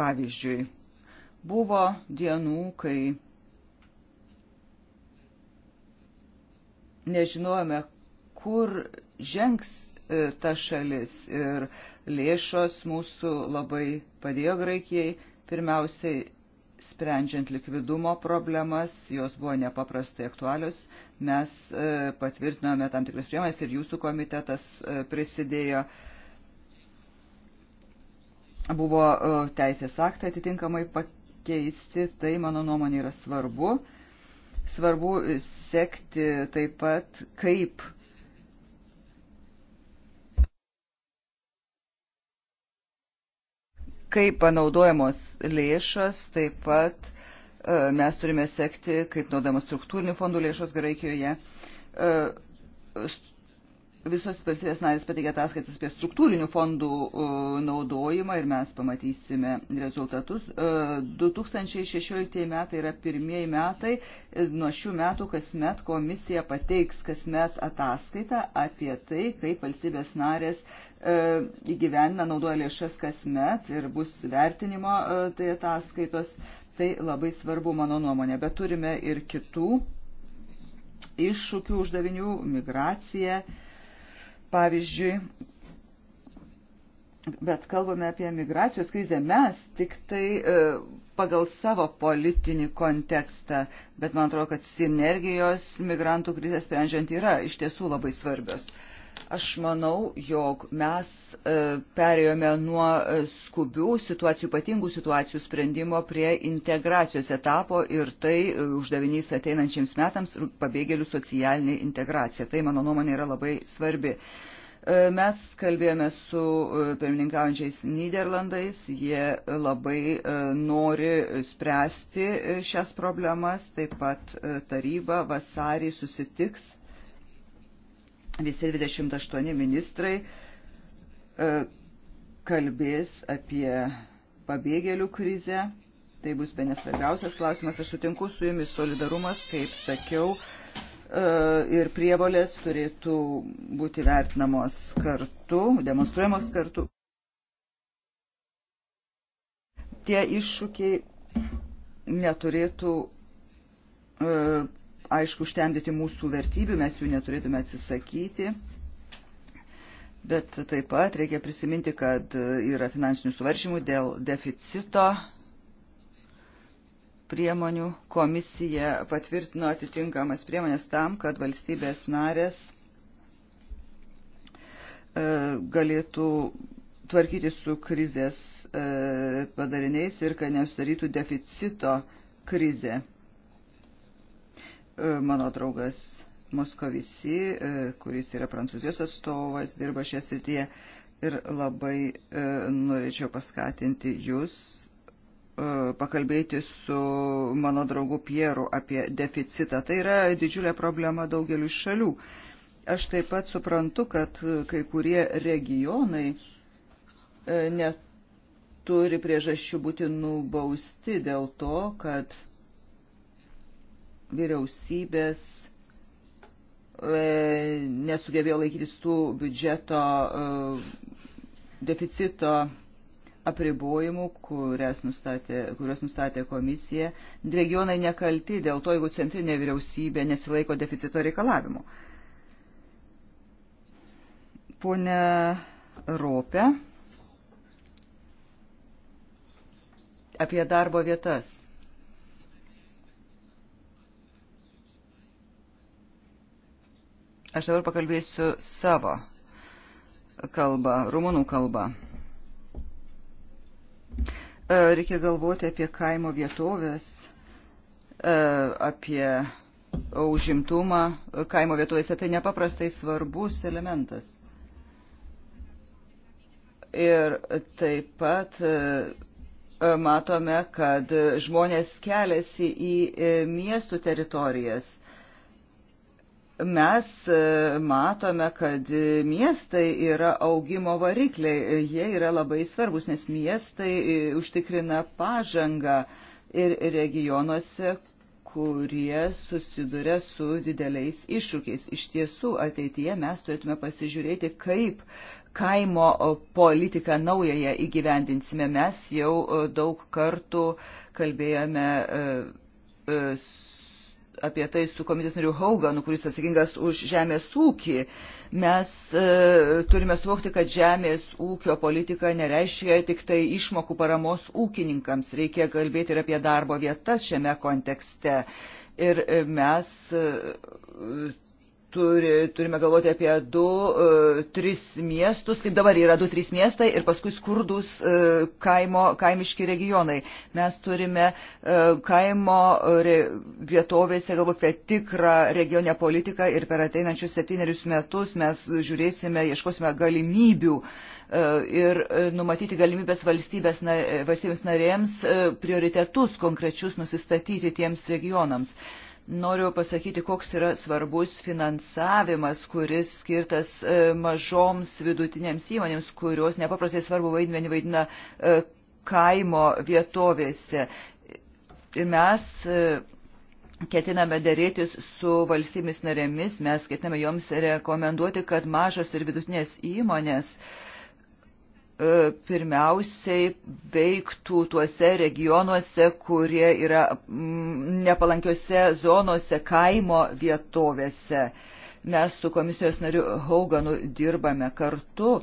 Pavyzdžiui, buvo dienų, kai nežinojome, kur žengs e, ta šalis ir lėšos mūsų labai padėjo Graikijai, pirmiausiai sprendžiant likvidumo problemas, jos buvo nepaprastai aktualios, mes e, patvirtinome tam tikras priemonės ir jūsų komitetas e, prisidėjo. Buvo teisės aktai atitinkamai pakeisti, tai mano nuomonė yra svarbu. Svarbu sekti taip pat, kaip kaip panaudojamos lėšas, taip pat e, mes turime sekti, kaip naudojamos struktūrinių fondų lėšos Graikijoje e, visos valstybės narės pateikė ataskaitas apie struktūrinių fondų e, naudojimą ir mes pamatysime rezultatus. 2016 e, metai yra pirmieji metai. E, nuo šių metų kasmet komisija pateiks kasmet ataskaitą apie tai, kaip valstybės narės įgyvenina, naudoja lėšas kasmet ir bus vertinimo tai ataskaitos. Tai labai svarbu mano nuomonė, bet turime ir kitų iššūkių uždavinių, migracija, uh, Pavyzdžiui, bet kalbame apie migracijos krizę mes tik tai e, pagal savo politinį kontekstą, bet man atrodo, kad sinergijos migrantų krizę sprendžiant yra iš tiesų labai svarbios. Aš manau, jog mes e, perėjome nuo e, skubių situacijų, ypatingų situacijų sprendimo prie integracijos etapo ir tai e, uždavinys ateinančiams metams pabėgėlių socialinė integracija. Tai, mano nuomonė, yra labai svarbi. Mes kalbėjome su pirmininkaujančiais Niderlandais, jie labai nori spręsti šias problemas, taip pat taryba vasarį susitiks visi 28 ministrai e, kalbės apie pabėgėlių krizę. Tai bus be nesvarbiausias klausimas. Aš sutinku su jumis solidarumas, kaip sakiau, e, ir prievolės turėtų būti vertinamos kartu, demonstruojamos kartu. Tie iššūkiai neturėtų e, aišku, užtemdyti mūsų vertybių, mes jų neturėtume atsisakyti. Bet taip pat reikia prisiminti, kad yra finansinių suvaržymų dėl deficito priemonių. Komisija patvirtino atitinkamas priemonės tam, kad valstybės narės e, galėtų tvarkyti su krizės e, padariniais ir kad neužsidarytų deficito krizė. E, mano draugas Moskovici, e, kuris yra prancūzijos atstovas, dirba šią srityje ir labai e, norėčiau paskatinti jūs pakalbėti su mano draugu Pieru apie deficitą. Tai yra didžiulė problema daugeliu šalių. Aš taip pat suprantu, kad kai kurie regionai neturi priežasčių būti nubausti dėl to, kad vyriausybės e, nesugebėjo laikytis tų biudžeto e, deficito apribojimų, kurias nustatė, kurios nustatė komisija. Regionai nekalti dėl to, jeigu centrinė vyriausybė nesilaiko deficito reikalavimų. Pone Ropė apie darbo vietas. Aš dabar pakalbėsiu savo kalbą, rumunų kalbą. E, reikia galvoti apie kaimo vietovės, e, apie užimtumą kaimo vietovėse. Tai nepaprastai svarbus elementas. Ir taip pat e, matome, kad žmonės keliasi į miestų teritorijas – mes e, matome, kad miestai yra augimo varikliai. Jie yra labai svarbus, nes miestai e, užtikrina pažangą ir regionuose, kurie susiduria su dideliais iššūkiais. Iš tiesų, ateityje mes turėtume pasižiūrėti, kaip kaimo politiką naująją įgyvendinsime. Mes jau e, daug kartų kalbėjome apie tai su komitės nariu Hauganu, kuris atsakingas už žemės ūkį. Mes e, turime suvokti, kad žemės ūkio politika nereiškia tik tai išmokų paramos ūkininkams. Reikia kalbėti ir apie darbo vietas šiame kontekste. Ir e, mes. E, turi, turime galvoti apie 2-3 e, miestus, kaip dabar yra 2-3 miestai ir paskui skurdus e, kaimo, kaimiški regionai. Mes turime e, kaimo vietovėse galvoti apie tikrą regionę politiką ir per ateinančius septynerius metus mes žiūrėsime, ieškosime galimybių ir numatyti galimybės valstybės, valstybės narėms prioritetus konkrečius nusistatyti tiems regionams. Uh, noriu pasakyti, koks yra svarbus finansavimas, kuris skirtas e, mažoms vidutinėms įmonėms, kurios nepaprastai svarbu vaidmenį vaidina e, kaimo vietovėse. Ir mes e, ketiname dėrėtis su valstybėmis narėmis, mes ketiname joms rekomenduoti, kad mažos ir vidutinės įmonės uh, E, pirmiausiai veiktų tuose regionuose, kurie yra mm, nepalankiose zonose, kaimo vietovėse. Mes su komisijos nariu Hauganu dirbame kartu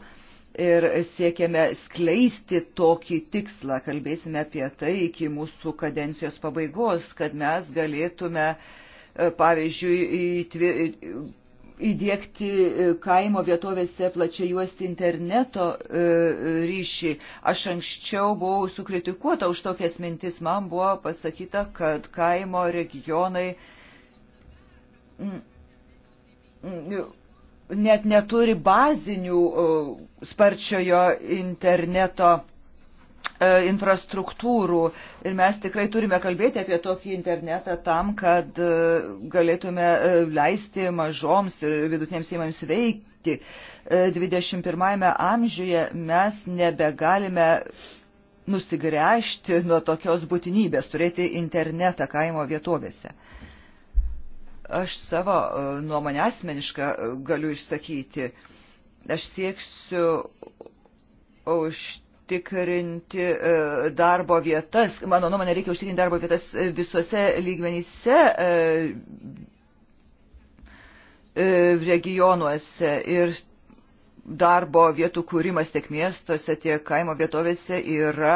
ir siekiame skleisti tokį tikslą. Kalbėsime apie tai iki mūsų kadencijos pabaigos, kad mes galėtume, e, pavyzdžiui, įdėkti e, kaimo vietovėse plačiai juosti interneto e, e, ryšį. Aš anksčiau buvau sukritikuota už tokias mintis. Man buvo pasakyta, kad kaimo regionai mm, mm, net neturi bazinių sparčiojo interneto ryšį E, infrastruktūrų. Ir mes tikrai turime kalbėti apie tokį internetą tam, kad e, galėtume e, leisti mažoms ir vidutinėms įmonėms veikti. 21 amžiuje mes nebegalime nusigręžti nuo tokios būtinybės turėti internetą kaimo vietovėse. Aš savo nuomonę asmenišką galiu išsakyti. Aš sieksiu už užtikrinti e, darbo vietas. Mano nuomonė, reikia užtikrinti darbo vietas e, visuose lygmenyse e, regionuose ir darbo vietų kūrimas tiek miestuose, tiek kaimo vietovėse yra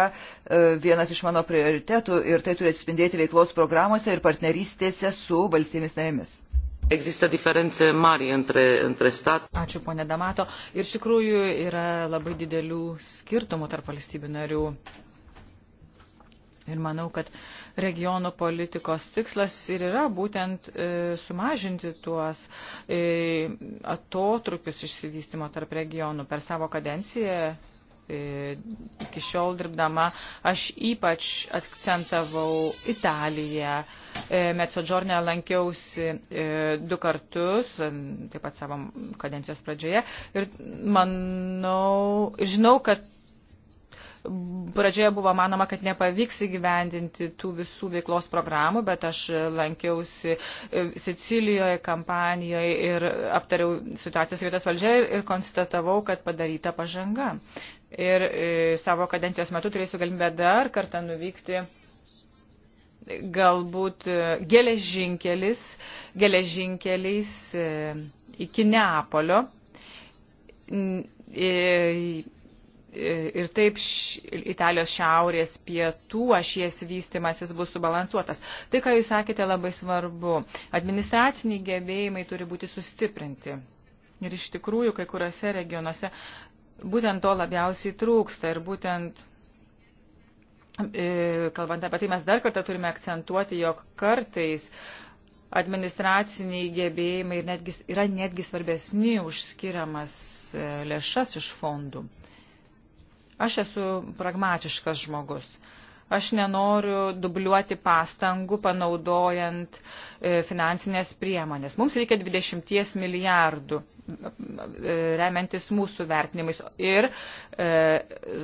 vienas iš mano prioritetų ir tai turi atspindėti veiklos programuose ir partnerystėse su valstybėmis narėmis. Există diferențe mari între, între stat. Ačiū, ponė Damato. Ir iš tikrųjų yra labai didelių skirtumų tarp valstybių narių. Ir manau, kad regionų politikos tikslas ir yra būtent e, sumažinti tuos e, atotrukius išsivystimo tarp regionų. Per savo kadenciją E, iki šiol dirbdama, aš ypač akcentavau Italiją. E, Mecodžornė lankiausi e, du kartus, taip pat savo kadencijos pradžioje. Ir manau, žinau, kad pradžioje buvo manoma, kad nepavyks įgyvendinti tų visų veiklos programų, bet aš lankiausi Sicilijoje, kampanijoje ir aptariau situacijas vietos valdžioje ir konstatavau, kad padaryta pažanga ir e, savo kadencijos metu turėsiu galimybę dar kartą nuvykti galbūt e, geležinkelis, geležinkeliais e, iki Neapolio. Ir taip Italijos šiaurės pietų ašies vystimasis bus subalansuotas. Tai, ką jūs sakėte, labai svarbu. Administraciniai gebėjimai turi būti sustiprinti. Ir iš tikrųjų, kai kuriuose regionuose Būtent to labiausiai trūksta ir būtent, e, kalbant apie tai, mes dar kartą turime akcentuoti, jog kartais administraciniai gebėjimai ir netgi, yra netgi svarbesni už skiriamas e, lėšas iš fondų. Aš esu pragmatiškas žmogus Aš nenoriu dubliuoti pastangų panaudojant e, finansinės priemonės. Mums reikia 20 milijardų, e, remiantis mūsų vertinimais. Ir e,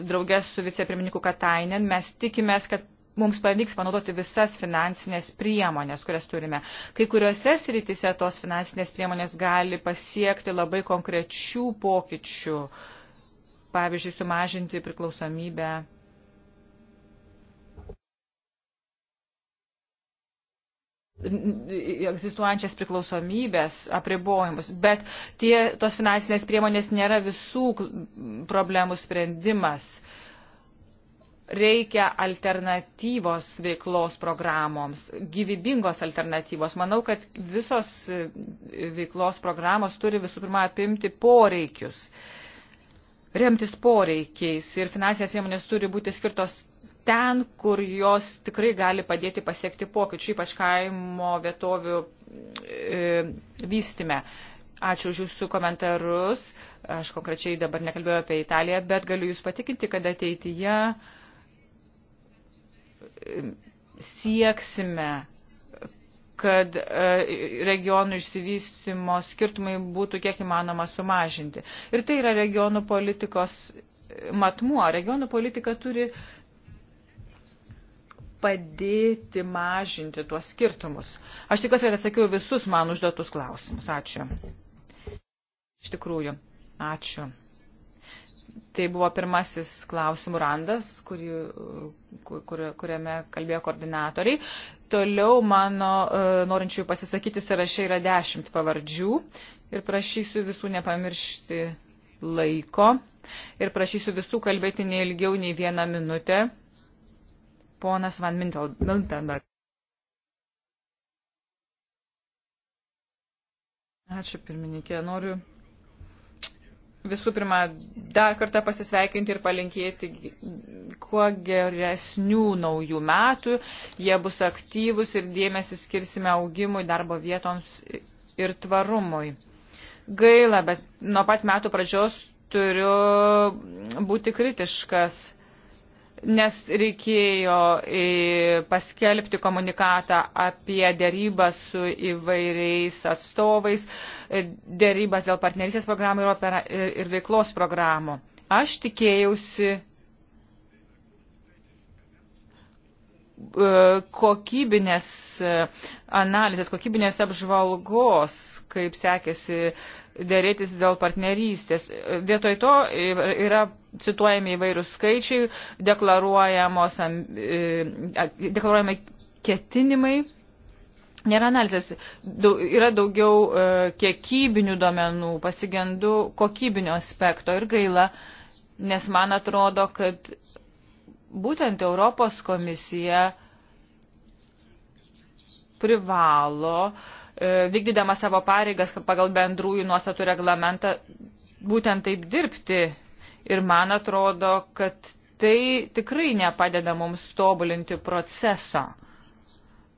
draugės su vicepirmininku Katainen mes tikimės, kad mums pavyks panaudoti visas finansinės priemonės, kurias turime. Kai kuriuose srityse tos finansinės priemonės gali pasiekti labai konkrečių pokyčių, pavyzdžiui, sumažinti priklausomybę egzistuojančias priklausomybės apribojimus, bet tie, tos finansinės priemonės nėra visų problemų sprendimas. Reikia alternatyvos veiklos programoms, gyvybingos alternatyvos. Manau, kad visos veiklos programos turi visų pirma apimti poreikius, remtis poreikiais ir finansinės priemonės turi būti skirtos ten, kur jos tikrai gali padėti pasiekti pokyčių, ypač kaimo vietovių e, vystime. Ačiū už jūsų komentarus. Aš konkrečiai dabar nekalbėjau apie Italiją, bet galiu jūs patikinti, kad ateityje e, sieksime kad e, regionų išsivystimo skirtumai būtų kiek įmanoma sumažinti. Ir tai yra regionų politikos matmuo. Regionų politika turi uh, padėti mažinti tuos skirtumus. Aš tikiuosi, kad atsakiau visus man užduotus klausimus. Ačiū. Iš tikrųjų, ačiū. Tai buvo pirmasis klausimų randas, kurį, kur, kur, kuriame kalbėjo koordinatoriai. Toliau mano e, norinčių pasisakyti sąrašai yra dešimt pavardžių ir prašysiu visų nepamiršti laiko ir prašysiu visų kalbėti neilgiau nei vieną minutę ponas Van Miltenberg. Ačiū pirmininkė. Noriu visų pirma dar kartą pasisveikinti ir palinkėti kuo geresnių naujų metų. Jie bus aktyvus ir dėmesį skirsime augimui, darbo vietoms ir tvarumui. Gaila, bet nuo pat metų pradžios turiu būti kritiškas nes reikėjo e, paskelbti komunikatą apie dėrybas su įvairiais atstovais, e, dėrybas dėl partnerysės programų ir, opera, e, ir veiklos programų. Aš tikėjausi kokybinės analizės, kokybinės apžvalgos, kaip sekėsi uh, dėrėtis dėl partnerystės. Vietoj to yra cituojami įvairūs skaičiai, deklaruojamos, e, deklaruojami ketinimai. Nėra analizės, yra daugiau e, kiekybinių duomenų, pasigendu kokybinio aspekto ir gaila, nes man atrodo, kad būtent Europos komisija privalo uh, E, vykdydama savo pareigas pagal bendrųjų nuostatų reglamentą, būtent taip dirbti. Ir man atrodo, kad tai tikrai nepadeda mums tobulinti procesą.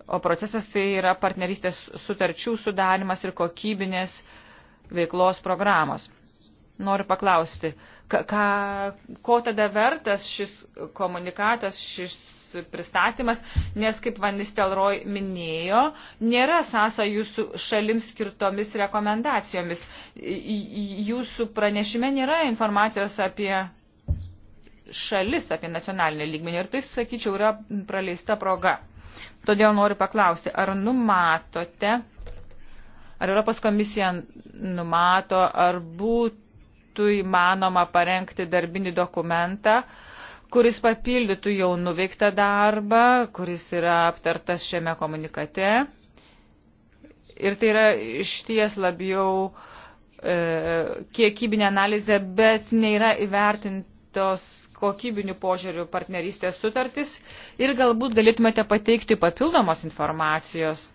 O procesas tai yra partnerystės sutarčių sudarimas ir kokybinės veiklos programos. Noriu paklausti, ka, ka, ko tada vertas šis komunikatas, šis pristatymas, nes, kaip Vanis Telroj minėjo, nėra sąsa jūsų šalims skirtomis rekomendacijomis. Jūsų pranešime nėra informacijos apie šalis, apie nacionalinį lygmenį ir tai, sakyčiau, yra praleista proga. Todėl noriu paklausti, ar numatote, ar Europos komisija numato, ar būtų įmanoma parengti darbinį dokumentą, uh, kuris papildytų jau nuveiktą darbą, kuris yra aptartas šiame komunikate. Ir tai yra išties labiau e, kiekybinė analizė, bet nėra įvertintos kokybinių požiūrių partnerystės sutartis ir galbūt galėtumėte pateikti papildomos informacijos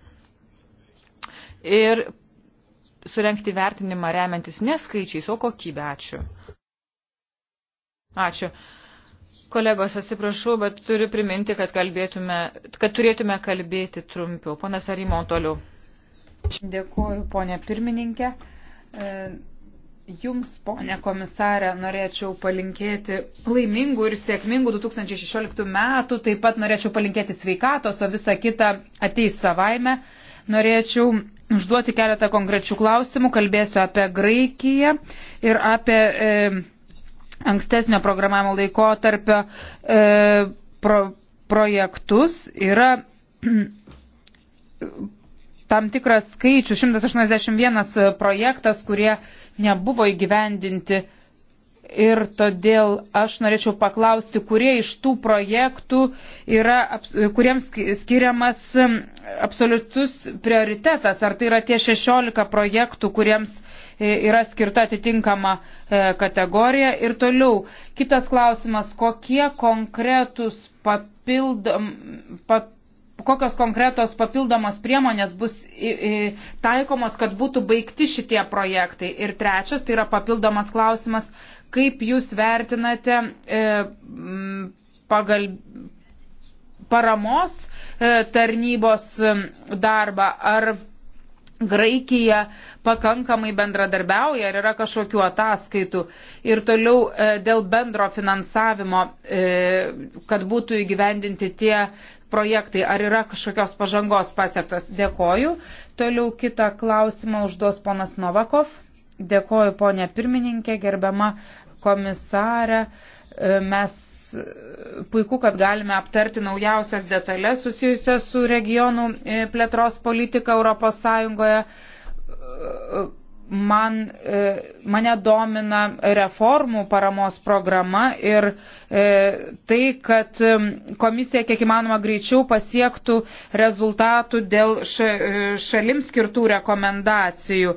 ir surenkti vertinimą remiantis ne skaičiais, o kokybę. Ačiū. Ačiū. Kolegos, atsiprašau, bet turiu priminti, kad, kad turėtume kalbėti trumpiau. Ponas Arimo toliau. Dėkuoju, ponė pirmininkė. E, jums, ponė komisarė, norėčiau palinkėti laimingų ir sėkmingų 2016 metų, taip pat norėčiau palinkėti sveikatos, o visa kita ateis savaime. Norėčiau užduoti keletą konkrečių klausimų, kalbėsiu apie Graikiją ir apie. E, ankstesnio programavimo laikotarpio e, pro, projektus yra tam tikras skaičius, 181 projektas, kurie nebuvo įgyvendinti. Ir todėl aš norėčiau paklausti, kurie iš tų projektų yra, kuriems skiriamas absoliutus prioritetas. Ar tai yra tie 16 projektų, kuriems uh, E, yra skirta atitinkama e, kategorija. Ir toliau kitas klausimas, kokie konkretus papildom, pap, kokios konkretos papildomos priemonės bus taikomos, kad būtų baigti šitie projektai. Ir trečias, tai yra papildomas klausimas, kaip jūs vertinate e, pagal paramos e, tarnybos darbą. Ar Graikija pakankamai bendradarbiauja, ar yra kažkokių ataskaitų. Ir toliau e, dėl bendro finansavimo, e, kad būtų įgyvendinti tie projektai, ar yra kažkokios pažangos pasiektos. Dėkoju. Toliau kitą klausimą užduos ponas Novakov. Dėkoju, ponė pirmininkė, gerbiama komisarė. E, mes puiku, kad galime aptarti naujausias detalės susijusias su regionų e, plėtros politika Europos Sąjungoje. Man, e, mane domina reformų paramos programa ir e, tai, kad komisija kiek įmanoma greičiau pasiektų rezultatų dėl šalims skirtų rekomendacijų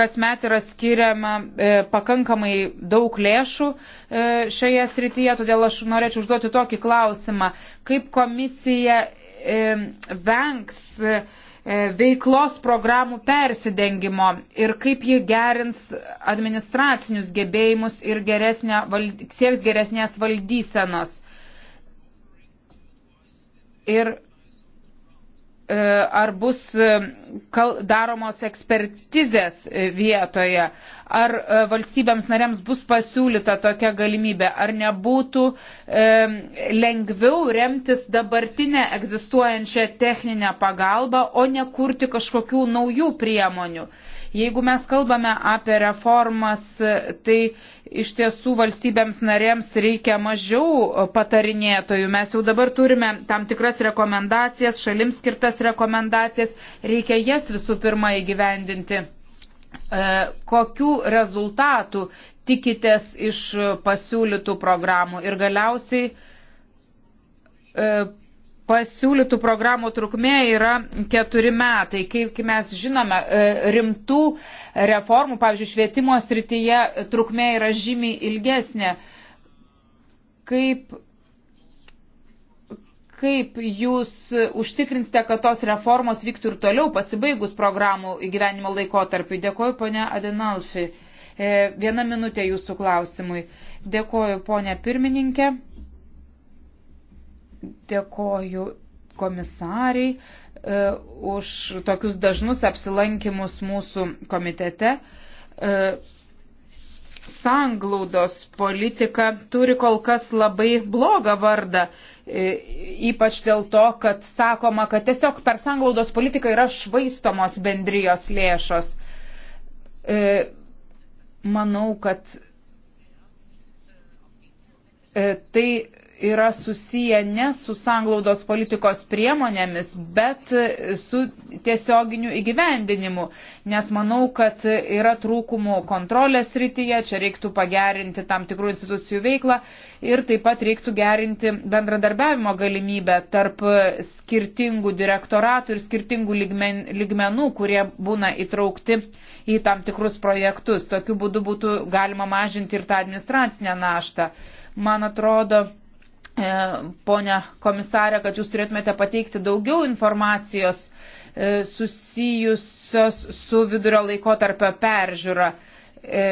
kasmet yra skiriama e, pakankamai daug lėšų e, šioje srityje, todėl aš norėčiau užduoti tokį klausimą, kaip komisija e, vengs e, veiklos programų persidengimo ir kaip ji gerins administracinius gebėjimus ir geresnė, sieks geresnės valdysenos. Ir E, ar bus e, daromos ekspertizės e, vietoje, ar valstybėms narėms bus pasiūlyta tokia galimybė, ar nebūtų lengviau remtis dabartinę egzistuojančią techninę pagalbą, o ne kurti kažkokių naujų priemonių. Jeigu mes kalbame apie reformas, tai iš tiesų valstybėms narėms reikia mažiau patarinėtojų. Mes jau dabar turime tam tikras rekomendacijas, šalims skirtas rekomendacijas, reikia jas visų pirma įgyvendinti. E, kokių rezultatų tikitės iš pasiūlytų programų ir galiausiai e, pasiūlytų programų trukmė yra keturi metai. Kaip mes žinome, e, rimtų reformų, pavyzdžiui, švietimo srityje trukmė yra žymiai ilgesnė. Kaip, kaip jūs užtikrinsite, kad tos reformos vyktų ir toliau pasibaigus programų įgyvenimo laikotarpiu? Dėkuoju, ponia Adenalfi. E, viena minutė jūsų klausimui. Dėkuoju, ponia pirmininkė. Dėkoju komisariai e, už tokius dažnus apsilankimus mūsų komitete. E, sanglaudos politika turi kol kas labai blogą vardą, e, ypač dėl to, kad sakoma, kad tiesiog per sanglaudos politiką yra švaistomos bendrijos lėšos. Manau, kad tai yra susiję ne su sanglaudos politikos priemonėmis, bet su tiesioginiu įgyvendinimu. Nes manau, kad yra trūkumų kontrolės rytyje, čia reiktų pagerinti tam tikrų institucijų veiklą ir taip pat reiktų gerinti bendradarbiavimo galimybę tarp skirtingų direktoratų ir skirtingų ligmen, ligmenų, kurie būna įtraukti į tam tikrus projektus. Tokiu būdu būtų galima mažinti ir tą administracinę naštą. Man atrodo, E, ponia komisarė, kad jūs turėtumėte pateikti daugiau informacijos e, susijusios su vidurio laikotarpio peržiūra. E,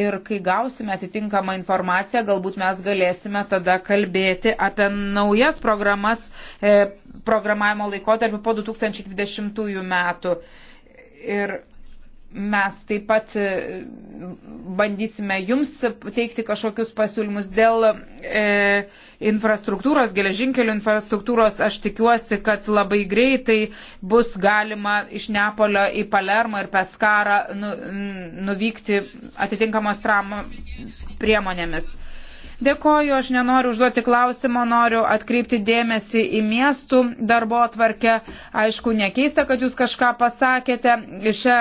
ir kai gausime atitinkamą informaciją, galbūt mes galėsime tada kalbėti apie naujas programas programavimo laikotarpį po 2020 metų. Ir mes taip pat e, bandysime jums teikti kažkokius pasiūlymus dėl e, infrastruktūros, geležinkelių infrastruktūros. Aš tikiuosi, kad labai greitai bus galima iš Neapolio į Palermo ir Peskarą nu, nuvykti atitinkamos tram priemonėmis. Dėkoju, aš nenoriu užduoti klausimo, noriu atkreipti dėmesį į miestų darbo atvarkę. Aišku, nekeista, kad jūs kažką pasakėte šią,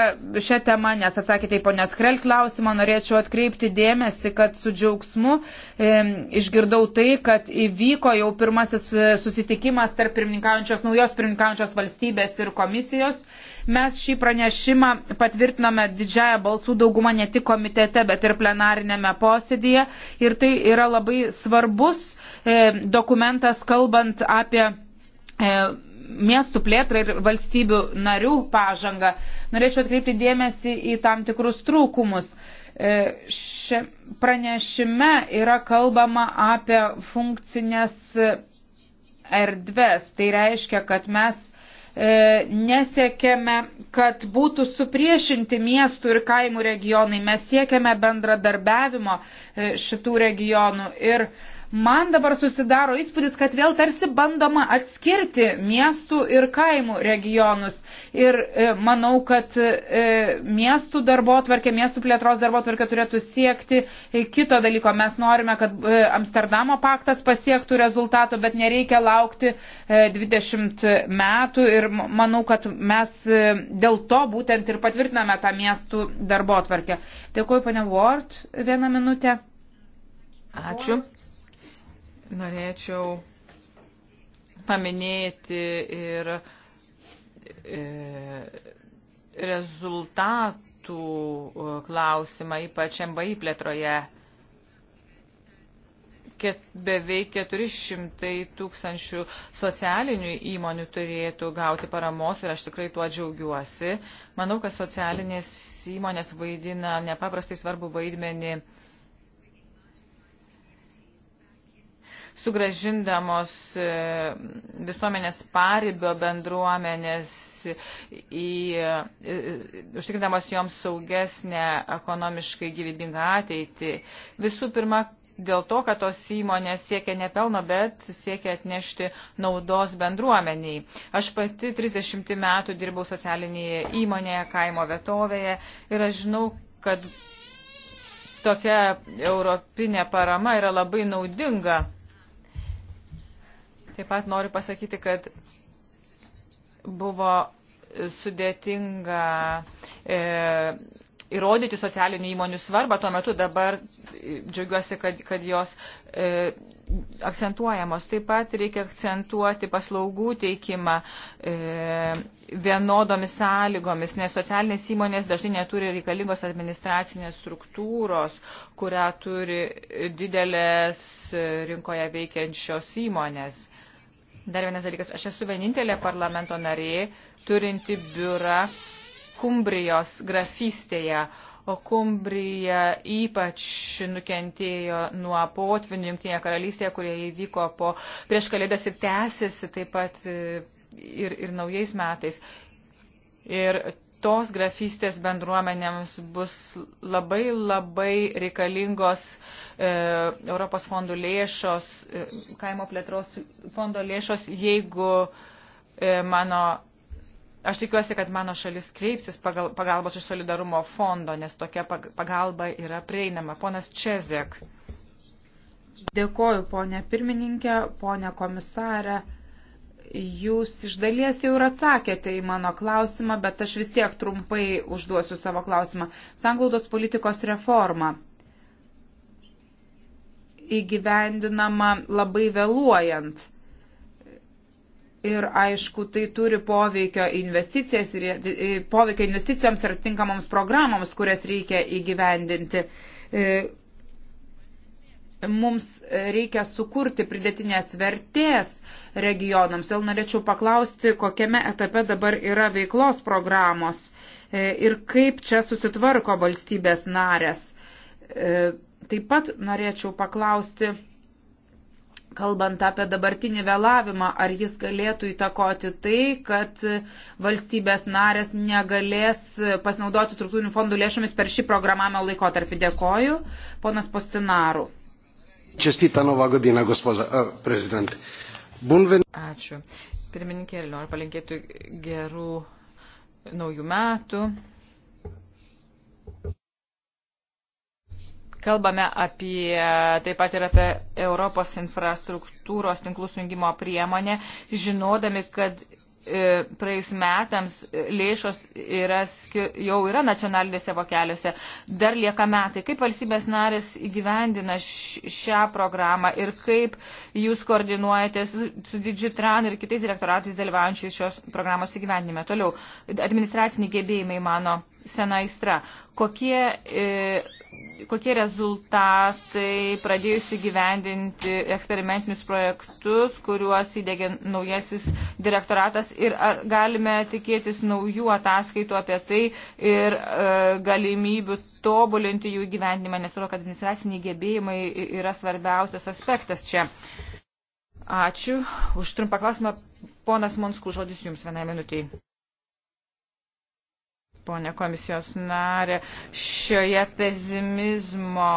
šią temą, nes atsakėte į ponios Krel klausimą. Norėčiau atkreipti dėmesį, kad su džiaugsmu e, išgirdau tai, kad įvyko jau pirmasis e, susitikimas tarp pirmininkaujančios, naujos pirmininkaujančios valstybės ir komisijos. E, Mes šį pranešimą patvirtinome didžiąją balsų daugumą ne tik komitete, bet ir plenarinėme posėdėje. Ir tai yra labai svarbus e, dokumentas, kalbant apie. E, miestų plėtrą ir valstybių narių pažangą. Norėčiau atkreipti dėmesį į tam tikrus trūkumus. E, šia pranešime yra kalbama apie funkcinės erdves. Tai reiškia, kad mes E, nesiekėme, kad būtų supriešinti miestų ir kaimų regionai. Mes siekiame bendradarbiavimo e, šitų regionų. Ir e, man dabar susidaro įspūdis, kad vėl tarsi bandoma atskirti miestų ir kaimų regionus. Ir e, manau, kad e, miestų darbo atvarkė, miestų plėtros darbo atvarkė turėtų siekti e, kito dalyko. Mes norime, kad e, Amsterdamo paktas pasiektų rezultato, bet nereikia laukti e, 20 metų. Ir manau, kad mes e, dėl to būtent ir patvirtiname tą miestų darbo atvarkę. Dėkuoju, pane Ward, vieną minutę. Ačiū. Ward. Norėčiau paminėti ir e, rezultatų e, klausimą, ypač MBI plėtroje. Ket, beveik 400 tūkstančių socialinių įmonių turėtų gauti paramos ir aš tikrai tuo džiaugiuosi. Manau, kad socialinės įmonės vaidina nepaprastai svarbu vaidmenį sugražindamos e, visuomenės paribio bendruomenės, į, e, e, užtikrindamos joms saugesnę ekonomiškai gyvybingą ateitį. Visų pirma, dėl to, kad tos įmonės siekia ne pelno, bet siekia atnešti naudos bendruomeniai. Aš pati 30 metų dirbau socialinėje įmonėje, kaimo vietovėje ir aš žinau, kad tokia europinė parama yra labai naudinga Taip pat noriu pasakyti, kad buvo sudėtinga e, įrodyti socialinių įmonių svarbą. Tuo metu dabar džiaugiuosi, kad, kad jos e, akcentuojamos. Taip pat reikia akcentuoti paslaugų teikimą e, vienodomis sąlygomis, nes socialinės įmonės dažnai neturi reikalingos administracinės struktūros, kurią turi didelės e, rinkoje veikiančios įmonės. Dar vienas dalykas, aš esu vienintelė parlamento narė, turinti biurą Kumbrijos grafystėje, o Kumbrija ypač nukentėjo nuo potvinių Junktinėje karalystėje, kurie įvyko po prieš kalėdas ir tęsiasi taip pat ir, ir naujais metais. Ir tos grafystės bendruomenėms bus labai labai reikalingos e, Europos fondų lėšos, e, kaimo plėtros fondo lėšos, jeigu e, mano, aš tikiuosi, kad mano šalis kreipsis pagal, pagalbos iš solidarumo fondo, nes tokia pagalba yra prieinama. Ponas Čezek. Dėkoju, ponė pirmininkė, ponė komisarė. Jūs iš dalies jau ir atsakėte į mano klausimą, bet aš vis tiek trumpai užduosiu savo klausimą. Sanglaudos politikos reforma įgyvendinama labai vėluojant. Ir aišku, tai turi poveikio, investicijas ir, e, poveikio investicijoms ir tinkamoms programoms, kurias reikia įgyvendinti. E, mums reikia sukurti pridėtinės vertės regionams. Dėl norėčiau paklausti, kokiame etape dabar yra veiklos programos e, ir kaip čia susitvarko valstybės narės. E, taip pat norėčiau paklausti, kalbant apie dabartinį vėlavimą, ar jis galėtų įtakoti tai, kad valstybės narės negalės pasinaudoti struktūrinių fondų lėšomis per šį programavimo laikotarpį. Dėkoju, ponas Postinaru. Čestita Nova Godina, gospoza e, prezidentė. Ačiū. Pirmininkė, noriu palinkėti gerų naujų metų. Kalbame apie, taip pat ir apie Europos infrastruktūros tinklų sujungimo priemonę, žinodami, kad E, praėjus metams lėšos yra, jau yra nacionalinėse vokeliuose, dar lieka metai. Kaip valstybės narės įgyvendina šią programą ir kaip jūs koordinuojate su Digitran ir kitais direktoratais dalyvaujančiais šios programos įgyvendinime? Toliau, administraciniai gebėjimai mano sena aistra. Kokie, e, kokie rezultatai pradėjusi gyvendinti eksperimentinius projektus, kuriuos įdėgė naujasis direktoratas ir ar galime tikėtis naujų ataskaitų apie tai ir e, galimybių tobulinti jų gyvendimą, nes atrodo, kad administraciniai gebėjimai yra svarbiausias aspektas čia. Ačiū už trumpą klausimą. Ponas Monskų, žodis Jums vienai minutiai ponė komisijos narė, šioje pezimizmo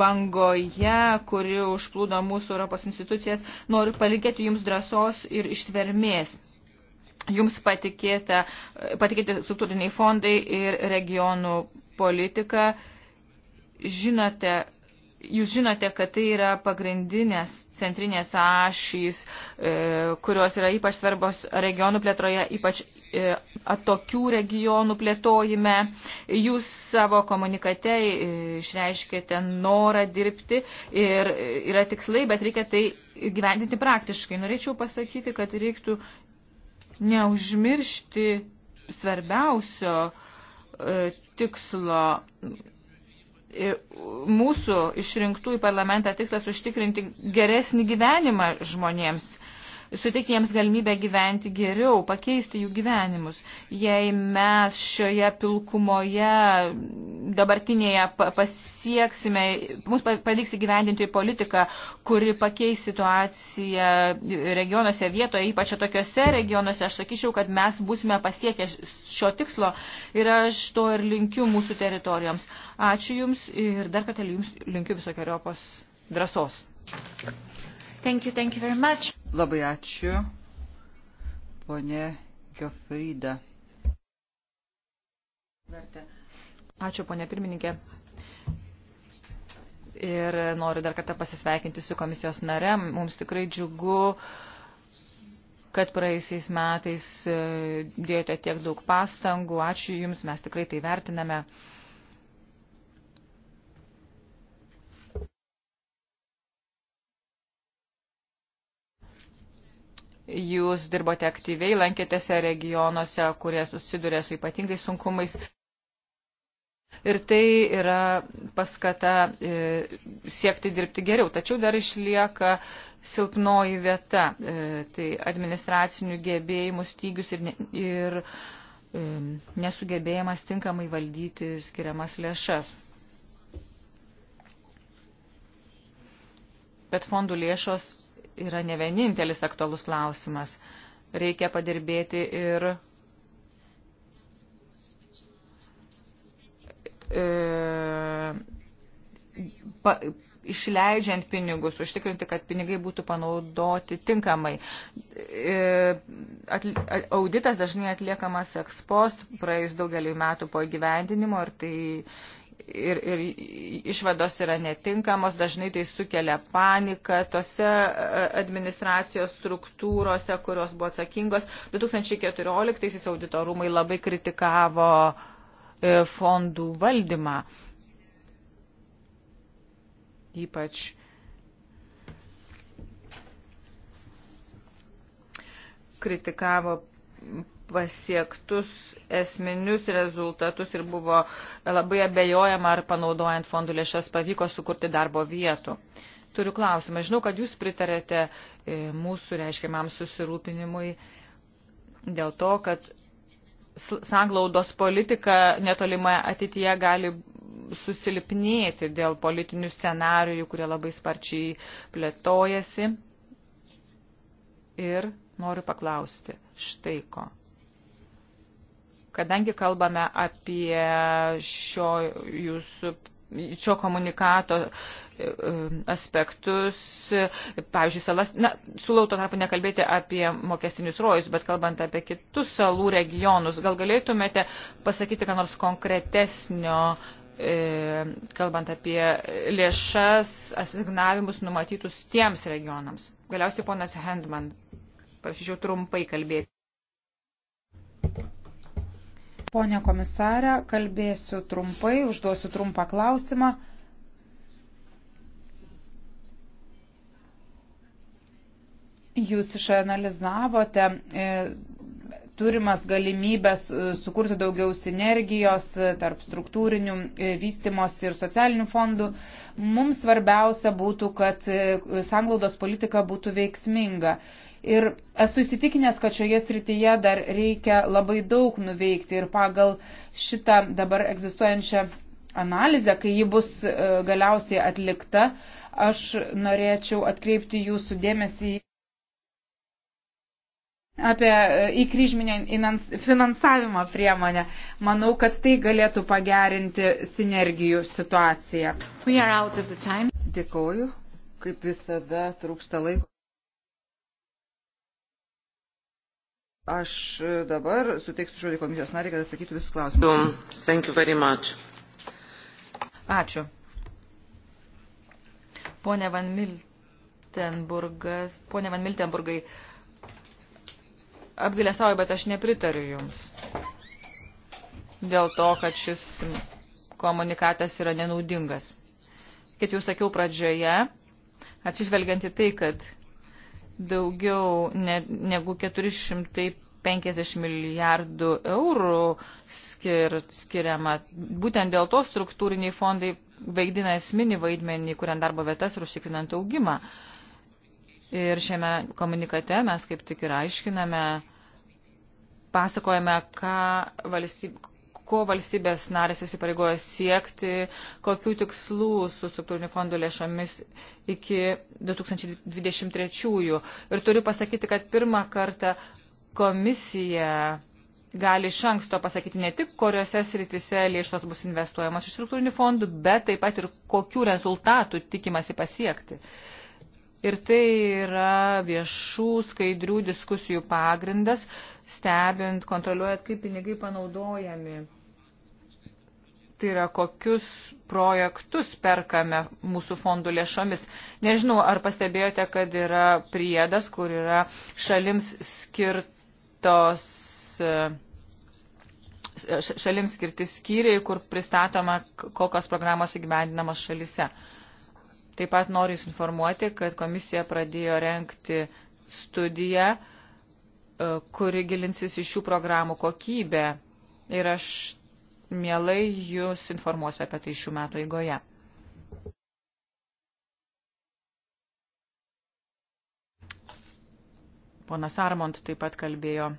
bangoje, kuri užplūdo mūsų Europos institucijas, noriu palinkėti jums drąsos ir ištvermės. Jums patikėta, patikėti struktūriniai fondai ir regionų politika. Žinote, Jūs žinote, kad tai yra pagrindinės centrinės ašys, e, kurios yra ypač svarbos regionų plėtroje, ypač e, atokių regionų plėtojime. Jūs savo komunikate e, išreiškėte norą dirbti ir yra tikslai, bet reikia tai gyvendinti praktiškai. Norėčiau pasakyti, kad reiktų neužmiršti svarbiausio tikslo mūsų išrinktų į parlamentą tikslas užtikrinti geresnį gyvenimą žmonėms suteikti jiems galimybę gyventi geriau, pakeisti jų gyvenimus. Jei mes šioje pilkumoje dabartinėje pasieksime, mums pavyks įgyvendinti politiką, kuri pakeis situaciją regionuose vietoje, ypač tokiuose regionuose, aš sakyčiau, kad mes būsime pasiekę šio tikslo ir aš to ir linkiu mūsų teritorijoms. Ačiū Jums ir dar kartą Jums linkiu visokiojopos drąsos. Thank you, thank you very much. Labai ačiū, ponė Giofrida. Ačiū, ponė pirmininkė. Ir noriu dar kartą pasisveikinti su komisijos nare. Mums tikrai džiugu, kad praeisiais metais e, dėjote tiek daug pastangų. Ačiū Jums, mes tikrai tai vertiname. Jūs dirbote aktyviai, lankėtėse regionuose, kurie susiduria su ypatingais sunkumais. Ir tai yra paskata e, siekti dirbti geriau. Tačiau dar išlieka silpnoji vieta, e, tai administracinių gebėjimų stygius ir, ir e, nesugebėjimas tinkamai valdyti skiriamas lėšas. Bet fondų lėšos yra ne vienintelis aktualus klausimas. Reikia padirbėti ir e, pa, išleidžiant pinigus, užtikrinti, kad pinigai būtų panaudoti tinkamai. E, atli, auditas dažnai atliekamas ekspost praėjus daugeliu metų po įgyvendinimo ir tai ir, ir išvados yra netinkamos, dažnai tai sukelia paniką tose e, administracijos struktūrose, kurios buvo atsakingos. 2014 auditorumai labai kritikavo e, fondų valdymą. Ypač kritikavo pasiektus esminius rezultatus ir buvo labai abejojama, ar panaudojant fondų lėšas pavyko sukurti darbo vietų. Turiu klausimą. Žinau, kad jūs pritarėte e, mūsų reiškiamam susirūpinimui dėl to, kad sanglaudos politika netolimoje ateityje gali susilpnėti dėl politinių scenarijų, kurie labai sparčiai plėtojasi. Ir noriu paklausti štai ko. Kadangi kalbame apie šio jūsų šio komunikato e, e, aspektus, pavyzdžiui, salas, na, siūlau to tarpu nekalbėti apie mokestinius rojus, bet kalbant apie kitus salų regionus, gal galėtumėte pasakyti, ką nors konkretesnio, e, kalbant apie lėšas, asignavimus numatytus tiems regionams. Galiausiai ponas Hendman, prašyčiau trumpai kalbėti. Pone komisarė, kalbėsiu trumpai, užduosiu trumpą klausimą. Jūs išanalizavote e, turimas galimybės e, sukurti daugiau sinergijos e, tarp struktūrinių vystimos ir socialinių fondų. Mums svarbiausia būtų, kad sanglaudos politika būtų veiksminga. Ir esu įsitikinęs, kad šioje srityje dar reikia labai daug nuveikti ir pagal šitą dabar egzistuojančią analizę, kai ji bus e, galiausiai atlikta, aš norėčiau atkreipti jūsų dėmesį apie e, įkryžminę finansavimo priemonę. Manau, kad tai galėtų pagerinti sinergijų situaciją. Dėkoju, kaip visada trūksta laiko. Aš dabar suteiksiu žodį komisijos nariai, kad atsakytų visus klausimus. Thank you very much. Ačiū. Pone Van Miltenburgas, pone Van Miltenburgai, apgailestauju, bet aš nepritariu Jums. Dėl to, kad šis komunikatas yra nenaudingas. Kaip jau sakiau pradžioje, atsižvelgiant į tai, kad daugiau ne, negu 450 milijardų eurų skir, skiriama. Būtent dėl to struktūriniai fondai vaidina esminį vaidmenį, kuriant darbo vietas ir užtikrinant augimą. Ir šiame komunikate mes kaip tik ir aiškiname, pasakojame, ką valstyb, ko valstybės narės įsipareigoja siekti, kokių tikslų su struktūrinių fondų lėšomis iki 2023. Ir turiu pasakyti, kad pirmą kartą komisija gali iš anksto pasakyti ne tik, kuriuose sritise lėšos bus investuojamos iš struktūrinių fondų, bet taip pat ir kokių rezultatų tikimasi pasiekti. Ir tai yra viešų, skaidrių diskusijų pagrindas, stebint, kontroliuojant, kaip pinigai panaudojami tai yra kokius projektus perkame mūsų fondų lėšomis. Nežinau, ar pastebėjote, kad yra priedas, kur yra šalims skirtos e, šalims skirti skyriai, kur pristatoma, kokios programos įgyvendinamos šalise. Taip pat noriu Jūs informuoti, kad komisija pradėjo renkti studiją, e, kuri gilinsis į šių programų kokybę. Ir aš mielai jūs informuosiu apie tai šių metų eigoje. Ponas Armont taip pat kalbėjo.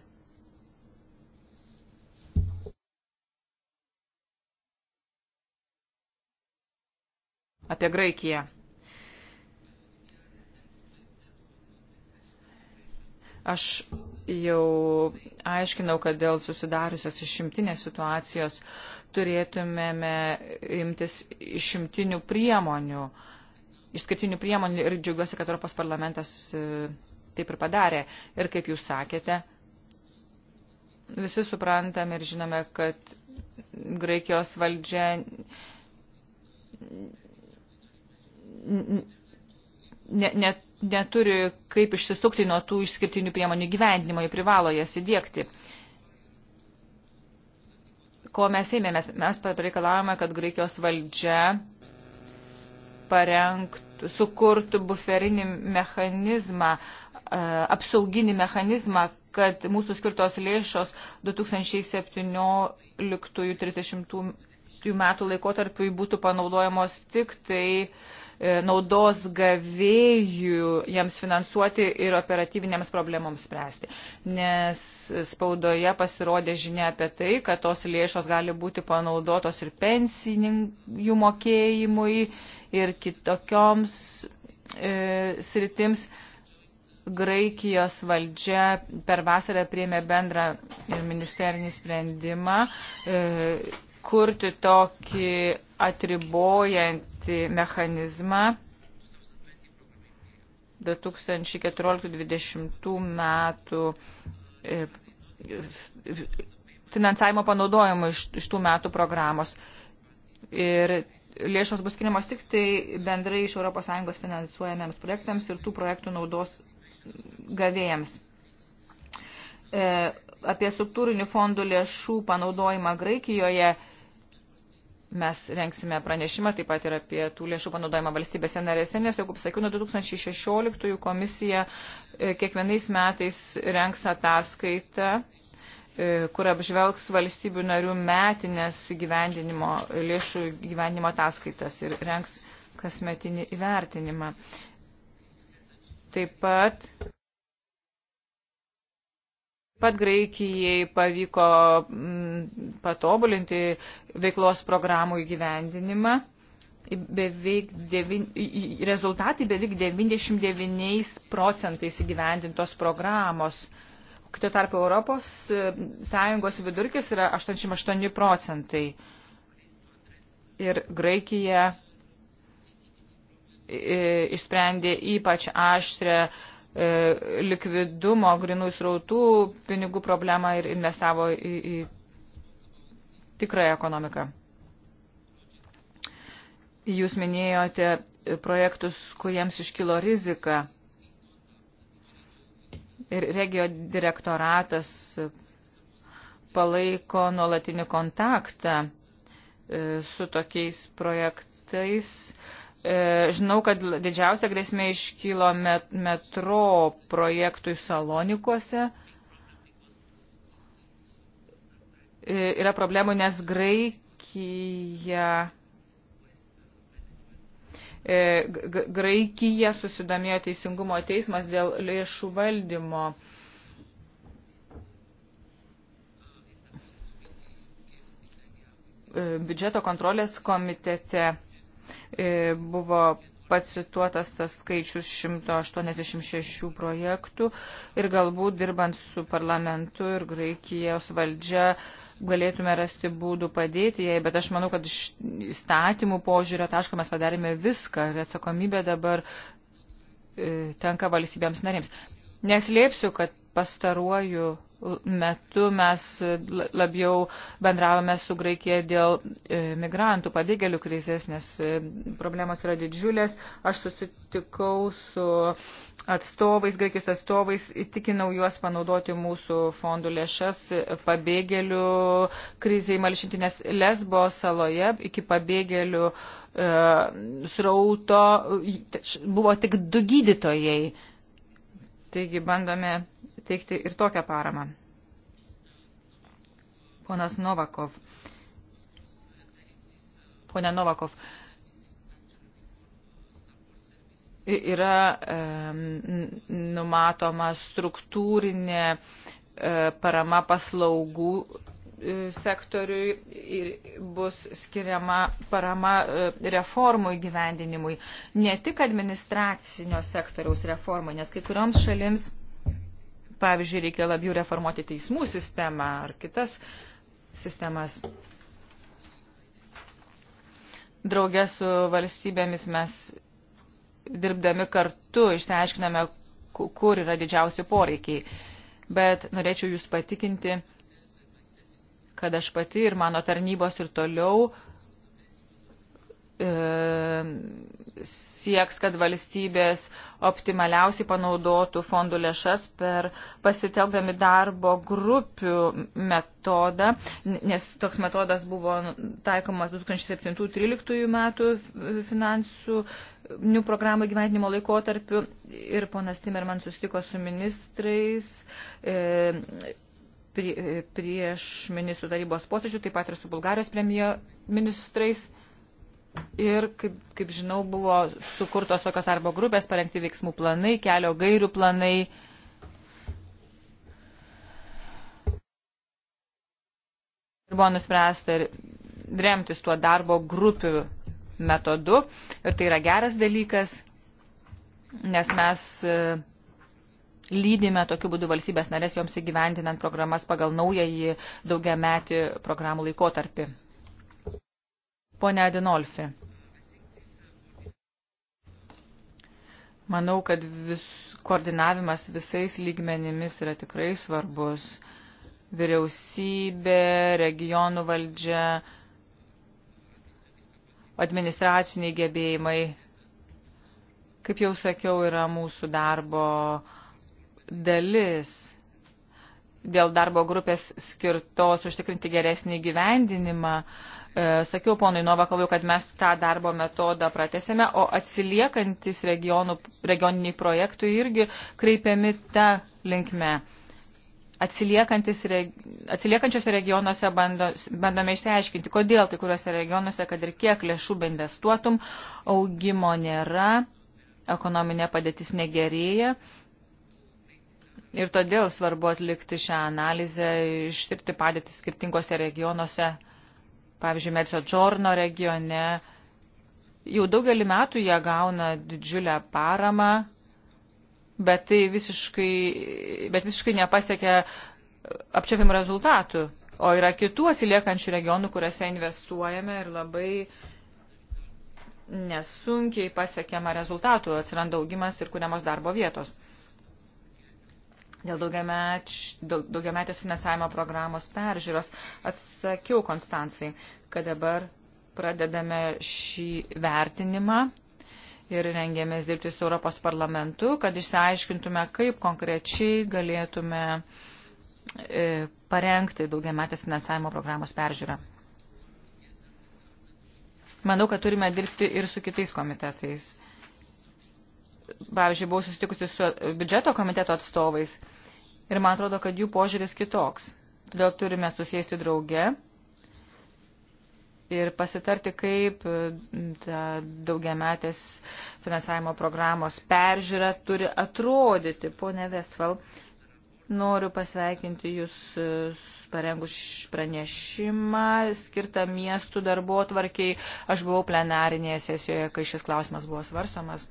Apie Graikiją. Aš jau aiškinau, kad dėl susidariusios išimtinės situacijos turėtumėme imtis išimtinių priemonių, išskirtinių priemonių ir džiugiuosi, kad Europos parlamentas e, taip ir padarė. Ir kaip jūs sakėte, visi suprantame ir žinome, kad Graikijos valdžia ne, ne, neturi kaip išsisukti nuo tų išskirtinių priemonių gyvendinimo, jie privalo jas įdėkti. Ko mes ėmėmės? Mes pareikalavome, kad Graikijos valdžia parengtų, sukurtų buferinį mechanizmą, e, apsauginį mechanizmą, kad mūsų skirtos lėšos 2017-2030 metų laikotarpiui būtų panaudojamos tik tai uh, E, naudos gavėjų jiems finansuoti ir operatyvinėms problemoms spręsti. Nes spaudoje pasirodė žinia apie tai, kad tos lėšos gali būti panaudotos ir pensininkų mokėjimui ir kitokioms e, sritims. Graikijos valdžia per vasarą priėmė bendrą ministerinį sprendimą e, kurti tokį atribojant vystimosi mechanizmą 2014-2020 metų e, finansavimo panaudojimo iš, iš tų metų programos. Ir lėšos bus skiriamos tik tai bendrai iš ES finansuojamiems projektams ir tų projektų naudos gavėjams. E, apie struktūrinių fondų lėšų panaudojimą Graikijoje Mes renksime pranešimą taip pat ir apie tų lėšų panaudojimą valstybėse narėse, nes jau, kaip sakiau, nuo 2016 komisija e, kiekvienais metais renks ataskaitą e, kur apžvelgs valstybių narių metinės gyvendinimo, lėšų gyvendinimo ataskaitas ir renks kasmetinį įvertinimą. Taip pat pat Graikijai pavyko mm, patobulinti veiklos programų įgyvendinimą. Beveik devin, rezultatai beveik 99 procentais įgyvendintos programos. Tuo tarpu Europos e, Sąjungos vidurkis yra 88 procentai. Ir Graikija e, išsprendė ypač aštrę E, likvidumo, grinų srautų, pinigų problemą ir investavo į, į tikrąją ekonomiką. Jūs minėjote projektus, kuriems iškilo rizika. Ir regio direktoratas palaiko nuolatinį kontaktą e, su tokiais projektais E, žinau, kad didžiausia grėsmė iškylo metro projektui Salonikuose. E, yra problemų, nes Graikija. E, Graikija susidomėjo teisingumo teismas dėl lėšų valdymo. Biudžeto kontrolės komitete E, buvo pacituotas tas skaičius 186 projektų ir galbūt dirbant su parlamentu ir Graikijos valdžia galėtume rasti būdų padėti jai, bet aš manau, kad iš įstatymų požiūrio taško mes padarėme viską ir atsakomybė dabar e, tenka valstybėms narėms. Neslėpsiu, kad pastaruoju metu mes labiau bendravome su Graikija dėl e, migrantų pabėgėlių krizės, nes e, problemos yra didžiulės. Aš susitikau su atstovais, Graikijos atstovais, įtikinau juos panaudoti mūsų fondų lėšas pabėgėlių kriziai malšinti, nes Lesbo saloje iki pabėgėlių e, srauto buvo tik du gydytojai. Taigi bandome teikti ir tokią paramą. Ponas Novakov. Pone Novakov. Yra e, numatoma struktūrinė e, parama paslaugų e, sektoriui ir bus skiriama parama e, reformų įgyvendinimui. Ne tik administracinio sektoriaus reformai, nes kai kurioms šalims Pavyzdžiui, reikia labiau reformuoti teismų sistemą ar kitas sistemas. Draugė su valstybėmis mes dirbdami kartu išsiaiškiname, kur yra didžiausi poreikiai. Bet norėčiau Jūs patikinti, kad aš pati ir mano tarnybos ir toliau uh, E, sieks, kad valstybės optimaliausiai panaudotų fondų lėšas per pasitelkdami darbo grupių metodą, nes toks metodas buvo taikomas 2007-2013 metų finansų programų gyvenimo laikotarpiu ir ponas Timerman susitiko su ministrais. E, prieš ministrų tarybos posėdžių, taip pat ir su Bulgarijos premjero ministrais Ir, kaip, kaip žinau, buvo sukurtos tokios darbo grupės, parengti veiksmų planai, kelio gairių planai. Ir buvo nuspręsta remtis tuo darbo grupių metodu. Ir tai yra geras dalykas, nes mes e, lydime tokiu būdu valstybės narės joms įgyvendinant programas pagal naująjį daugiametį programų laikotarpį. Pone Adinolfi. Manau, kad vis, koordinavimas visais lygmenimis yra tikrai svarbus. Vyriausybė, regionų valdžia, administraciniai gebėjimai, kaip jau sakiau, yra mūsų darbo dalis. Dėl darbo grupės skirtos užtikrinti geresnį gyvendinimą E, sakiau ponui Novakovui, kad mes tą darbo metodą pratesėme, o atsiliekantis regionų, regioniniai projektų irgi kreipiami tą linkme atsiliekančiose regionuose bando, bandome išsiaiškinti, kodėl kai kuriuose regionuose, kad ir kiek lėšų investuotum, augimo nėra, ekonominė padėtis negerėja. Ir todėl svarbu atlikti šią analizę, ištirti padėtį skirtingose regionuose Pavyzdžiui, Mečio Džorno regione jau daugelį metų jie gauna didžiulę paramą, bet tai visiškai, bet visiškai nepasiekia apčiapimų rezultatų. O yra kitų atsiliekančių regionų, kuriuose investuojame ir labai nesunkiai pasiekiama rezultatų, atsiranda augimas ir kuriamos darbo vietos. Dėl daugiametės finansavimo programos peržiūros atsakiau Konstancijai, kad dabar pradedame šį vertinimą ir rengėmės dirbti su Europos parlamentu, kad išsiaiškintume, kaip konkrečiai galėtume e, parengti daugiametės finansavimo programos peržiūrą. Manau, kad turime dirbti ir su kitais komitetais pavyzdžiui, buvau susitikusi su biudžeto komiteto atstovais ir man atrodo, kad jų požiūris kitoks. Todėl turime susėsti drauge ir pasitarti, kaip daugiametės finansavimo programos peržiūra turi atrodyti. Pone Vestval, noriu pasveikinti Jūs e, parengus pranešimą skirtą miestų darbo tvarkiai. Aš buvau plenarinėje sesijoje, kai šis klausimas buvo svarstomas.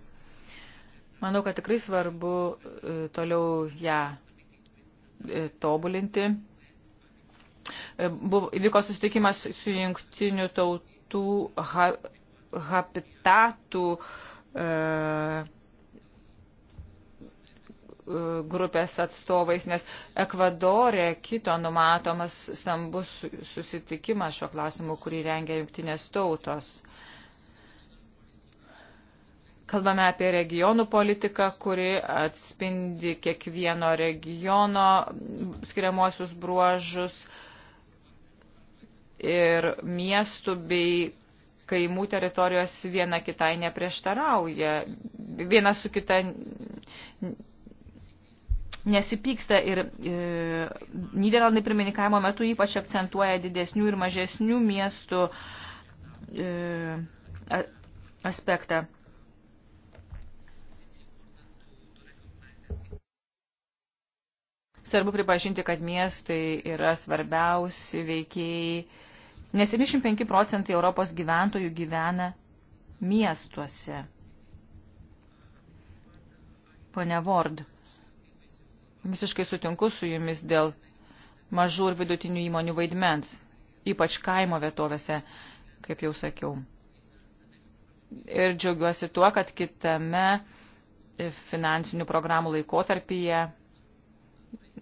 Manau, kad tikrai svarbu e, toliau ją e, tobulinti. E, Buvo, vyko susitikimas su jungtiniu tautų ha, habitatų e, grupės atstovais, nes Ekvadorė kito numatomas stambus susitikimas šio klausimu, kurį rengia jungtinės tautos. Kalbame apie regionų politiką, kuri atspindi kiekvieno regiono skiriamuosius bruožus ir miestų bei kaimų teritorijos viena kitai neprieštarauja, viena su kita nesipyksta ir e, Niderlandai pirmininkavimo metu ypač akcentuoja didesnių ir mažesnių miestų e, aspektą. Svarbu pripažinti, kad miestai yra svarbiausi veikėjai, nes 75 procentai Europos gyventojų gyvena miestuose. Pone Vord, visiškai sutinku su jumis dėl mažų ir vidutinių įmonių vaidmens, ypač kaimo vietovėse, kaip jau sakiau. Ir džiaugiuosi tuo, kad kitame finansinių programų laikotarpyje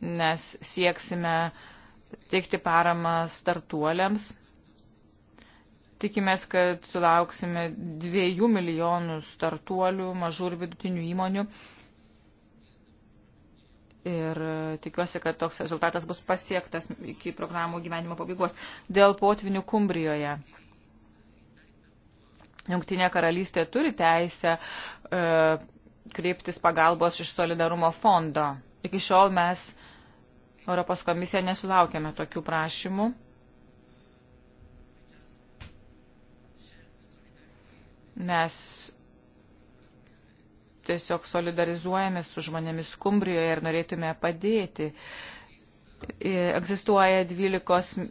nes sieksime teikti paramą startuoliams. Tikimės, kad sulauksime dviejų milijonų startuolių, mažų ir vidutinių įmonių. Ir tikiuosi, kad toks rezultatas bus pasiektas iki programų gyvenimo pabaigos. Dėl potvinių Kumbrijoje. Jungtinė karalystė turi teisę e, kreiptis pagalbos iš solidarumo fondo. Iki šiol mes Europos komisija nesulaukėme tokių prašymų. Mes tiesiog solidarizuojame su žmonėmis Kumbrijoje ir norėtume padėti. Egzistuoja 12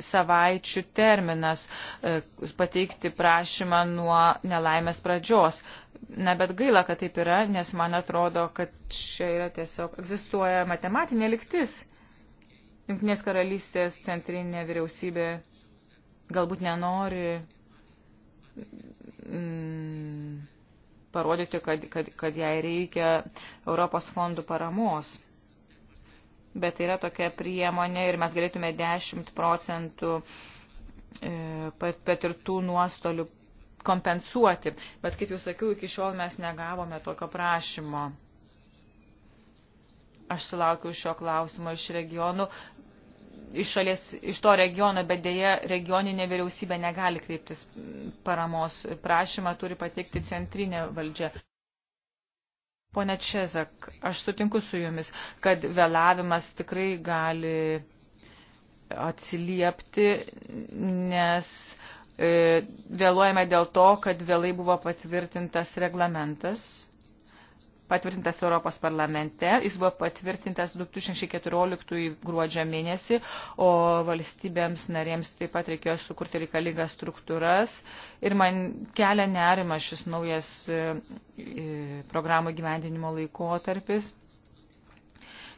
savaičių terminas e, pateikti prašymą nuo nelaimės pradžios. Na, bet gaila, kad taip yra, nes man atrodo, kad čia yra tiesiog egzistuoja matematinė liktis. Junktinės karalystės centrinė vyriausybė galbūt nenori mm, parodyti, kad, kad, kad jai reikia Europos fondų paramos bet tai yra tokia priemonė ir mes galėtume 10 procentų e, patirtų nuostolių kompensuoti. Bet kaip jau sakiau, iki šiol mes negavome tokio prašymo. Aš sulaukiu šio klausimo iš regionų, iš, šalies, iš to regiono, bet dėja regioninė vyriausybė negali kreiptis paramos prašymą, turi patikti centrinė valdžia. Pone Čezak, aš sutinku su jumis, kad vėlavimas tikrai gali atsiliepti, nes e, vėluojame dėl to, kad vėlai buvo patvirtintas reglamentas patvirtintas Europos parlamente. Jis buvo patvirtintas 2014 gruodžio mėnesį, o valstybėms narėms taip pat reikėjo sukurti reikalingas struktūras. Ir man kelia nerima šis naujas e, e, programų gyvendinimo laikotarpis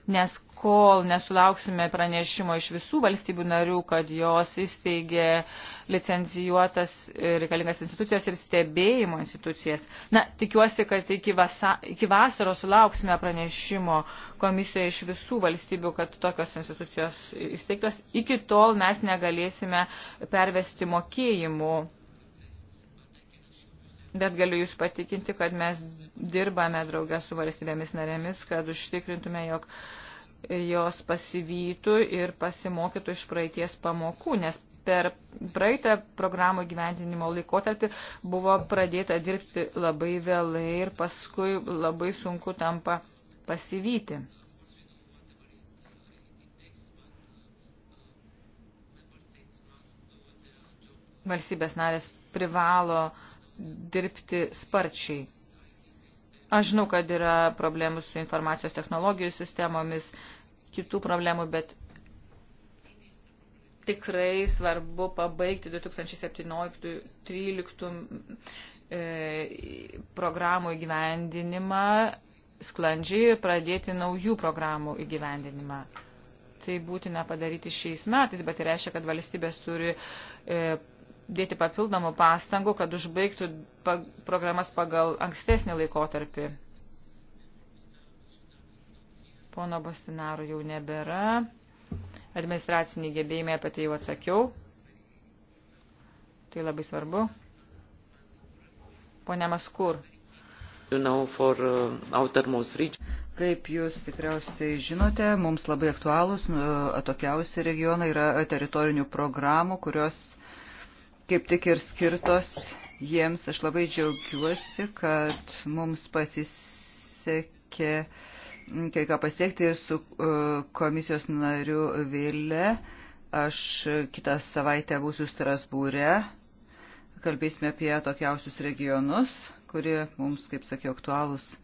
nes kol nesulauksime pranešimo iš visų valstybių narių, kad jos įsteigė licencijuotas reikalingas institucijas ir stebėjimo institucijas. Na, tikiuosi, kad iki, vasa, iki vasaros sulauksime pranešimo komisijoje iš visų valstybių, kad tokios institucijos įsteigtos. Iki tol mes negalėsime pervesti mokėjimų bet galiu Jūs patikinti, kad mes dirbame draugę su valstybėmis narėmis, kad užtikrintume, jog jos pasivytų ir pasimokytų iš praeities pamokų, nes per praeitą programų gyventinimo laikotarpį buvo pradėta dirbti labai vėlai ir paskui labai sunku tampa pasivyti. Valstybės narės privalo uh, dirbti sparčiai. Aš žinau, kad yra problemų su informacijos technologijų sistemomis, kitų problemų, bet tikrai svarbu pabaigti 2017-2013 e, programų įgyvendinimą sklandžiai ir pradėti naujų programų įgyvendinimą. Tai būtina padaryti šiais metais, bet tai reiškia, kad valstybės turi e, dėti papildomų pastangų, kad užbaigtų programas pagal ankstesnį laikotarpį. Pono Bostinaro jau nebėra. Administraciniai gebėjimai apie tai jau atsakiau. Tai labai svarbu. Pone Maskur. Uh, Kaip jūs tikriausiai žinote, mums labai aktualūs uh, atokiausi regionai yra teritorinių programų, kurios kaip tik ir skirtos jiems. Aš labai džiaugiuosi, kad mums pasisekė mm, kai ką pasiekti ir su e, komisijos nariu Vėlė. Aš kitą savaitę būsiu Strasbūre. Kalbėsime apie tokiausius regionus, kurie mums, kaip sakiau, aktualūs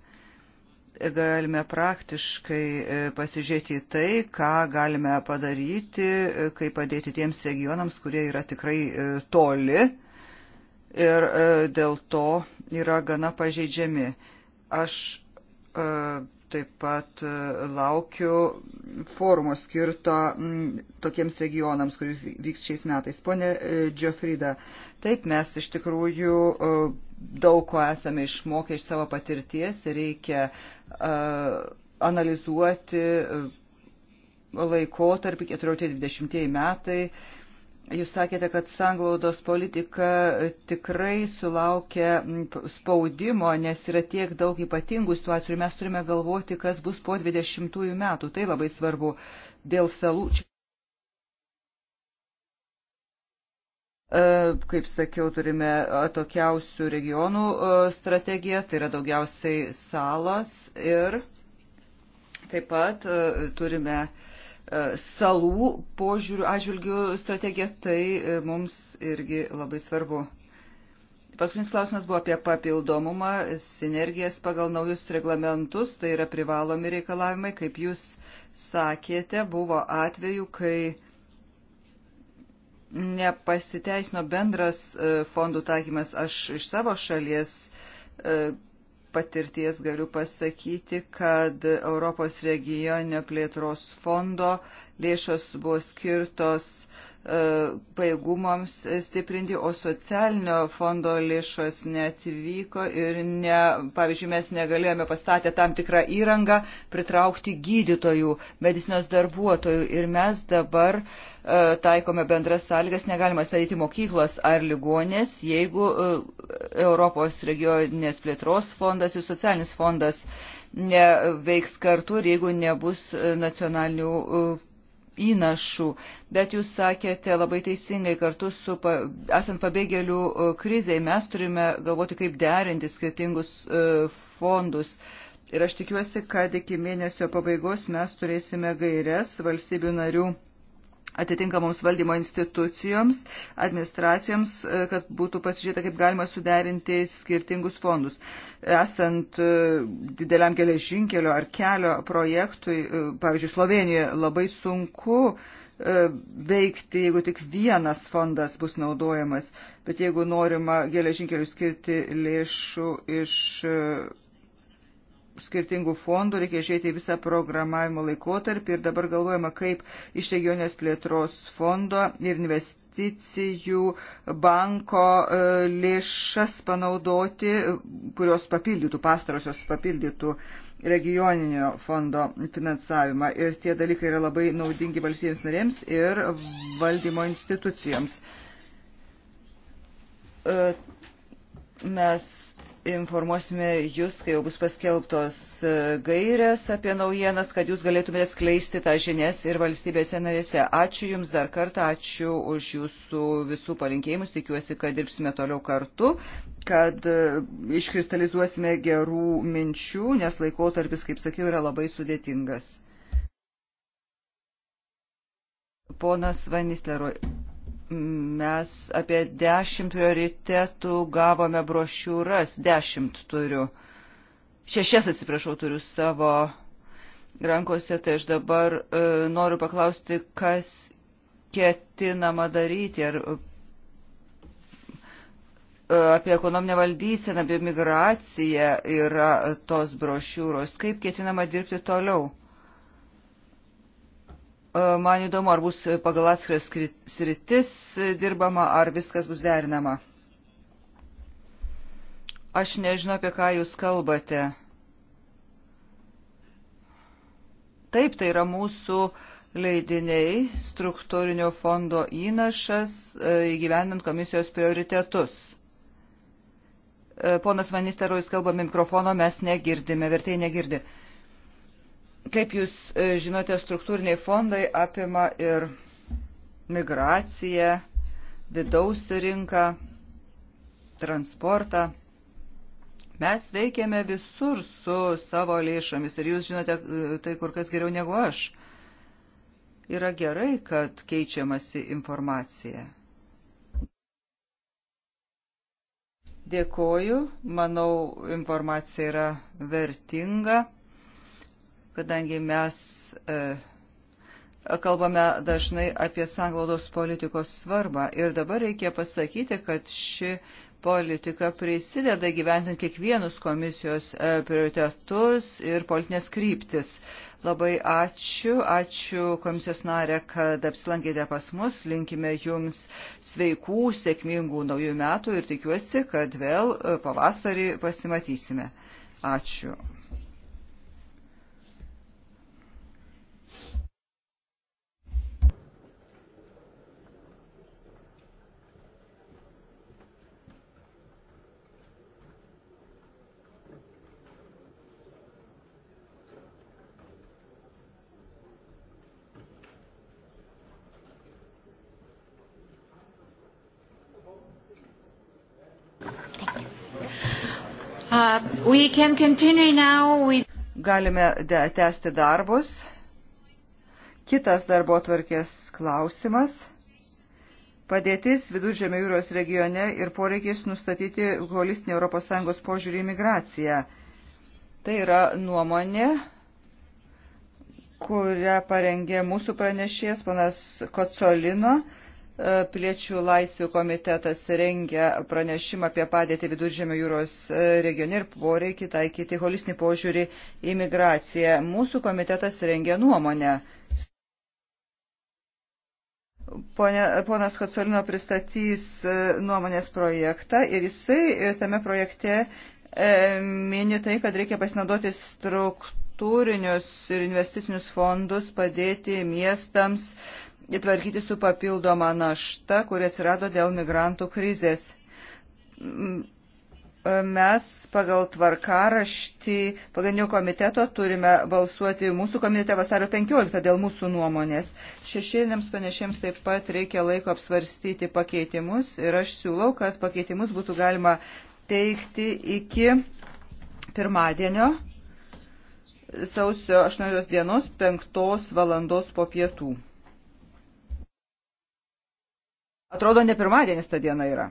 galime praktiškai e, pasižiūrėti į tai, ką galime padaryti, e, kaip padėti tiems regionams, kurie yra tikrai e, toli ir dėl to yra gana pažeidžiami. Aš taip pat e, laukiu forumo skirto tokiems regionams, kuris vyks šiais metais. Pone Džiofrida, e, taip mes iš tikrųjų e, daug ko esame išmokę iš savo patirties ir reikia analizuoti laikotarpį 14-20 metai Jūs sakėte, kad sanglaudos politika tikrai sulaukia spaudimo, nes yra tiek daug ypatingų situacijų ir mes turime galvoti, kas bus po 20 metų. Tai labai svarbu dėl salų. E, kaip sakiau, turime atokiausių regionų e, strategiją, tai yra daugiausiai salas ir taip pat e, turime uh, E, salų požiūrių atžvilgių strategiją, tai e, mums irgi labai svarbu. Paskutinis klausimas buvo apie papildomumą, sinergijas pagal naujus reglamentus, tai yra privalomi reikalavimai, kaip jūs sakėte, buvo atveju, kai nepasiteisino bendras e, fondų taikymas. Aš iš savo šalies patirties galiu pasakyti, kad Europos regioninio plėtros fondo lėšos buvo skirtos E, paėgumams stiprinti, o socialinio fondo lėšos neatvyko ir, ne, pavyzdžiui, mes negalėjome pastatę tam tikrą įrangą pritraukti gydytojų, medicinos darbuotojų ir mes dabar e, taikome bendras sąlygas, negalima statyti mokyklos ar ligonės, jeigu e, Europos regioninės plėtros fondas ir socialinis fondas neveiks kartu ir jeigu nebus e, nacionalinių e, įnašų. Bet jūs sakėte labai teisingai, kartu su, esant pabėgėlių e, kriziai, mes turime galvoti, kaip derinti skirtingus e, fondus. Ir aš tikiuosi, kad iki mėnesio pabaigos mes turėsime gairias valstybių narių atitinkamoms valdymo institucijoms, administracijoms, e, kad būtų pasižiūrėta, kaip galima suderinti skirtingus fondus. Esant e, dideliam geležinkelio ar kelio projektui, e, pavyzdžiui, Slovenijoje labai sunku veikti, jeigu tik vienas fondas bus naudojamas, bet jeigu norima geležinkelių skirti lėšų iš skirtingų fondų, reikia žiūrėti visą programavimo laikotarpį ir dabar galvojama, kaip iš regionės plėtros fondo ir investicijų banko e, lėšas panaudoti, kurios papildytų, pastarosios papildytų regioninio fondo finansavimą. Ir tie dalykai yra labai naudingi valstybėms narėms ir valdymo institucijoms. E, mes informuosime jūs, kai jau bus paskelbtos e, gairės apie naujienas, kad jūs galėtumėte skleisti tą žinias ir valstybėse narėse. Ačiū Jums dar kartą, ačiū už Jūsų visų palinkėjimus, tikiuosi, kad dirbsime toliau kartu, kad e, iškristalizuosime gerų minčių, nes laikotarpis, kaip sakiau, yra labai sudėtingas. Ponas Vanisleroj mes apie dešimt prioritetų gavome brošiūras, dešimt turiu, šešias atsiprašau turiu savo rankose, tai aš dabar e, noriu paklausti, kas ketinama daryti, ar e, apie ekonominę valdyseną, apie migraciją yra tos brošiūros, kaip ketinama dirbti toliau. E, man įdomu, ar bus pagal atskiras sritis dirbama, ar viskas bus derinama. Aš nežinau, apie ką jūs kalbate. Taip, tai yra mūsų leidiniai, struktūrinio fondo įnašas e, įgyvendant komisijos prioritetus. E, ponas Vanisterojus kalba mikrofono, mes negirdime, vertėjai negirdi. Kaip jūs e, žinote, struktūriniai fondai apima ir migraciją, vidaus rinką, transportą. Mes veikiame visur su savo lėšomis ir jūs žinote e, tai kur kas geriau negu aš. Yra gerai, kad keičiamasi informacija. Dėkoju, manau, informacija yra vertinga kadangi mes e, kalbame dažnai apie sanglaudos politikos svarbą. Ir dabar reikia pasakyti, kad ši politika prisideda gyventant kiekvienus komisijos e, prioritetus ir politinės kryptis. Labai ačiū, ačiū komisijos narė, kad apsilankėte pas mus, linkime jums sveikų, sėkmingų naujų metų ir tikiuosi, kad vėl e, pavasarį pasimatysime. Ačiū. With... Galime tęsti darbus. Kitas darbo tvarkės klausimas. Padėtis Viduržėmio jūros regione ir poreikis nustatyti holistinį ES požiūrį į migraciją. Tai yra nuomonė, kurią parengė mūsų pranešėjas, panas Kocolino. Piliečių laisvių komitetas rengia pranešimą apie padėtį Viduržėmio jūros e, regione ir poreikį taikyti holistinį požiūrį į migraciją. Mūsų komitetas rengia nuomonę. Pone, ponas Kocolino pristatys e, nuomonės projektą ir jisai e, tame projekte mini tai, kad reikia pasinaudoti struktūrinius ir investicinius fondus, padėti miestams, tvarkyti su papildoma našta, kuri atsirado dėl migrantų krizės. Mes pagal tvarkaraštį pagrindinio komiteto turime balsuoti mūsų komitete vasario 15 dėl mūsų nuomonės. Šešėliniams panešėms taip pat reikia laiko apsvarstyti pakeitimus ir aš siūlau, kad pakeitimus būtų galima teikti iki pirmadienio sausio 8 dienos 5 valandos po pietų. Atrodo, ne pirmadienis ta diena yra.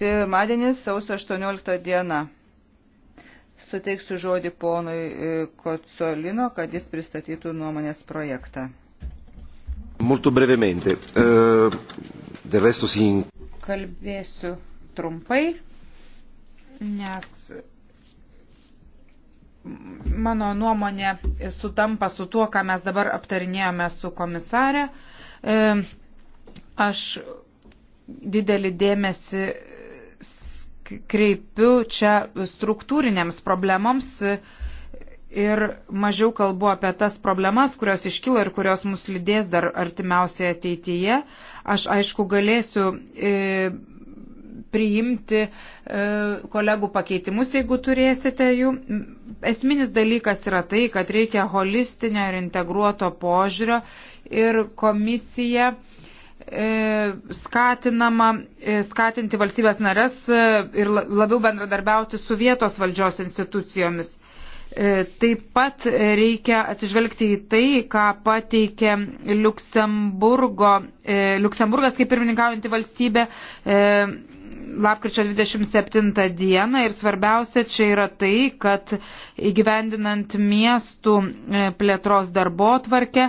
Pirmadienis, sausio 18 diena. Suteiksiu žodį ponui e, Kocolino, kad jis pristatytų nuomonės projektą. Molto brevemente. Uh, del resto si... Kalbėsiu trumpai, nes mano nuomonė sutampa su tuo, ką mes dabar aptarinėjome su komisarė. E, aš didelį dėmesį kreipiu čia struktūrinėms problemams ir mažiau kalbu apie tas problemas, kurios iškilo ir kurios mus lydės dar artimiausioje ateityje. Aš aišku galėsiu e, priimti e, kolegų pakeitimus, jeigu turėsite jų. Esminis dalykas yra tai, kad reikia holistinio ir integruoto požiūrio ir komisija e, skatinama e, skatinti valstybės nares e, ir labiau bendradarbiauti su vietos valdžios institucijomis. Taip pat reikia atsižvelgti į tai, ką pateikė Luksemburgo, Luksemburgas kaip pirmininkaujanti valstybė lapkričio 27 dieną ir svarbiausia čia yra tai, kad įgyvendinant miestų e, plėtros darbo tvarkę,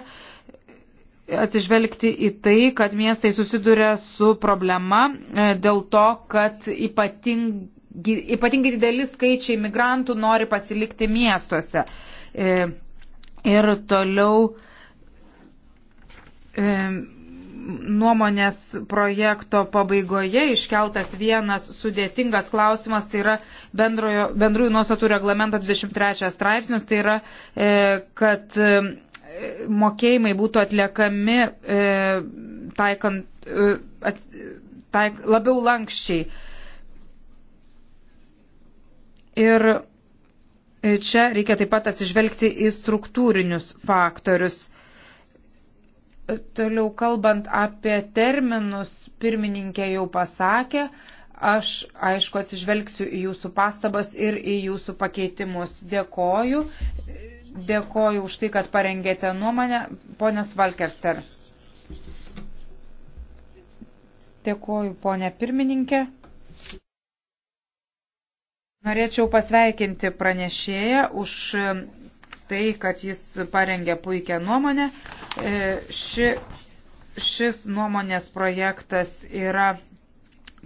atsižvelgti į tai, kad miestai susiduria su problema e, dėl to, kad ypatingi, ypatingai dideli skaičiai migrantų nori pasilikti miestuose. E, ir toliau nuomonės projekto pabaigoje iškeltas vienas sudėtingas klausimas, tai yra bendrojo, bendrųjų nuostatų reglamento 23 straipsnis, tai yra, e, kad e, mokėjimai būtų atliekami e, taikant e, at, taik, labiau lankščiai. Ir e, čia reikia taip pat atsižvelgti į struktūrinius faktorius. E, Toliau kalbant apie terminus, pirmininkė jau pasakė, aš aišku atsižvelgsiu į jūsų pastabas ir į jūsų pakeitimus. Dėkoju. Dėkoju už tai, kad parengėte nuomonę. Ponas Valkerster. Dėkoju, ponė pirmininkė. Norėčiau pasveikinti pranešėją už tai, kad jis parengė puikią nuomonę. E, ši, šis nuomonės projektas yra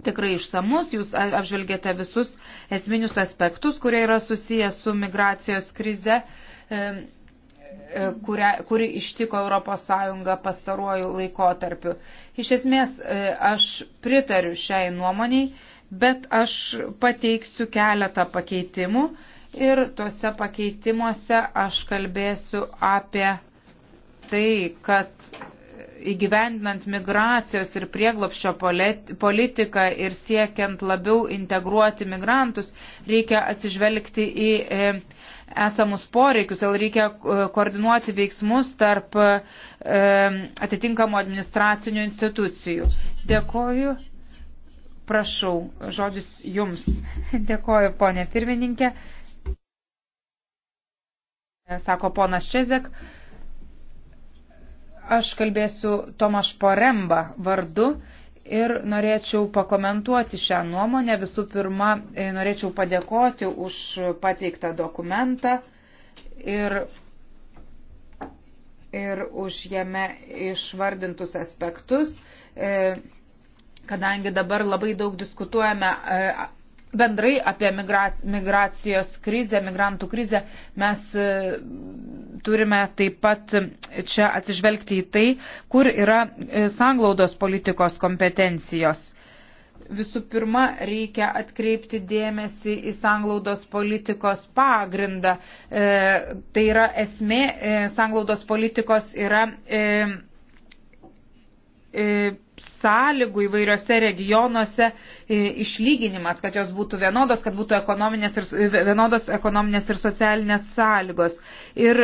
tikrai išsamus, jūs apžvelgėte visus esminius aspektus, kurie yra susijęs su migracijos krize e, e, kuria, kuri ištiko ES pastaruoju laikotarpiu. Iš esmės, aš pritariu šiai nuomoniai, bet aš pateiksiu keletą pakeitimų, Ir tuose pakeitimuose aš kalbėsiu apie tai, kad įgyvendinant migracijos ir prieglopščio politiką ir siekiant labiau integruoti migrantus, reikia atsižvelgti į e, esamus poreikius, ar reikia e, koordinuoti veiksmus tarp e, atitinkamų administracinių institucijų. Dėkoju. Prašau, žodis jums. Dėkoju, ponė pirmininkė sako ponas Čezek. Aš kalbėsiu Tomaš Poremba vardu ir norėčiau pakomentuoti šią nuomonę. Visų pirma, e, norėčiau padėkoti už pateiktą dokumentą ir, ir už jame išvardintus aspektus, e, kadangi dabar labai daug diskutuojame e, bendrai apie migracijos krizę, migrantų krizę, mes e, turime taip pat čia atsižvelgti į tai, kur yra e, sanglaudos politikos kompetencijos. Visų pirma, reikia atkreipti dėmesį į sanglaudos politikos pagrindą. E, tai yra esmė, e, sanglaudos politikos yra. E, E, sąlygų įvairiose regionuose e, išlyginimas, kad jos būtų vienodos, kad būtų ekonominės ir, e, vienodos ekonominės ir socialinės sąlygos. Ir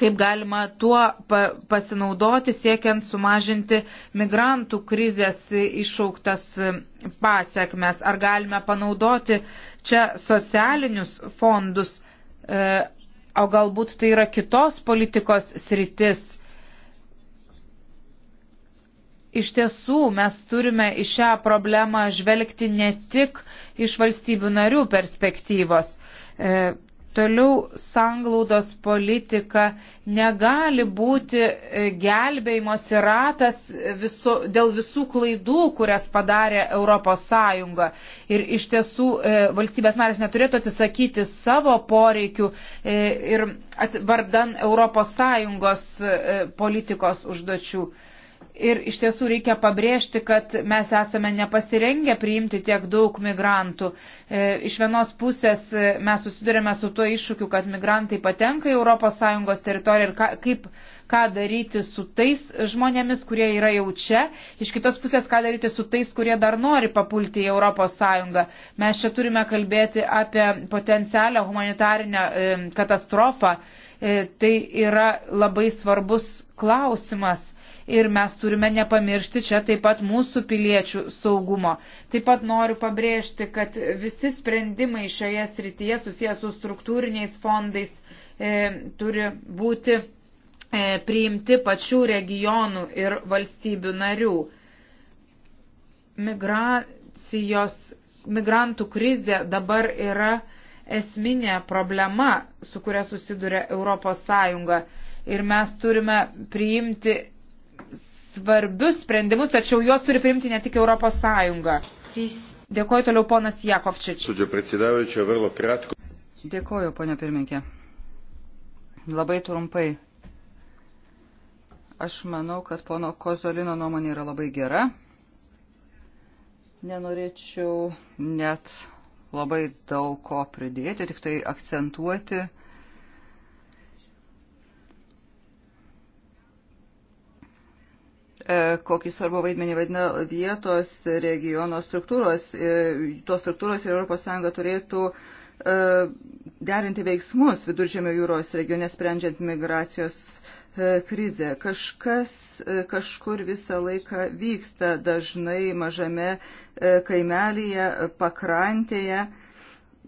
kaip galima tuo pasinaudoti, siekiant sumažinti migrantų krizės išauktas pasiekmes. Ar galime panaudoti čia socialinius fondus, o galbūt tai yra kitos politikos sritis iš tiesų mes turime į šią problemą žvelgti ne tik iš valstybių narių perspektyvos. E, toliau sanglaudos politika negali būti e, gelbėjimosi ratas viso, dėl visų klaidų, kurias padarė Europos Sąjunga. Ir iš tiesų e, valstybės narės neturėtų atsisakyti savo poreikių e, ir vardan Europos Sąjungos e, politikos užduočių. E, Ir iš tiesų reikia pabrėžti, kad mes esame nepasirengę priimti tiek daug migrantų. E, iš vienos pusės e, mes susidurėme su tuo iššūkiu, kad migrantai patenka į ES teritoriją ir ka, kaip, ką daryti su tais žmonėmis, kurie yra jau čia. Iš kitos pusės, ką daryti su tais, kurie dar nori papulti į ES. Mes čia turime kalbėti apie potencialią humanitarinę e, katastrofą. Tai yra labai svarbus klausimas ir mes turime nepamiršti čia taip pat mūsų piliečių saugumo. Taip pat noriu pabrėžti, kad visi sprendimai šioje srityje susijęs su struktūriniais fondais e, turi būti e, priimti pačių regionų ir valstybių narių. Migracijos, migrantų krizė dabar yra esminė problema, su kuria susiduria Europos Sąjunga. Ir mes turime priimti svarbius sprendimus, tačiau juos turi priimti ne tik Europos Sąjunga. Dėkoju toliau ponas Jakovčič. Dėkoju, ponia pirminkė. Labai trumpai. Aš manau, kad pono Kozolino nuomonė yra labai gera. Nenorėčiau net labai daug ko pridėti, tik tai akcentuoti E, kokį svarbų vaidmenį vadina vietos regiono struktūros. E, tos struktūros ir ES turėtų e, derinti veiksmus viduržėmio jūros regione sprendžiant migracijos krizę. Kažkas kažkur visą laiką vyksta, dažnai mažame kaimelyje, pakrantėje,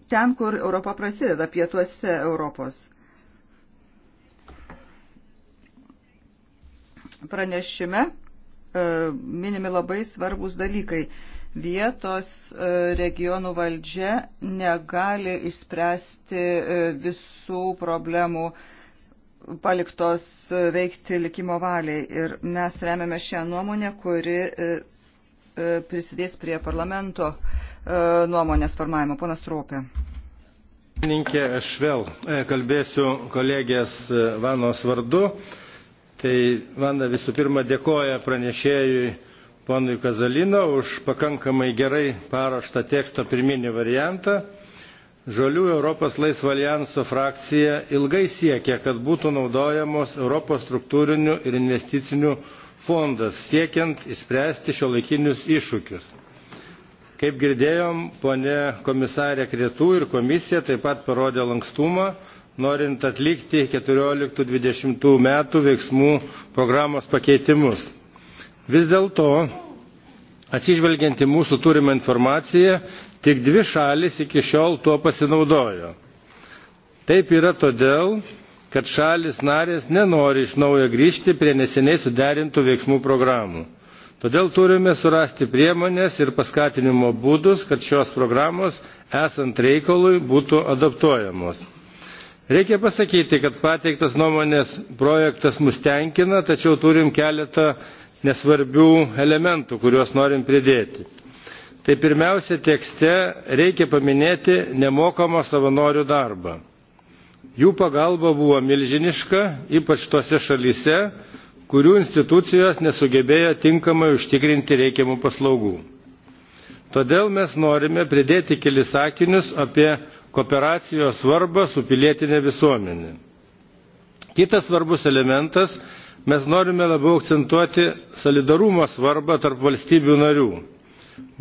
ten, kur Europa prasideda, pietuose Europos. Pranešime E, minimi labai svarbus dalykai. Vietos e, regionų valdžia negali išspręsti e, visų problemų paliktos veikti likimo valiai. Ir mes remiame šią nuomonę, kuri prisidės prie parlamento nuomonės formavimo. Ponas Ropė. Aš vėl kalbėsiu kolegės Vanos vardu Tai Vanda visų pirma dėkoja pranešėjui ponui Kazalino už pakankamai gerai paruoštą teksto pirminį variantą. Žalių Europos laisvo alijanso frakcija ilgai siekia, kad būtų naudojamos Europos struktūrinių ir investicinių fondas siekiant išspręsti šiuolaikinius iššūkius. Kaip girdėjom, ponė komisarė Kretų ir komisija taip pat parodė lankstumą, norint atlikti 14-20 metų veiksmų programos pakeitimus. Vis dėlto, atsižvelgiant į mūsų turimą informaciją, tik dvi šalis iki šiol tuo pasinaudojo. Taip yra todėl, kad šalis narės nenori iš naujo grįžti prie neseniai suderintų veiksmų programų. Todėl turime surasti priemonės ir paskatinimo būdus, kad šios programos esant reikalui būtų adaptuojamos reikia pasakyti kad pateiktas nuomonės projektas mus tenkina tačiau turim keletą nesvarbių elementų kuriuos norim pridėti. tai pirmiausia tekste reikia paminėti nemokamą savanorių darbą. jų pagalba buvo milžiniška ypač tose šalyse kurių institucijos nesugebėjo tinkamai užtikrinti reikiamų paslaugų. todėl mes norime pridėti kelis sakinius apie kooperacijos svarbą su pilietinė visuomenė. Kitas svarbus elementas - mes norime labiau akcentuoti solidarumo svarbą tarp valstybių narių.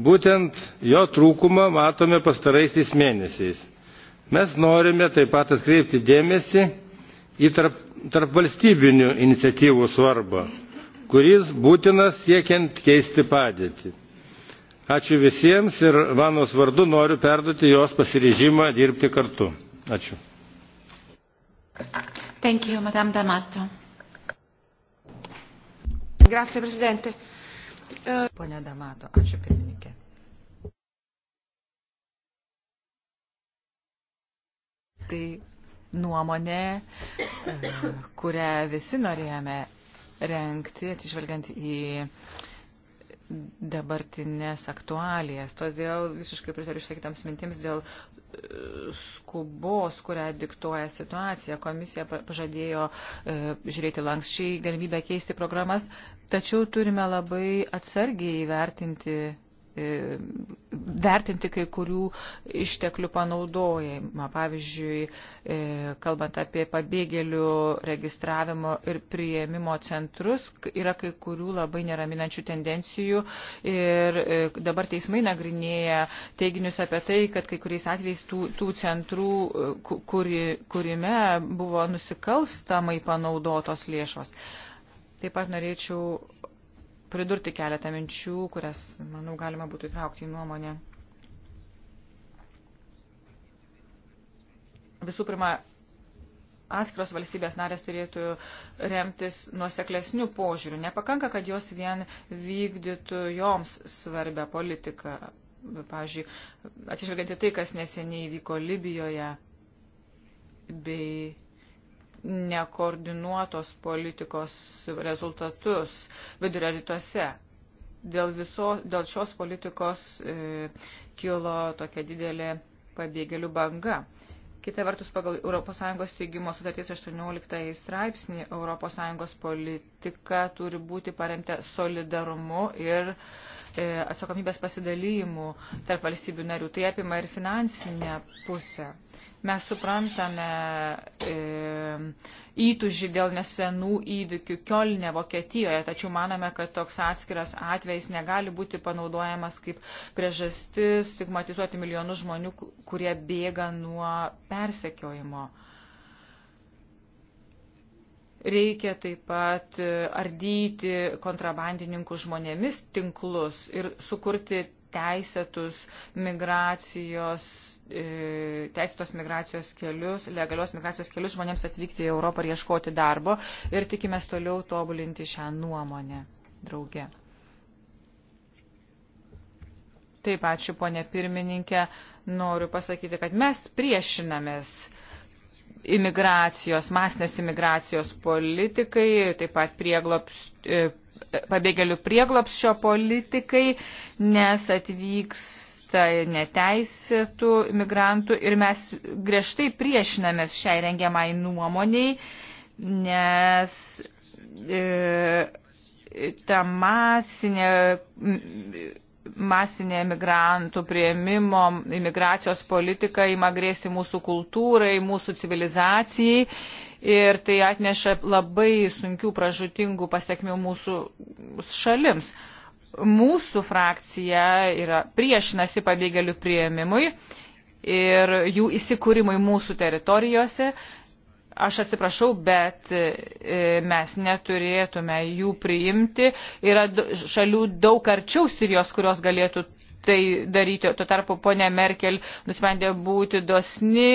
Būtent jo trūkumą matome pastaraisiais mėnesiais. Mes norime taip pat atkreipti dėmesį į tarp, tarp valstybinių iniciatyvų svarbą, kuris būtinas siekiant keisti padėtį ačiū visiems ir vanos vardu noriu perduoti jos pasiryžimą dirbti kartu. Ačiū. Thank you, Madame D'Amato. Grazie, Presidente. Uh... Pone D'Amato, ačiū pirmininkė. Tai nuomonė, eh, kurią visi norėjome renkti, atsižvelgiant į uh, dabartinės aktualijas. Todėl visiškai pritariu išsakytams mintims dėl e, skubos, kurią diktuoja situacija. Komisija pažadėjo e, žiūrėti lankščiai galimybę keisti programas, tačiau turime labai atsargiai įvertinti E, vertinti kai kurių išteklių panaudojimą. Pavyzdžiui, e, kalbant apie pabėgėlių registravimo ir prieimimo centrus, yra kai kurių labai neraminančių tendencijų ir e, dabar teismai nagrinėja teiginius apie tai, kad kai kuriais atvejais tų, tų centrų, kuri, kurime buvo nusikalstamai panaudotos lėšos. Taip pat norėčiau pridurti keletą minčių, kurias, manau, galima būtų įtraukti į nuomonę. Visų pirma, atskiros valstybės narės turėtų remtis nuoseklesnių požiūrių. Nepakanka, kad jos vien vykdytų joms svarbę politiką. Pavyzdžiui, atsižvelgiant į tai, kas neseniai vyko Libijoje bei nekoordinuotos politikos rezultatus vidurio rytuose. Dėl, viso, dėl šios politikos e, kilo tokia didelė pabėgėlių banga. Kita vertus, pagal ES steigimo sutarties 18 straipsnį ES politika turi būti paremta solidarumu ir e, atsakomybės pasidalymu tarp valstybių narių. Tai apima ir finansinę pusę. Mes suprantame e, įtužį dėl nesenų įvykių Kielne, Vokietijoje, tačiau manome, kad toks atskiras atvejs negali būti panaudojamas kaip priežastis stigmatizuoti milijonus žmonių, kurie bėga nuo persekiojimo. Reikia taip pat e, ardyti kontrabandininkų žmonėmis tinklus ir sukurti teisėtus migracijos E, teisėtos migracijos kelius, legalios migracijos kelius žmonėms atvykti į Europą ir ieškoti darbo ir tikimės toliau tobulinti šią nuomonę drauge. Taip, ačiū ponė pirmininkė. Noriu pasakyti, kad mes priešinamės imigracijos, masinės imigracijos politikai, taip pat prieglops, e, pabėgėlių prieglopščio politikai, nes atvyks vyksta neteisėtų migrantų ir mes griežtai priešinamės šiai rengiamai nuomoniai, nes e, ta masinė, masinė migrantų prieimimo, imigracijos politika ima grėsti mūsų kultūrai, mūsų civilizacijai ir tai atneša labai sunkių pražutingų pasiekmių mūsų šalims. Mūsų frakcija yra priešinasi pabėgėlių prieimimui ir jų įsikūrimui mūsų teritorijose. Aš atsiprašau, bet e, mes neturėtume jų priimti. Yra šalių daug arčiau Sirijos, kurios galėtų tai daryti. Tuo tarpu ponė Merkel nusprendė būti dosni,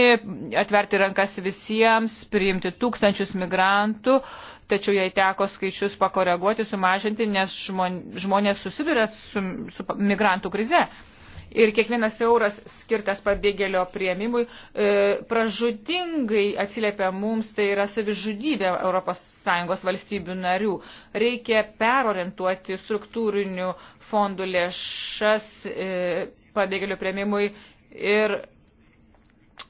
atverti rankas visiems, priimti tūkstančius migrantų tačiau jai teko skaičius pakoreguoti, sumažinti, nes žmonės susiduria su, su migrantų krize. Ir kiekvienas euras skirtas pabėgėlio prieimimui e, pražudingai atsiliepia mums, tai yra savižudybė ES valstybių narių. Reikia perorientuoti struktūrinių fondų lėšas e, pabėgėlių prieimimui ir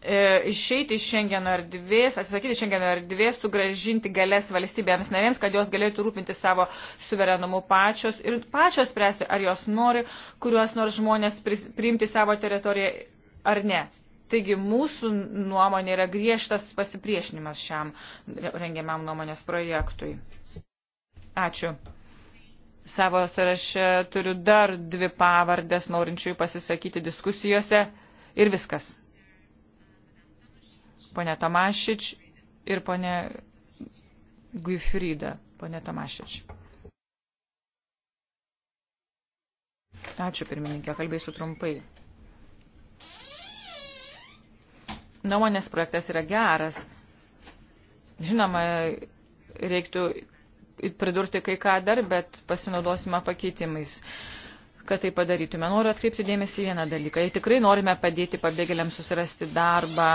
E, išeiti iš Schengeno erdvės, atsisakyti Schengeno erdvės, sugražinti galės valstybėms narėms, kad jos galėtų rūpinti savo suverenumu pačios ir pačios spręsti, ar jos nori, kuriuos nors žmonės priimti savo teritoriją ar ne. Taigi mūsų nuomonė yra griežtas pasipriešinimas šiam rengiamam nuomonės projektui. Ačiū. Savo sąraše turiu dar dvi pavardės norinčiųjų pasisakyti diskusijose ir viskas ponė Tomašič ir ponė Guifrida, ponė Tomašič. Ačiū pirmininkė, kalbėsiu trumpai. Nuomonės projektas yra geras. Žinoma, reiktų pridurti kai ką dar, bet pasinaudosime pakeitimais, kad tai padarytume. Noriu atkreipti dėmesį vieną dalyką. Jei tikrai norime padėti pabėgėliams susirasti darbą,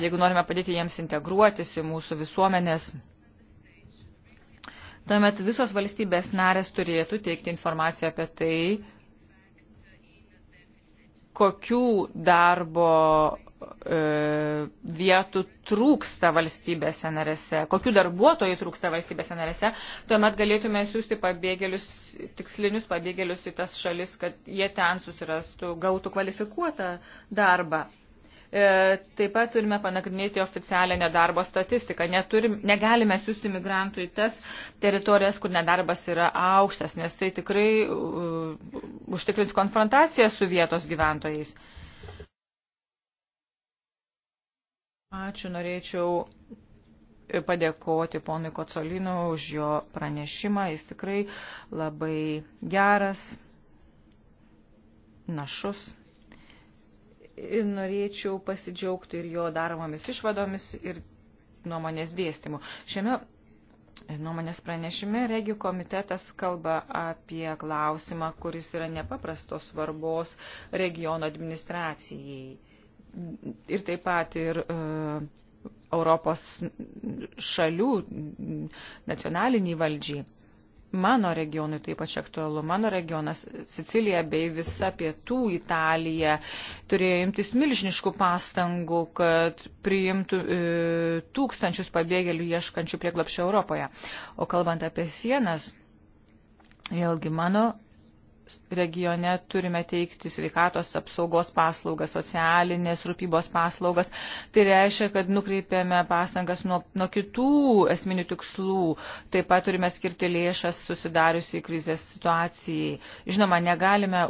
jeigu norime padėti jiems integruotis į mūsų visuomenės, tuomet visos valstybės narės turėtų teikti informaciją apie tai, kokių darbo e, vietų trūksta valstybėse narėse, kokių darbuotojų trūksta valstybėse narėse, tuomet galėtume siūsti pabėgėlius, tikslinius pabėgėlius į tas šalis, kad jie ten susirastų, gautų kvalifikuotą darbą. E, taip pat turime panagrinėti oficialią nedarbo statistiką. Neturim, negalime siūsti migrantų į tas teritorijas, kur nedarbas yra aukštas, nes tai tikrai uh, užtikrins konfrontaciją su vietos gyventojais. Ačiū, norėčiau padėkoti ponui Kocolino už jo pranešimą. Jis tikrai labai geras, našus ir norėčiau pasidžiaugti ir jo daromomis išvadomis ir nuomonės dėstymu. Šiame nuomonės pranešime regijų komitetas kalba apie klausimą, kuris yra nepaprastos svarbos regiono administracijai ir taip pat ir uh, Europos šalių nacionaliniai valdžiai mano regionui taip pat aktualu. Mano regionas Sicilija bei visa pietų Italija turėjo imtis milžiniškų pastangų, kad priimtų e, tūkstančius pabėgėlių ieškančių prieglapščio Europoje. O kalbant apie sienas, vėlgi mano regione turime teikti sveikatos apsaugos paslaugas, socialinės rūpybos paslaugas. Tai reiškia, kad nukreipiame pastangas nuo, nuo kitų esminių tikslų. Taip pat turime skirti lėšas susidariusiai krizės situacijai. Žinoma, negalime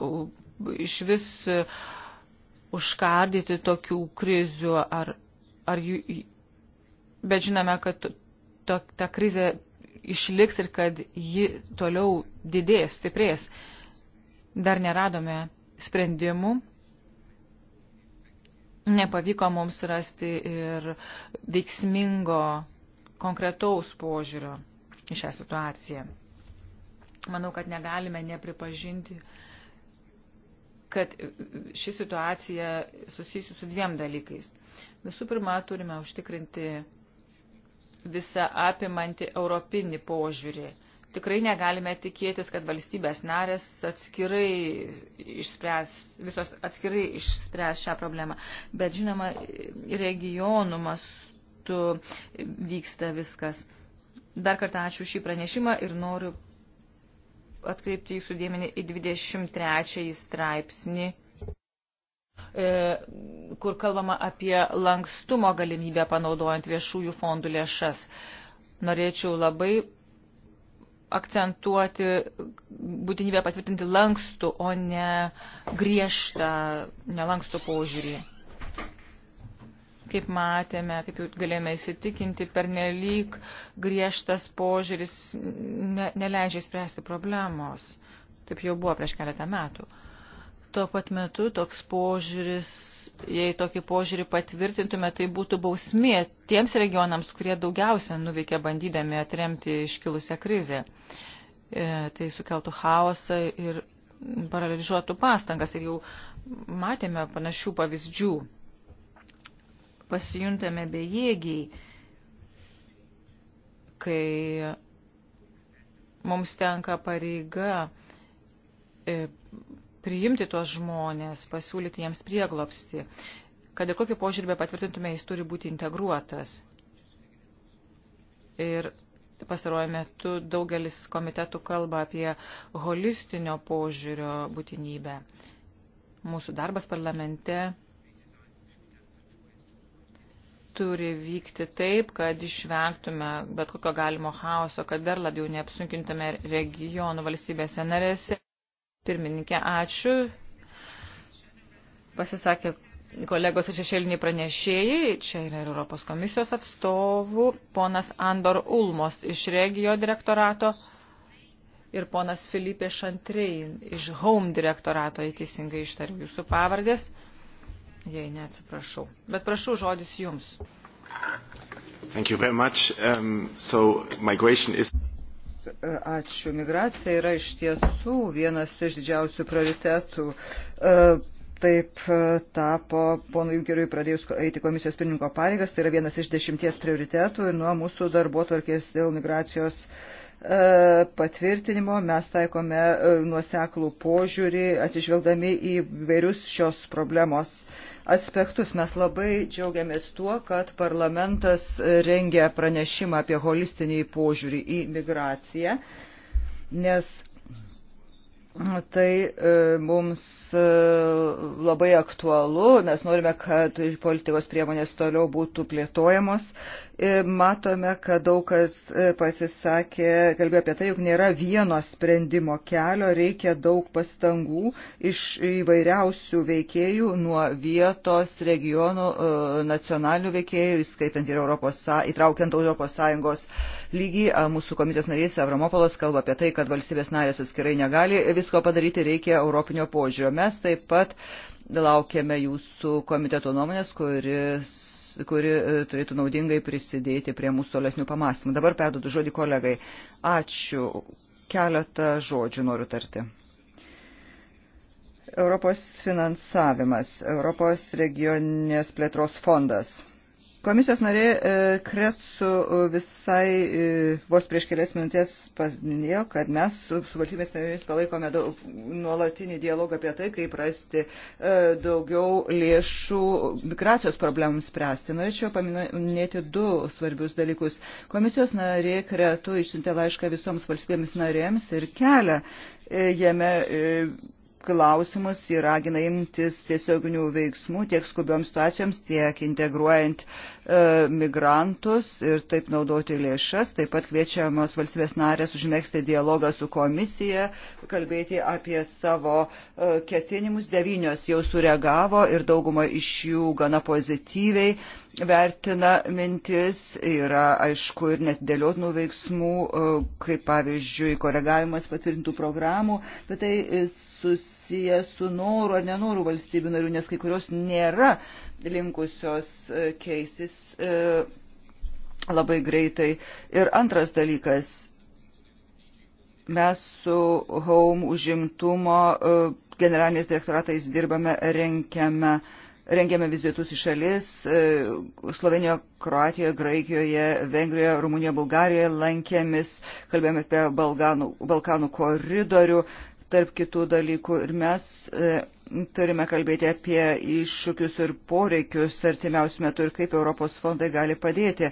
iš vis e, užkardyti tokių krizių, ar, ar jų, bet žinome, kad to, to, ta krizė išliks ir kad ji toliau didės, stiprės. Uh, Dar neradome sprendimų. Nepavyko mums rasti ir veiksmingo konkretaus požiūrio į šią situaciją. Manau, kad negalime nepripažinti, kad ši situacija susijusi su dviem dalykais. Visų pirma, turime užtikrinti visą apimantį europinį požiūrį tikrai negalime tikėtis, kad valstybės narės atskirai išspręs, visos atskirai išspręs šią problemą. Bet žinoma, regionų mastu vyksta viskas. Dar kartą ačiū šį pranešimą ir noriu atkreipti jūsų dėmenį į 23 straipsnį e, kur kalbama apie lankstumo galimybę panaudojant viešųjų fondų lėšas. Norėčiau labai akcentuoti būtinybę patvirtinti lankstų, o ne griežtą, nelankstų požiūrį. Kaip matėme, kaip galėjome įsitikinti, pernelyg griežtas požiūris ne, neleidžia spręsti problemos. Taip jau buvo prieš keletą metų. Uh, Tuo pat metu toks požiūris, jei tokį požiūrį patvirtintume, tai būtų bausmė tiems regionams, kurie daugiausia nuveikė bandydami atremti iškilusią krizę. E, tai sukeltų chaosą ir paraližuotų pastangas. Ir jau matėme panašių pavyzdžių. Pasijuntame bejėgiai, kai mums tenka pareiga e, priimti tuos žmonės, pasiūlyti jiems prieglopsti. Kad ir kokį požiūrį patvirtintume, jis turi būti integruotas. Ir pastaruoju metu daugelis komitetų kalba apie holistinio požiūrio būtinybę. Mūsų darbas parlamente turi vykti taip, kad išvengtume bet kokio galimo chaoso, kad dar labiau neapsunkintume regionų valstybėse narėse. Pirmininkė, ačiū. Pasisakė kolegos ir šešėliniai pranešėjai, čia yra ir Europos komisijos atstovų, ponas Andor Ulmos iš regijo direktorato ir ponas Filipė Šantrein iš Home direktorato, jei teisingai ištariu jūsų pavardės, jei neatsiprašau. Bet prašau, žodis jums. Thank you very much. Um, so migration is... E, ačiū. Migracija yra iš tiesų vienas iš didžiausių prioritetų e, taip e, tapo ponu Junkeriui pradėjus eiti komisijos pirmininko pareigas. Tai yra vienas iš dešimties prioritetų ir nuo mūsų darbo tvarkės dėl migracijos e, patvirtinimo mes taikome e, nuoseklų požiūrį, atsižvelgdami į vairius šios problemos aspektus. Mes labai džiaugiamės tuo, kad parlamentas rengia pranešimą apie holistinį požiūrį į migraciją, nes Tai e, mums e, labai aktualu, mes norime, kad politikos priemonės toliau būtų plėtojamos. E, matome, kad daug kas pasisakė, kalbėjo apie tai, jog nėra vieno sprendimo kelio, reikia daug pastangų iš įvairiausių veikėjų, nuo vietos, regionų, nacionalinių veikėjų, įskaitant ir Europos, įtraukiant Europos Sąjungos lygį. Mūsų komisijos narys Avramopolos kalba apie tai, kad valstybės narės atskirai negali vis visko padaryti reikia europinio požiūrio. Mes taip pat laukiame jūsų komiteto nuomonės, kuris kuri e, turėtų naudingai prisidėti prie mūsų tolesnių pamastymų. Dabar perdodu žodį kolegai. Ačiū. Keletą žodžių noriu tarti. Europos finansavimas, Europos regioninės plėtros fondas. Komisijos narė e, Kretsu e, visai e, vos prieš kelias minutės paminėjo, kad mes su, su valstybės narėmis palaikome daug, nuolatinį dialogą apie tai, kaip rasti daugiau lėšų migracijos problemams spręsti. Norėčiau paminėti du svarbius dalykus. Komisijos narė Kretu išsiuntė laišką visoms valstybėms narėms ir kelia jame klausimus ir ragina imtis tiesioginių veiksmų tiek skubioms situacijoms, tiek integruojant e, migrantus ir taip naudoti lėšas. Taip pat kviečiamos valstybės narės užmėgsti dialogą su komisija, kalbėti apie savo e, ketinimus. Devynios jau sureagavo ir dauguma iš jų gana pozityviai vertina mintis. Yra aišku ir netidėliotinų veiksmų, e, kaip pavyzdžiui koregavimas patvirtintų programų, bet tai e, sus susiję su noru ar nenoru valstybių narių, nes kai kurios nėra linkusios e, keistis e, labai greitai. Ir antras dalykas, mes su Home užimtumo e, generaliniais direktoratais dirbame, renkiame rengiame vizitus į šalis. Slovenijoje, Kroatijoje, Graikijoje, Vengrijoje, Rumunijoje, Bulgarijoje lankėmis, kalbėjome apie Balkanų, Balkanų koridorių tarp kitų dalykų. Ir mes e, turime kalbėti apie iššūkius ir poreikius artimiausių metų ir kaip Europos fondai gali padėti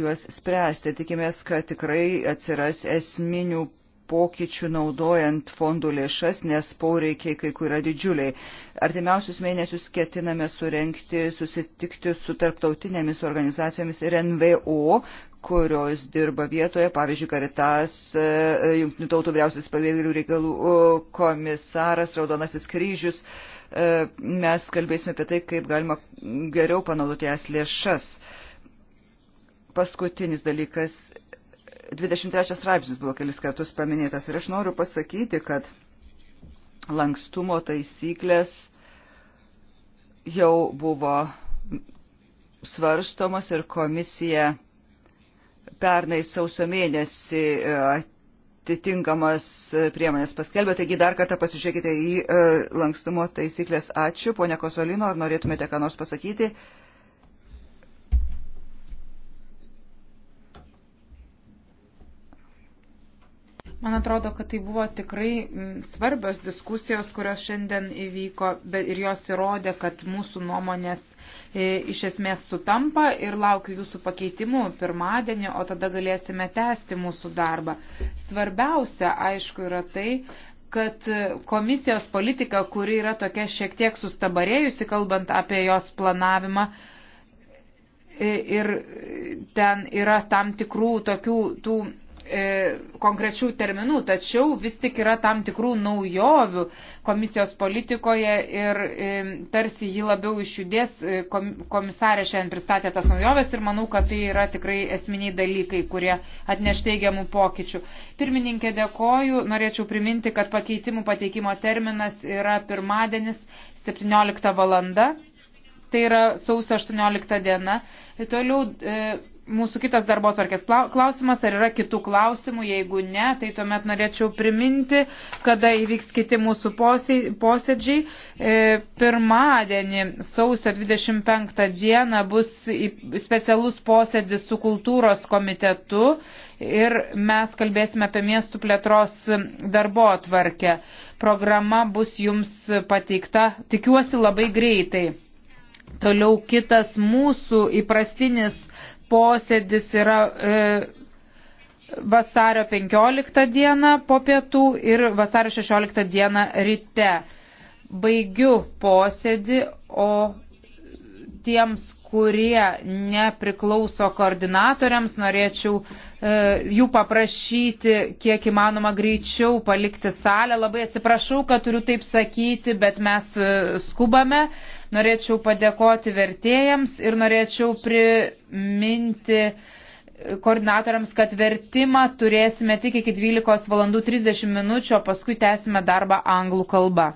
juos spręsti. Tikimės, kad tikrai atsiras esminių pokyčių naudojant fondų lėšas, nes poreikiai kai kur yra didžiuliai. Artimiausius mėnesius ketiname surenkti, susitikti su tarptautinėmis organizacijomis ir NVO, kurios dirba vietoje, pavyzdžiui, Karitas, e, Junktinių tautų vyriausias pavėgėlių reikalų e, komisaras, Raudonasis kryžius. E, mes kalbėsime apie tai, kaip galima geriau panaudoti es lėšas. Paskutinis dalykas 23 straipsnis buvo kelis kartus paminėtas ir aš noriu pasakyti, kad lankstumo taisyklės jau buvo svarstomos ir komisija pernai sausio mėnesį e, atitinkamas priemonės paskelbė. Taigi dar kartą pasižiūrėkite į e, lankstumo taisyklės. Ačiū, ponia Kosolino, ar norėtumėte ką nors pasakyti? Man atrodo, kad tai buvo tikrai mm, svarbios diskusijos, kurios šiandien įvyko ir jos įrodė, kad mūsų nuomonės e, iš esmės sutampa ir laukiu jūsų pakeitimų pirmadienį, o tada galėsime tęsti mūsų darbą. Svarbiausia, aišku, yra tai, kad komisijos politika, kuri yra tokia šiek tiek sustabarėjusi, kalbant apie jos planavimą, e, ir ten yra tam tikrų tokių tų E, konkrečių terminų, tačiau vis tik yra tam tikrų naujovių komisijos politikoje ir e, tarsi ji labiau išjudės. E, komisarė šiandien pristatė tas naujoves ir manau, kad tai yra tikrai esminiai dalykai, kurie atneš teigiamų pokyčių. Pirmininkė, dėkoju. Norėčiau priminti, kad pakeitimų pateikimo terminas yra pirmadienis 17 valanda tai yra sausio 18 diena. Ir toliau e, mūsų kitas darbo tvarkės klausimas, ar yra kitų klausimų, jeigu ne, tai tuomet norėčiau priminti, kada įvyks kiti mūsų posėdžiai. E, pirmadienį, sausio 25 dieną, bus specialus posėdis su kultūros komitetu ir mes kalbėsime apie miestų plėtros darbo tvarkę. Programa bus jums pateikta, tikiuosi, labai greitai. Toliau kitas mūsų įprastinis posėdis yra e, vasario 15 dieną po pietų ir vasario 16 dieną ryte. Baigiu posėdį, o tiems, kurie nepriklauso koordinatoriams, norėčiau e, jų paprašyti, kiek įmanoma greičiau palikti salę. Labai atsiprašau, kad turiu taip sakyti, bet mes e, skubame. Norėčiau padėkoti vertėjams ir norėčiau priminti koordinatoriams, kad vertimą turėsime tik iki 12 valandų 30 minučių, o paskui tęsime darbą anglų kalba.